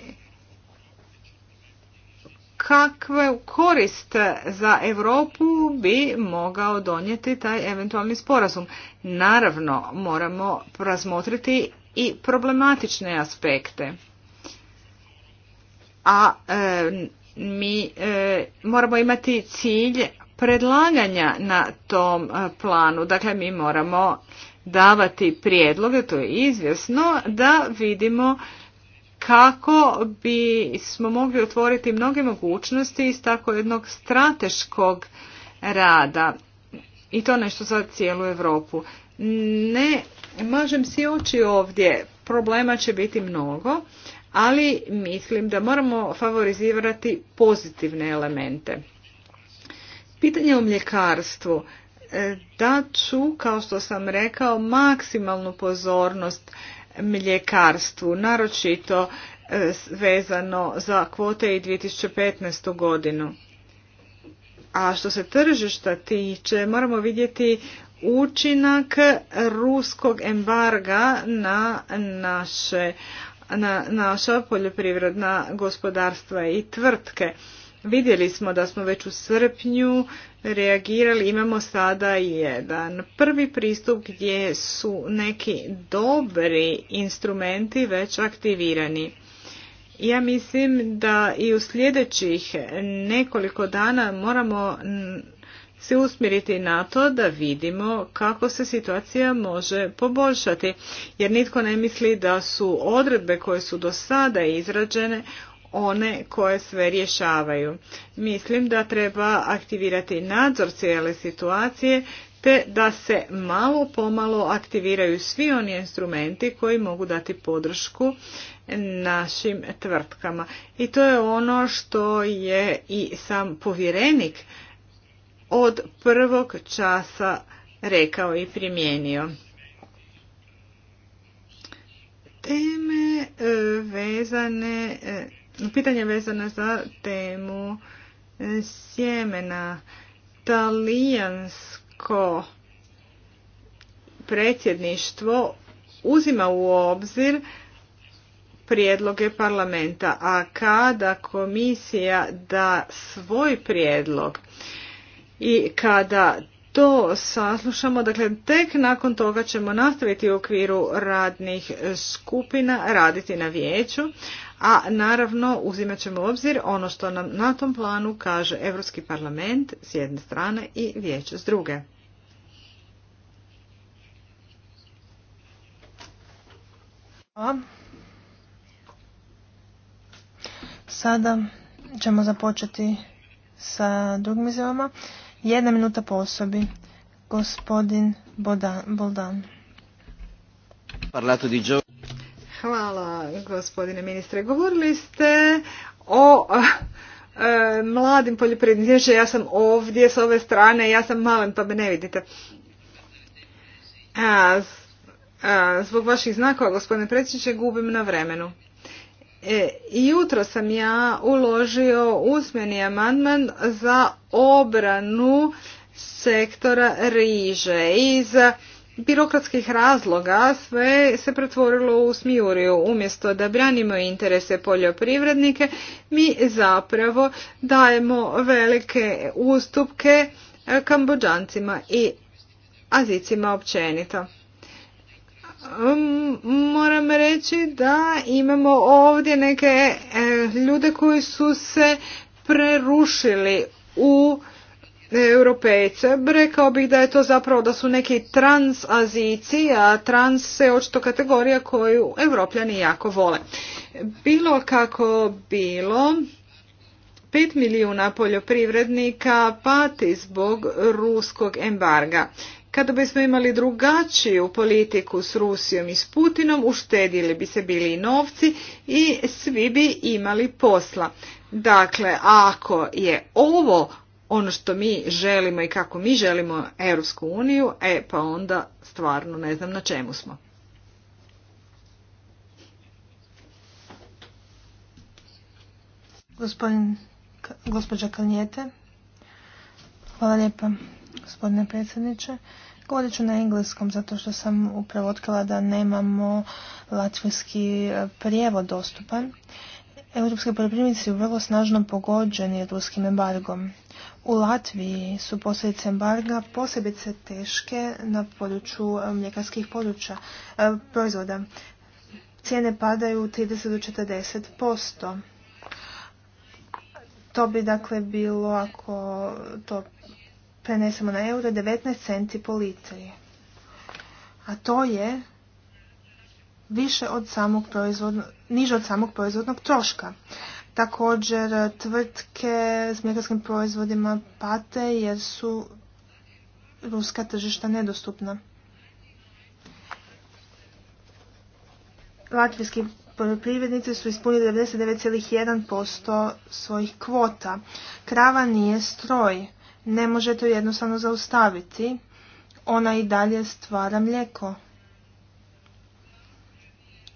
kakve korist za Europu bi mogao donijeti taj eventualni sporazum. Naravno, moramo razmotriti i problematične aspekte. A e, mi e, moramo imati cilj predlaganja na tom e, planu. Dakle, mi moramo davati prijedloge, to je izvjesno, da vidimo kako bi smo mogli otvoriti mnoge mogućnosti iz tako jednog strateškog rada i to nešto za cijelu Europu. Ne možem si oči ovdje, problema će biti mnogo, ali mislim da moramo favorizirati pozitivne elemente. Pitanje o mljekarstvu. E, da ću, kao što sam rekao, maksimalnu pozornost mljekarstvu, naročito e, vezano za kvote i 2015. godinu. A što se tržišta tiče, moramo vidjeti učinak ruskog embarga na naše na naša poljoprivredna gospodarstva i tvrtke. Vidjeli smo da smo već u srpnju reagirali, imamo sada jedan prvi pristup gdje su neki dobri instrumenti već aktivirani. Ja mislim da i u sljedećih nekoliko dana moramo se usmjeriti na to da vidimo kako se situacija može poboljšati, jer nitko ne misli da su odredbe koje su do sada izrađene one koje sve rješavaju. Mislim da treba aktivirati nadzor cijele situacije te da se malo pomalo aktiviraju svi oni instrumenti koji mogu dati podršku našim tvrtkama. I to je ono što je i sam povjerenik od prvog časa rekao i primijenio. Teme e, vezane e, pitanje vezano za temu e, sjemena. Talijansko predsjedništvo uzima u obzir prijedloge parlamenta, a kada komisija da svoj prijedlog i kada to saslušamo, dakle tek nakon toga ćemo nastaviti u okviru radnih skupina, raditi na vijeću, a naravno uzimat ćemo u obzir ono što nam na tom planu kaže Europski parlament s jedne strane i vijeće s druge. Sada ćemo započeti sa drugim izjavama. Jedna minuta po osobi. Gospodin Boldan. Parlato di Hvala gospodine ministre. Govorili ste o e, mladim poljoprivrednicima. Ja sam ovdje s ove strane, ja sam malen pa me ne vidite. zbog vaših znakova gospodine predsjedniče gubim na vremenu. I e, jutro sam ja uložio usmeni amandman za obranu sektora riže iz birokratskih razloga sve se pretvorilo u smijuriju. Umjesto da branimo interese poljoprivrednike, mi zapravo dajemo velike ustupke e, kambođancima i azicima općenito. Um, moram reći da imamo ovdje neke e, ljude koji su se prerušili u europejce, rekao bih da je to zapravo da su neki transazici, a trans je očito kategorija koju evropljani jako vole. Bilo kako bilo, 5 milijuna poljoprivrednika pati zbog ruskog embarga. Kada bismo imali drugačiju politiku s Rusijom i s Putinom, uštedili bi se bili i novci i svi bi imali posla. Dakle, ako je ovo ono što mi želimo i kako mi želimo Europsku uniju, e pa onda stvarno ne znam na čemu smo. Gospodin, gospođa Kalnijete. Hvala lijepa, gospodine predsjedniče. Govorit ću na engleskom zato što sam upravo otkrila da nemamo latvijski e, prijevod dostupan. Europski poljoprivrednici su vrlo snažno pogođeni ruskim embargom. U Latviji su posljedice embarga posebice teške na području e, mljekarskih područja e, proizvoda. Cijene padaju 30 do 40%. To bi dakle bilo, ako to prenesemo na euro, 19 centi po litri. A to je više od niže od samog proizvodnog troška. Također tvrtke s mljekarskim proizvodima pate jer su ruska tržišta nedostupna. Latvijski poljoprivrednici su ispunili 99,1% svojih kvota. Krava nije stroj, ne možete ju jednostavno zaustaviti, ona i dalje stvara mlijeko.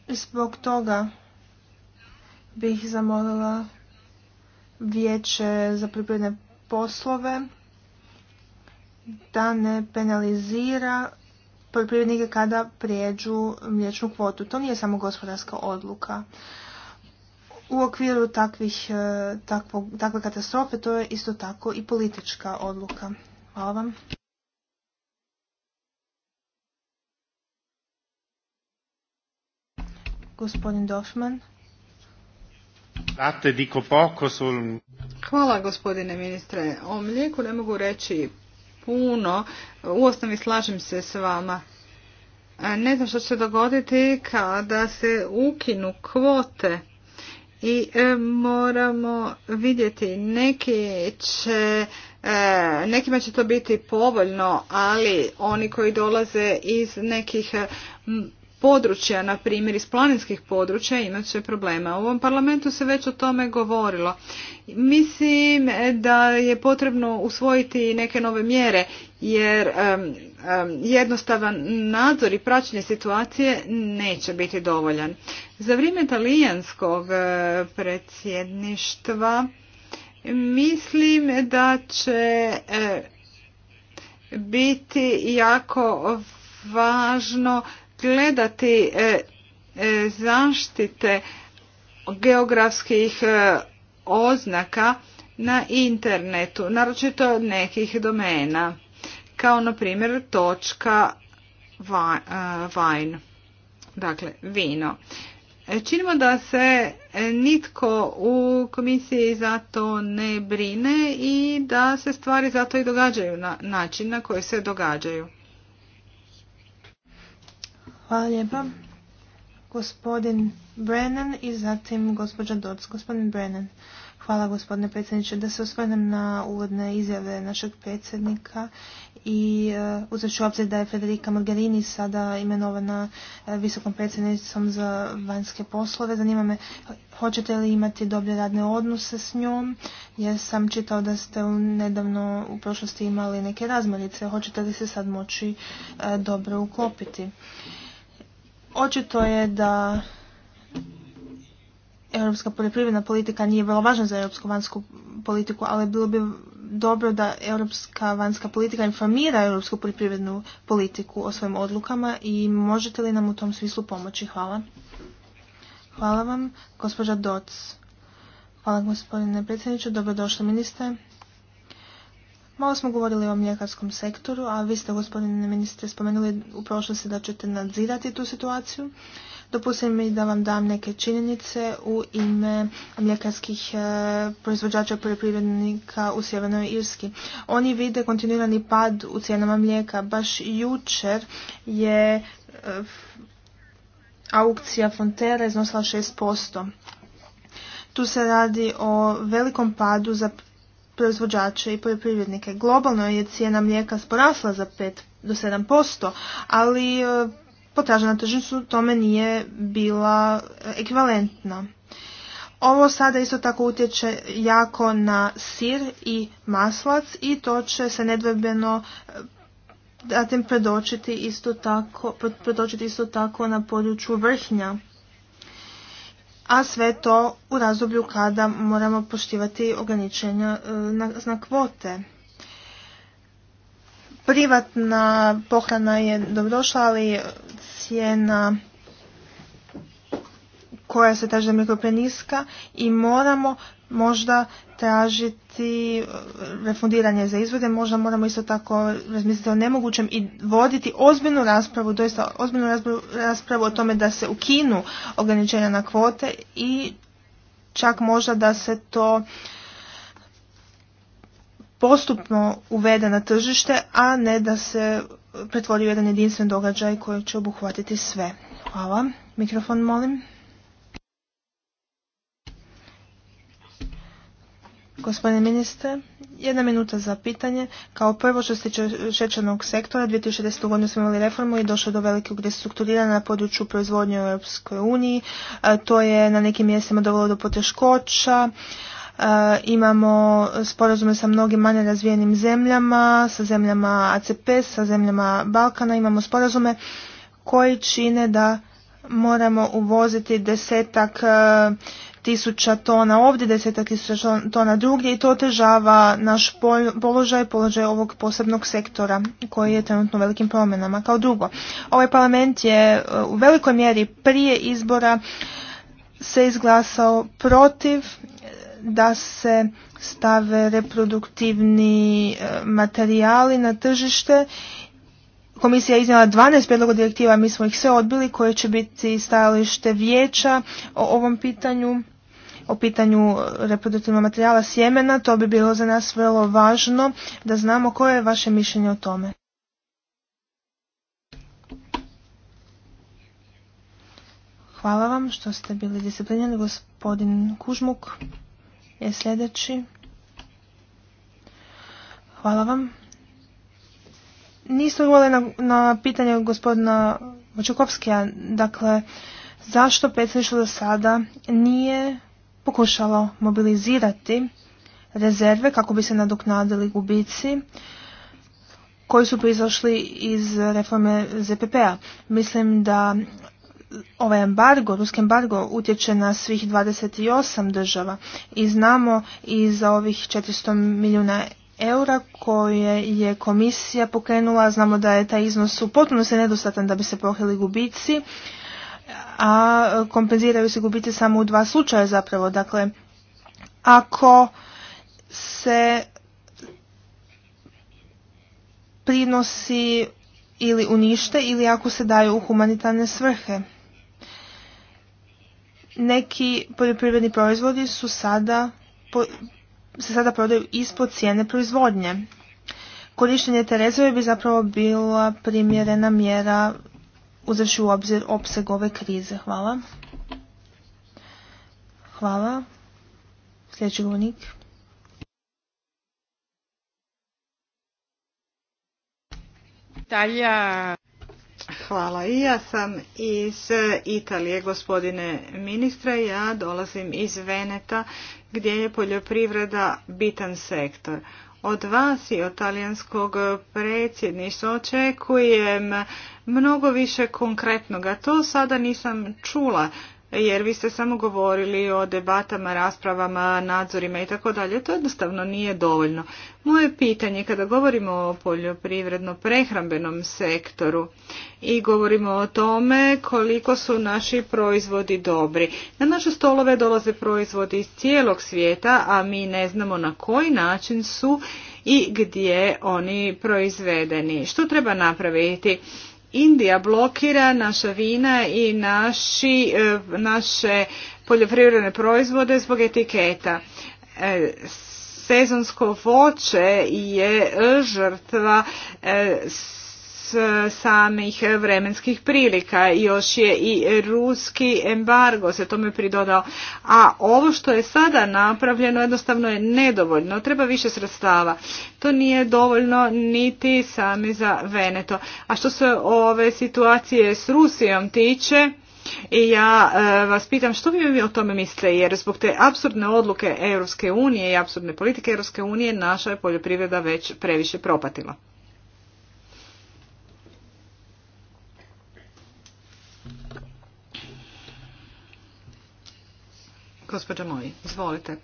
I zbog toga bih zamolila vijeće za poljoprivredne poslove da ne penalizira poljoprivrednike kada prijeđu mliječnu kvotu. To nije samo gospodarska odluka. U okviru takvih, e, takve katastrofe to je isto tako i politička odluka. Hvala vam. Gospodin Dofman Hvala gospodine ministre. O mlijeku ne mogu reći puno. U osnovi slažem se s vama. Ne znam što će dogoditi kada se ukinu kvote i e, moramo vidjeti neki će e, nekima će to biti povoljno ali oni koji dolaze iz nekih područja, na primjer iz planinskih područja, imat će problema. U ovom parlamentu se već o tome govorilo. Mislim da je potrebno usvojiti neke nove mjere, jer jednostavan nadzor i praćenje situacije neće biti dovoljan. Za vrijeme talijanskog e, predsjedništva mislim da će e, biti jako važno gledati e, e, zaštite geografskih e, oznaka na internetu, naročito nekih domena, kao na primjer točka vine, dakle vino. Činimo da se nitko u komisiji za to ne brine i da se stvari zato i događaju na način na koji se događaju. Hvala lijepa. Gospodin Brennan i zatim gospođa Doc. Gospodin Brennan. Hvala gospodine predsjedniče. Da se osvrnem na uvodne izjave našeg predsjednika i eh, uzet ću obzir da je Federica Mogherini sada imenovana eh, visokom predsjednicom za vanjske poslove. Zanima me, hoćete li imati dobre radne odnose s njom? Jer sam čitao da ste nedavno u prošlosti imali neke razmirice. Hoćete li se sad moći eh, dobro uklopiti? Očito je da europska poljoprivredna politika nije vrlo važna za europsku vanjsku politiku, ali bilo bi dobro da europska vanjska politika informira europsku poljoprivrednu politiku o svojim odlukama i možete li nam u tom smislu pomoći? Hvala. Hvala vam, gospođa Doc. Hvala gospodine predsjedniče, dobrodošli ministre. Malo smo govorili o mljekarskom sektoru, a vi ste, gospodine ministre, spomenuli u prošlosti da ćete nadzirati tu situaciju. Dopustite mi da vam dam neke činjenice u ime mljekarskih e, proizvođača poljoprivrednika u Sjevernoj Irski. Oni vide kontinuirani pad u cijenama mlijeka. Baš jučer je e, aukcija Fontera iznosila 6%. Tu se radi o velikom padu za proizvođače i poljoprivrednike. Globalno je cijena mlijeka sporasla za 5 do 7%, ali e, potražnja na tržištu tome nije bila ekvivalentna. Ovo sada isto tako utječe jako na sir i maslac i to će se nedvojbeno e, zatim predočiti isto tako, predočiti isto tako na području vrhnja a sve to u razdoblju kada moramo poštivati ograničenja e, na, kvote. Privatna pohrana je dobrošla, ali cijena koja se traži da i moramo možda tražiti eh, refundiranje za izvode, možda moramo isto tako razmisliti o nemogućem i voditi ozbiljnu raspravu, doista ozbiljnu raspravu, o tome da se ukinu ograničenja na kvote i čak možda da se to postupno uvede na tržište, a ne da se pretvori u jedan jedinstven događaj koji će obuhvatiti sve. Hvala. Mikrofon molim. Gospodine ministre, jedna minuta za pitanje. Kao prvo što se tiče šećernog sektora, 2010. godinu smo imali reformu i došlo do velikog restrukturiranja na području proizvodnje u Europskoj uniji. E, to je na nekim mjestima dovelo do poteškoća. E, imamo sporazume sa mnogim manje razvijenim zemljama, sa zemljama ACP, sa zemljama Balkana. Imamo sporazume koji čine da moramo uvoziti desetak e, tisuća tona ovdje, desetak tisuća tona drugdje i to otežava naš položaj, položaj ovog posebnog sektora koji je trenutno u velikim promjenama. Kao drugo, ovaj parlament je e, u velikoj mjeri prije izbora se izglasao protiv e, da se stave reproduktivni e, materijali na tržište Komisija je iznijela 12 prijedloga direktiva, mi smo ih sve odbili, koje će biti stajalište vijeća o ovom pitanju, o pitanju reproduktivnog materijala sjemena. To bi bilo za nas vrlo važno da znamo koje je vaše mišljenje o tome. Hvala vam što ste bili disciplinjeni. Gospodin Kužmuk je sljedeći. Hvala vam. Niste voljeli na, pitanje gospodina Vočukovskija, dakle, zašto predsjedništvo do sada nije pokušalo mobilizirati rezerve kako bi se nadoknadili gubici koji su proizašli iz reforme ZPP-a. Mislim da ovaj embargo, ruski embargo utječe na svih 28 država i znamo i za ovih 400 milijuna eura koje je komisija pokrenula. Znamo da je taj iznos u se nedostatan da bi se pokrili gubici, a kompenziraju se gubici samo u dva slučaja zapravo. Dakle, ako se prinosi ili unište ili ako se daju u humanitarne svrhe. Neki poljoprivredni proizvodi su sada se sada prodaju ispod cijene proizvodnje. Korištenje te rezerve bi zapravo bila primjerena mjera uzevši u obzir opseg ove krize. Hvala. Hvala. Sljedeći govornik. Hvala. I ja sam iz Italije, gospodine ministra. Ja dolazim iz Veneta gdje je poljoprivreda bitan sektor. Od vas i od talijanskog predsjedništva očekujem mnogo više konkretnoga. To sada nisam čula jer vi ste samo govorili o debatama, raspravama, nadzorima i tako dalje. To jednostavno nije dovoljno. Moje pitanje kada govorimo o poljoprivredno prehrambenom sektoru i govorimo o tome koliko su naši proizvodi dobri. Na naše stolove dolaze proizvodi iz cijelog svijeta, a mi ne znamo na koji način su i gdje oni proizvedeni. Što treba napraviti? Indija blokira naša vina i naši, e, naše poljoprivredne proizvode zbog etiketa. E, sezonsko voće je žrtva e, E, samih vremenskih prilika. Još je i ruski embargo se tome pridodao. A ovo što je sada napravljeno jednostavno je nedovoljno. Treba više sredstava. To nije dovoljno niti sami za Veneto. A što se ove situacije s Rusijom tiče, i ja e, vas pitam što vi o tome mislite, jer zbog te absurdne odluke Europske unije i absurdne politike Europske unije naša je poljoprivreda već previše propatila. Gospođa Moji, izvolite.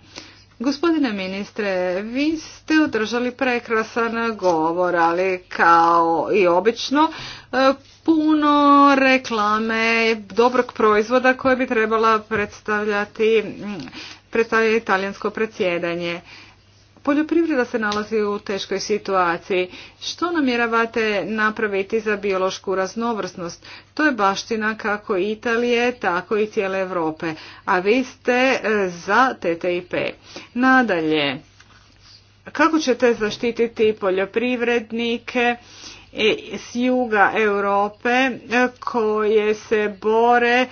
Gospodine ministre, vi ste održali prekrasan govor, ali kao i obično e, puno reklame dobrog proizvoda koje bi trebala predstavljati predstavljati italijansko predsjedanje. Poljoprivreda se nalazi u teškoj situaciji. Što namjeravate napraviti za biološku raznovrsnost? To je baština kako Italije, tako i cijele Europe. A vi ste e, za TTIP. Nadalje, kako ćete zaštititi poljoprivrednike e, s juga Europe e, koje se bore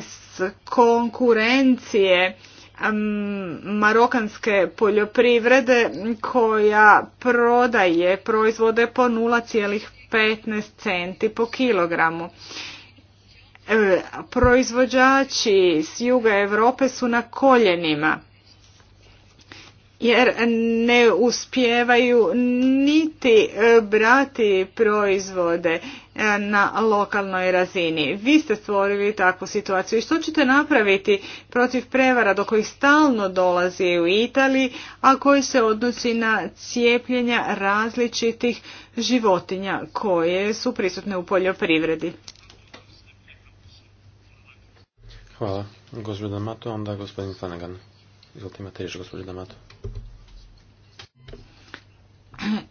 s konkurencije marokanske poljoprivrede koja prodaje proizvode po 0,15 centi po kilogramu. E, proizvođači s juga Europe su na koljenima jer ne uspijevaju niti e, brati proizvode e, na lokalnoj razini. Vi ste stvorili takvu situaciju i što ćete napraviti protiv prevara do kojih stalno dolazi u Italiji, a koji se odnosi na cijepljenja različitih životinja koje su prisutne u poljoprivredi? Hvala, gospodine Mato, onda gospodin Izvolite, imate riječ, Damato.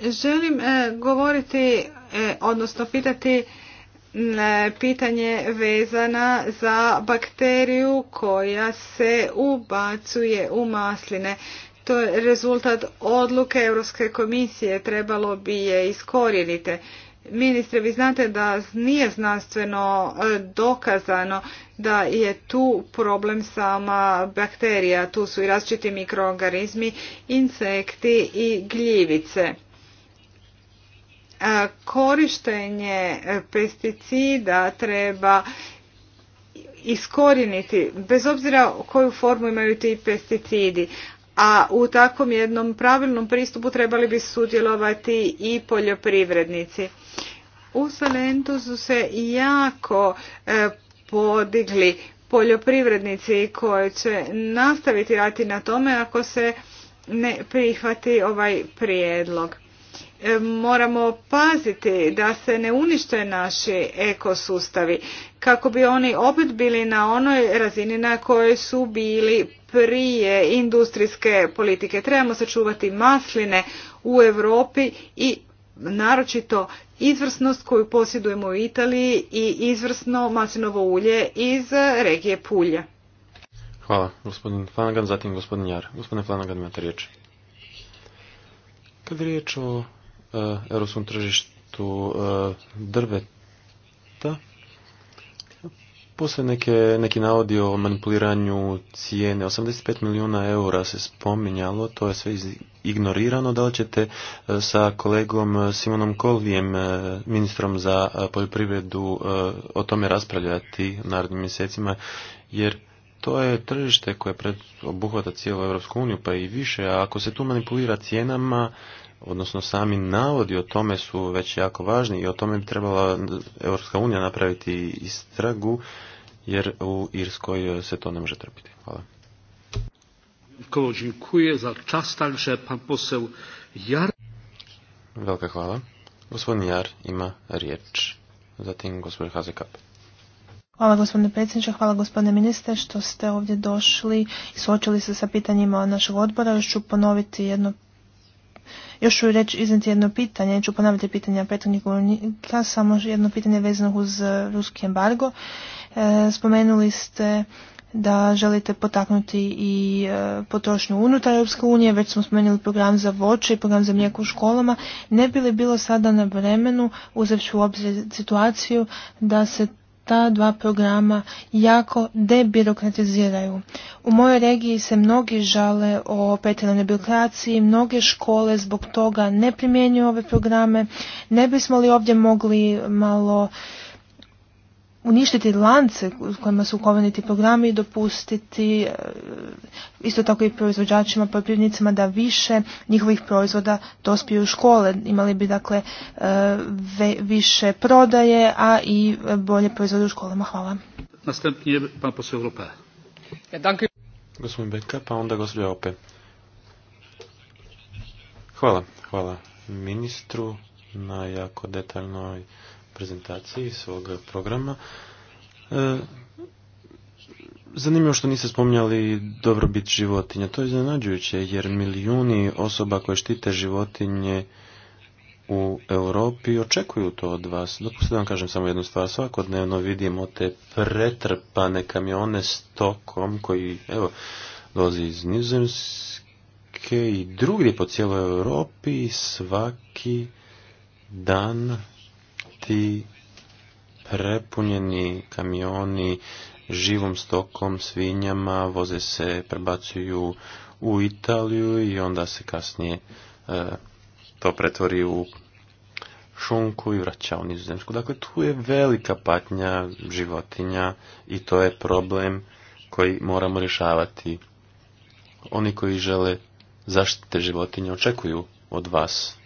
Želim e, govoriti, e, odnosno pitati e, pitanje vezana za bakteriju koja se ubacuje u masline. To je rezultat odluke Europske komisije, trebalo bi je iskorijenite. Ministre, vi znate da nije znanstveno e, dokazano da je tu problem sama bakterija. Tu su i različiti mikroorganizmi, insekti i gljivice. E, korištenje e, pesticida treba iskoriniti, bez obzira koju formu imaju ti pesticidi, a u takvom jednom pravilnom pristupu trebali bi sudjelovati i poljoprivrednici. U Salentu su se jako e, podigli poljoprivrednici koji će nastaviti raditi na tome ako se ne prihvati ovaj prijedlog. E, moramo paziti da se ne unište naši ekosustavi kako bi oni opet bili na onoj razini na kojoj su bili prije industrijske politike. Trebamo sačuvati masline u Europi i naročito izvrsnost koju posjedujemo u Italiji i izvrsno maslinovo ulje iz regije Pulje. Hvala, gospodin Flanagan, zatim gospodin Jar. Gospodin Flanagan, imate riječ. Kad riječ o E, europskom tržištu e, drveta. Poslije neki navodi o manipuliranju cijene. 85 milijuna eura se spominjalo, to je sve ignorirano. Da li ćete e, sa kolegom Simonom Kolvijem, ministrom za poljoprivredu, o tome raspravljati u narednim mjesecima? Jer to je tržište koje obuhvata cijelu Europsku uniju, pa i više. A ako se tu manipulira cijenama, odnosno sami navodi o tome su već jako važni i o tome bi trebala Europska unija napraviti istragu jer u Irskoj se to ne može trpiti. Hvala. dziękuję za czas także pan Jar. Velika hvala. Gospodin Jar ima riječ. Zatim gospodin Hazekap. Hvala gospodine predsjedniče, hvala gospodine ministre što ste ovdje došli i suočili se sa pitanjima našeg odbora. Još ću ponoviti jedno još ću reći iznijeti jedno pitanje, neću ponavljati pitanja prethodnih govornika, samo jedno pitanje vezano uz e, ruski embargo. E, spomenuli ste da želite potaknuti i e, potrošnju unutar Europske unije, već smo spomenuli program za voće i program za mlijeko u školama, ne bi li bilo sada na vremenu, uzevši u obzir situaciju, da se ta dva programa jako debirokratiziraju. U mojoj regiji se mnogi žale o pretjeranoj birokraciji, mnoge škole zbog toga ne primjenjuju ove programe. Ne bismo li ovdje mogli malo uništiti lance u kojima su ukovani ti programi i dopustiti e, isto tako i proizvođačima, poljoprivrednicima da više njihovih proizvoda dospiju u škole. Imali bi dakle e, više prodaje, a i bolje proizvode u školama. Hvala. pan Gospodin Beka, pa onda gospodin Ope. Hvala, hvala ministru na jako detaljnoj prezentaciji svog programa. E, zanimljivo što niste spominjali dobrobit životinja. To je iznenađujuće jer milijuni osoba koje štite životinje u Europi očekuju to od vas. da vam kažem samo jednu stvar. Svakodnevno vidimo te pretrpane kamione s tokom koji evo, dolazi iz Nizemske i drugdje po cijeloj Europi svaki dan ti prepunjeni kamioni živom stokom, svinjama, voze se, prebacuju u Italiju i onda se kasnije e, to pretvori u šunku i vraća u nizozemsku. Dakle, tu je velika patnja životinja i to je problem koji moramo rješavati. Oni koji žele zaštite životinja očekuju od vas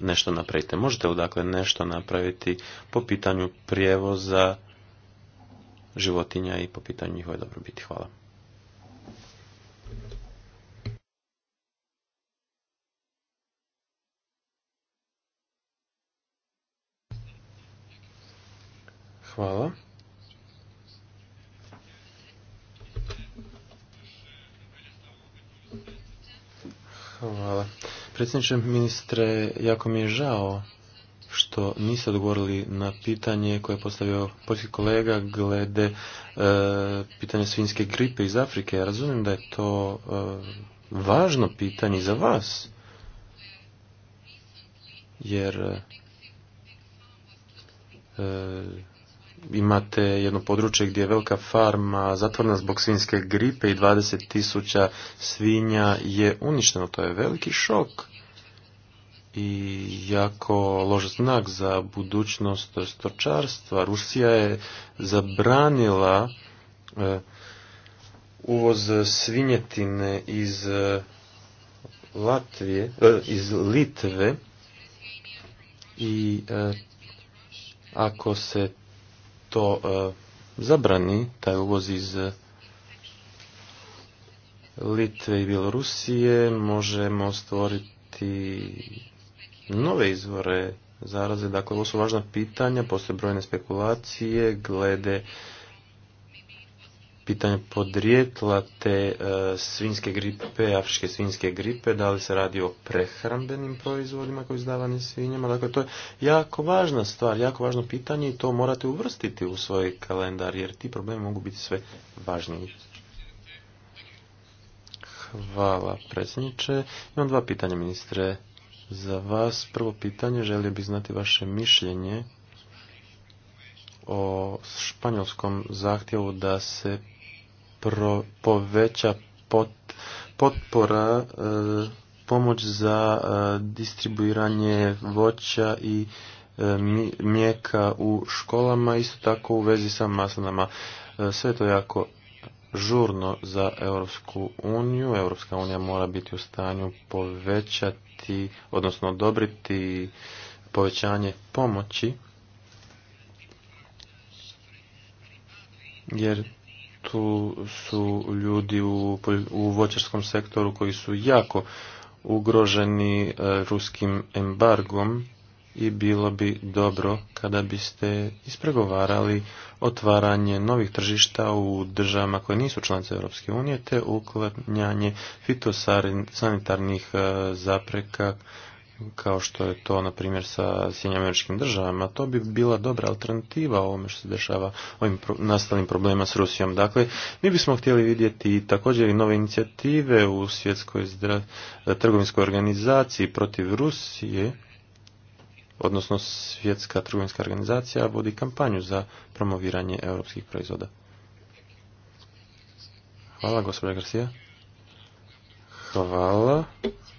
nešto napravite. Možete odakle, dakle nešto napraviti po pitanju prijevoza životinja i po pitanju njihove dobrobiti? Hvala. Hvala. Hvala predsjedniče ministre, jako mi je žao što niste odgovorili na pitanje koje je postavio poljski kolega glede e, pitanja svinjske gripe iz Afrike. Ja razumijem da je to e, važno pitanje za vas, jer e, imate jedno područje gdje je velika farma zatvorena zbog svinjske gripe i 20 tisuća svinja je uništeno. To je veliki šok i jako loš znak za budućnost stočarstva. Rusija je zabranila eh, uvoz svinjetine iz eh, Latvije, eh, iz Litve i ako se to e, zabrani, taj uvoz iz e, Litve i Bjelorusije, možemo stvoriti nove izvore zaraze. Dakle, ovo su važna pitanja, postoje brojne spekulacije glede pitanje podrijetla te e, svinske gripe, afričke svinske gripe, da li se radi o prehrambenim proizvodima koji izdavani svinjama. Dakle, to je jako važna stvar, jako važno pitanje i to morate uvrstiti u svoj kalendar, jer ti problemi mogu biti sve važniji. Hvala, predsjedniče. Imam dva pitanja, ministre, za vas. Prvo pitanje, želio bih znati vaše mišljenje o španjolskom zahtjevu da se pro, poveća pot, potpora e, pomoć za e, distribuiranje voća i e, mlijeka u školama, isto tako u vezi sa maslinama. Sve to jako žurno za Europsku uniju. Europska unija mora biti u stanju povećati, odnosno odobriti povećanje pomoći, jer tu su ljudi u, u voćarskom sektoru koji su jako ugroženi e, ruskim embargom i bilo bi dobro kada biste ispregovarali otvaranje novih tržišta u državama koje nisu članice Europske unije te uklanjanje fitosanitarnih e, zapreka kao što je to na primjer sa Sjedinjama američkim državama, to bi bila dobra alternativa ovome što se dešava ovim nastalim problema s Rusijom. Dakle, mi bismo htjeli vidjeti također i nove inicijative u svjetskoj trgovinskoj organizaciji protiv Rusije, odnosno svjetska trgovinska organizacija vodi kampanju za promoviranje europskih proizvoda. Hvala, gospodine Garcia. Hvala,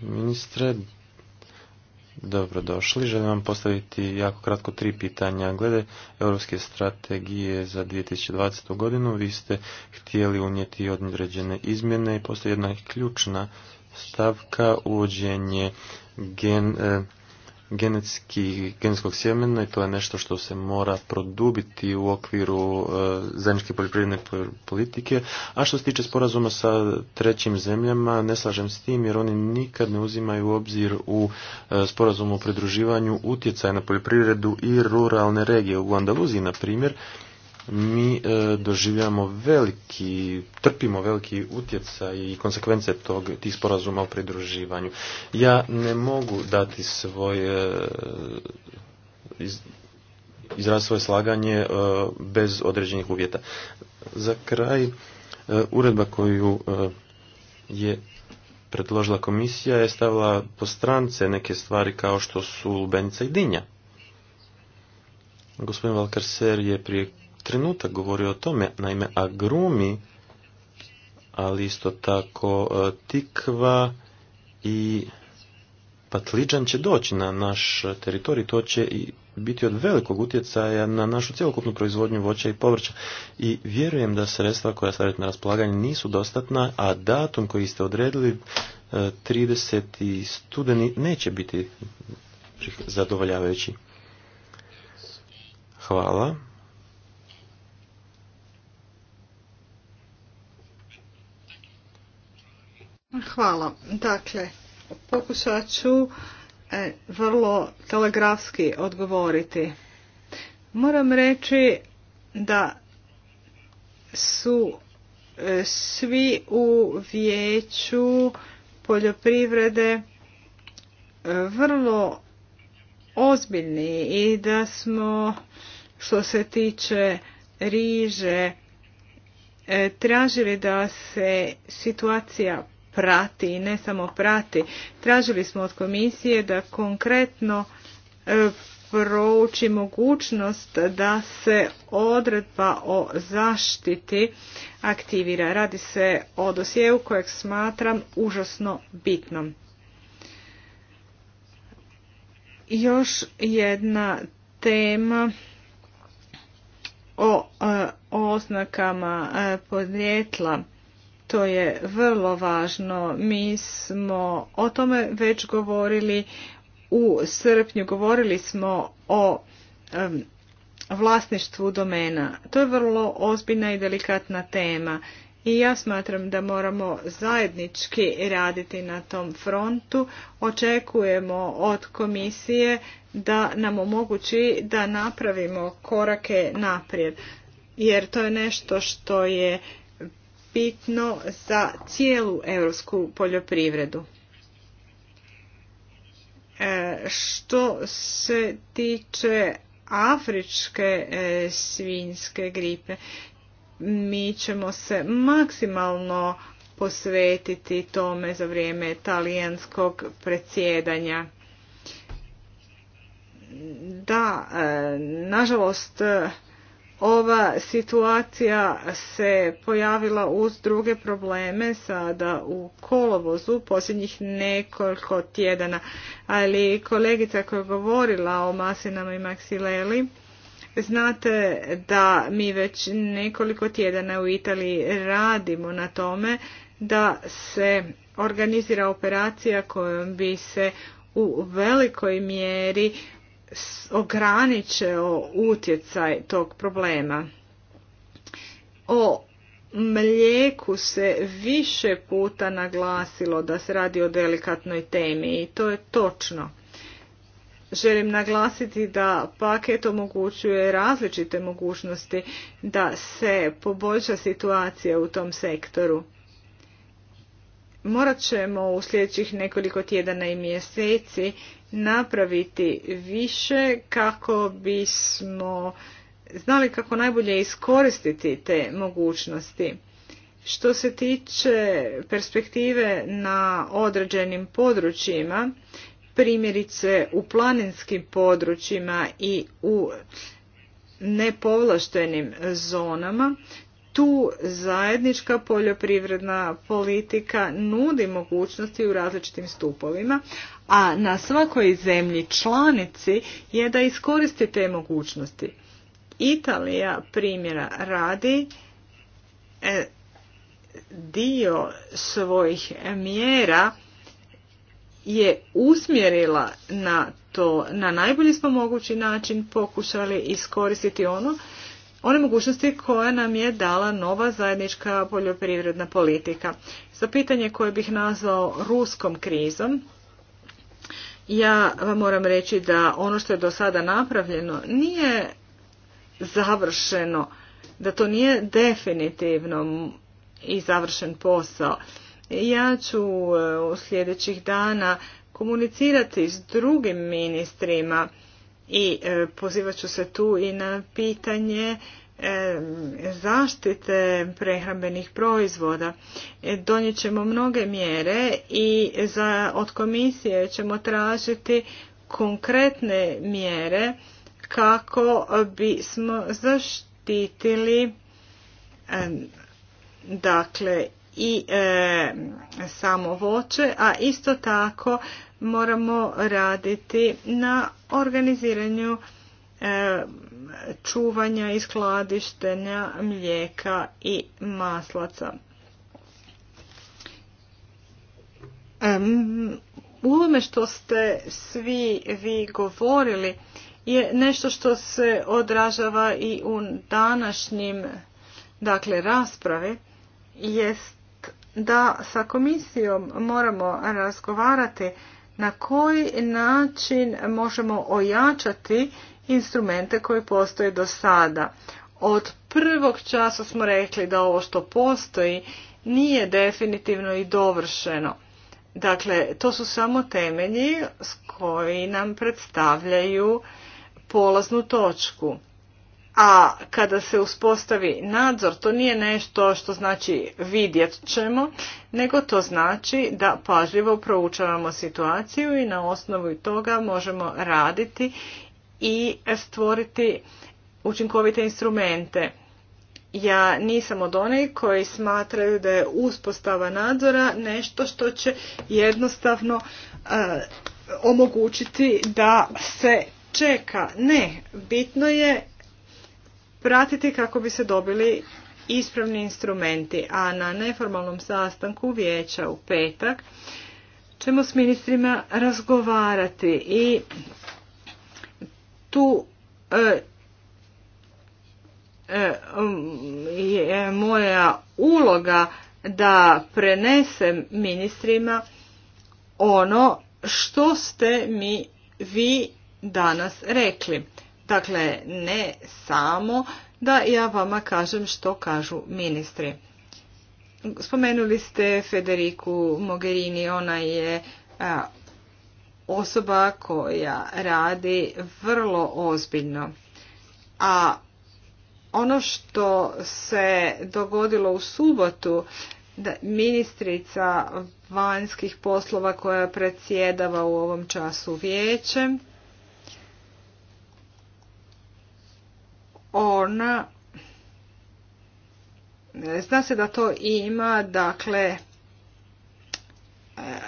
ministre. Dobrodošli. Želim vam postaviti jako kratko tri pitanja. Glede europske strategije za 2020. godinu, vi ste htjeli unijeti određene izmjene i postoji jedna ključna stavka uvođenje gen, eh, genetski, genetskog sjemena i to je nešto što se mora produbiti u okviru e, zajedničke poljoprivredne politike. A što se tiče sporazuma sa trećim zemljama, ne slažem s tim jer oni nikad ne uzimaju u obzir u e, sporazumu o pridruživanju utjecaja na poljoprivredu i ruralne regije. U Andaluziji, na primjer, mi e, doživljamo veliki, trpimo veliki utjecaj i konsekvence tog, tih sporazuma o pridruživanju. Ja ne mogu dati svoje e, iz, izraz svoje slaganje e, bez određenih uvjeta. Za kraj, uredba koju je predložila komisija je stavila po strance neke stvari kao što su lubenica i dinja. Gospodin Valkarser je prije trenutak govori o tome. Naime, agrumi, ali isto tako e, tikva i patliđan će doći na naš teritorij. To će i biti od velikog utjecaja na našu cjelokupnu proizvodnju voća i povrća. I vjerujem da sredstva koja stavite na raspolaganje nisu dostatna, a datum koji ste odredili 30. E, studeni neće biti zadovoljavajući. Hvala. Hvala. Dakle, pokušat ću e, vrlo telegrafski odgovoriti. Moram reći da su e, svi u vijeću poljoprivrede e, vrlo ozbiljni i da smo što se tiče riže tražili da se situacija prati i ne samo prati. Tražili smo od komisije da konkretno e, prouči mogućnost da se odredba o zaštiti aktivira. Radi se o dosjeu kojeg smatram užasno bitnom. Još jedna tema o e, oznakama e, podrijetla to je vrlo važno. Mi smo o tome već govorili u srpnju. Govorili smo o vlasništvu domena. To je vrlo ozbiljna i delikatna tema. I ja smatram da moramo zajednički raditi na tom frontu. Očekujemo od komisije da nam omogući da napravimo korake naprijed. Jer to je nešto što je bitno za cijelu europsku poljoprivredu. E, što se tiče afričke e, svinjske gripe, mi ćemo se maksimalno posvetiti tome za vrijeme talijanskog predsjedanja. Da, e, nažalost, ova situacija se pojavila uz druge probleme sada u kolovozu posljednjih nekoliko tjedana. Ali kolegica koja je govorila o masinama i maksileli, znate da mi već nekoliko tjedana u Italiji radimo na tome da se organizira operacija kojom bi se u velikoj mjeri ograničio utjecaj tog problema. O mlijeku se više puta naglasilo da se radi o delikatnoj temi i to je točno. Želim naglasiti da paket omogućuje različite mogućnosti da se poboljša situacija u tom sektoru. Morat ćemo u sljedećih nekoliko tjedana i mjeseci napraviti više kako bismo znali kako najbolje iskoristiti te mogućnosti. Što se tiče perspektive na određenim područjima, primjerice u planinskim područjima i u nepovlaštenim zonama, tu zajednička poljoprivredna politika nudi mogućnosti u različitim stupovima, a na svakoj zemlji članici je da iskoristi te mogućnosti. Italija primjera radi e, dio svojih mjera je usmjerila na to na najbolji smo mogući način pokušali iskoristiti ono one mogućnosti koje nam je dala nova zajednička poljoprivredna politika. Za pitanje koje bih nazvao ruskom krizom, ja vam moram reći da ono što je do sada napravljeno nije završeno, da to nije definitivno i završen posao. Ja ću e, u sljedećih dana komunicirati s drugim ministrima i e, pozivat ću se tu i na pitanje e, zaštite prehrambenih proizvoda. E, donijet ćemo mnoge mjere i za, od komisije ćemo tražiti konkretne mjere kako bismo zaštitili dakle i e, samo voće, a isto tako moramo raditi na organiziranju e, čuvanja i skladištenja mlijeka i maslaca. u ovome što ste svi vi govorili je nešto što se odražava i u današnjim dakle raspravi jest da sa komisijom moramo razgovarati na koji način možemo ojačati instrumente koji postoje do sada. Od prvog časa smo rekli da ovo što postoji nije definitivno i dovršeno. Dakle, to su samo temelji s koji nam predstavljaju polaznu točku a kada se uspostavi nadzor, to nije nešto što znači vidjet ćemo, nego to znači da pažljivo proučavamo situaciju i na osnovu toga možemo raditi i stvoriti učinkovite instrumente. Ja nisam od onih koji smatraju da je uspostava nadzora nešto što će jednostavno eh, omogućiti da se čeka. Ne, bitno je pratiti kako bi se dobili ispravni instrumenti, a na neformalnom sastanku vijeća u petak ćemo s ministrima razgovarati i tu e, e, um, je moja uloga da prenesem ministrima ono što ste mi vi danas rekli. Dakle, ne samo da ja vama kažem što kažu ministri. Spomenuli ste Federiku Mogherini, ona je osoba koja radi vrlo ozbiljno. A ono što se dogodilo u subotu, da ministrica vanjskih poslova koja predsjedava u ovom času vijećem, ona zna se da to ima dakle e,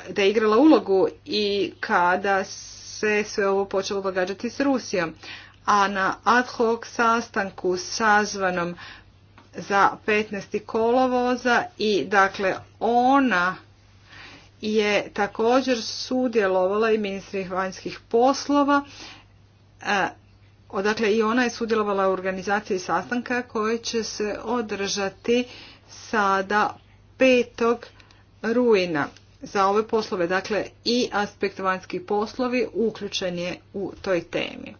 da je igrala ulogu i kada se sve ovo počelo događati s Rusijom. A na ad hoc sastanku sazvanom za 15. kolovoza i dakle ona je također sudjelovala i ministri vanjskih poslova e, Odakle i ona je sudjelovala u organizaciji sastanka koji će se održati sada 5. rujna za ove poslove. Dakle, i aspekt vanjski poslovi uključen je u toj temi.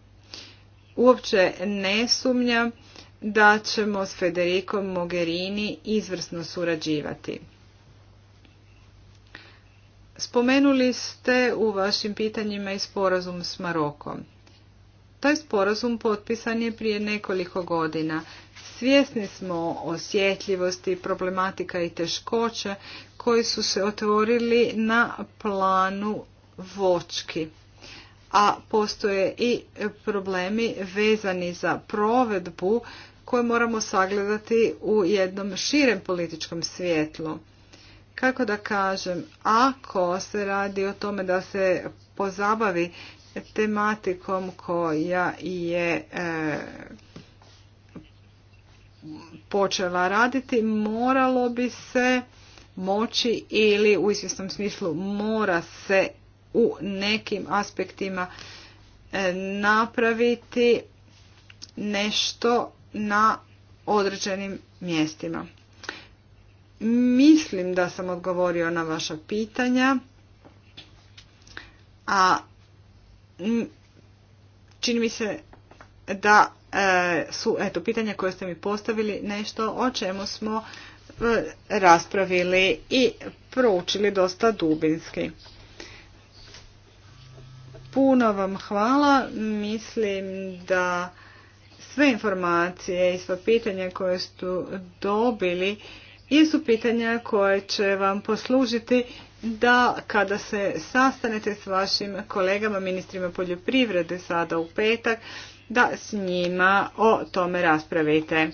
Uopće ne sumnjam da ćemo s Federikom Mogherini izvrsno surađivati. Spomenuli ste u vašim pitanjima i sporazum s Marokom. Taj sporazum potpisan je prije nekoliko godina. Svjesni smo osjetljivosti, problematika i teškoće koji su se otvorili na planu vočki. A postoje i problemi vezani za provedbu koje moramo sagledati u jednom širem političkom svjetlu. Kako da kažem, ako se radi o tome da se pozabavi tematikom koja je e, počela raditi moralo bi se moći ili u izvjesnom smislu mora se u nekim aspektima e, napraviti nešto na određenim mjestima. Mislim da sam odgovorio na vaša pitanja, a čini mi se da e, su eto pitanja koje ste mi postavili nešto o čemu smo e, raspravili i proučili dosta dubinski. Puno vam hvala. Mislim da sve informacije i sva pitanja koje ste dobili jesu pitanja koje će vam poslužiti da kada se sastanete s vašim kolegama ministrima poljoprivrede sada u petak, da s njima o tome raspravite.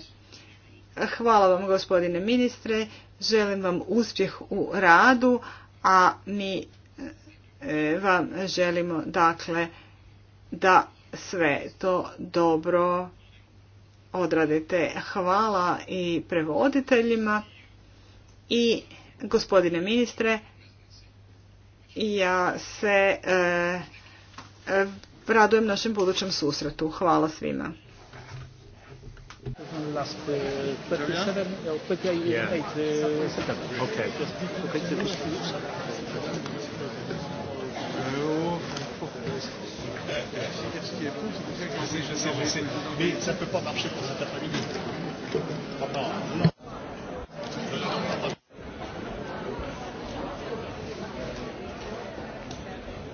Hvala vam gospodine ministre, želim vam uspjeh u radu, a mi e, vam želimo dakle da sve to dobro odradite. Hvala i prevoditeljima i gospodine ministre, ja se e, radujem našem budućem susretu. Hvala svima. Mais ça ne peut pas marcher pour cet après-midi.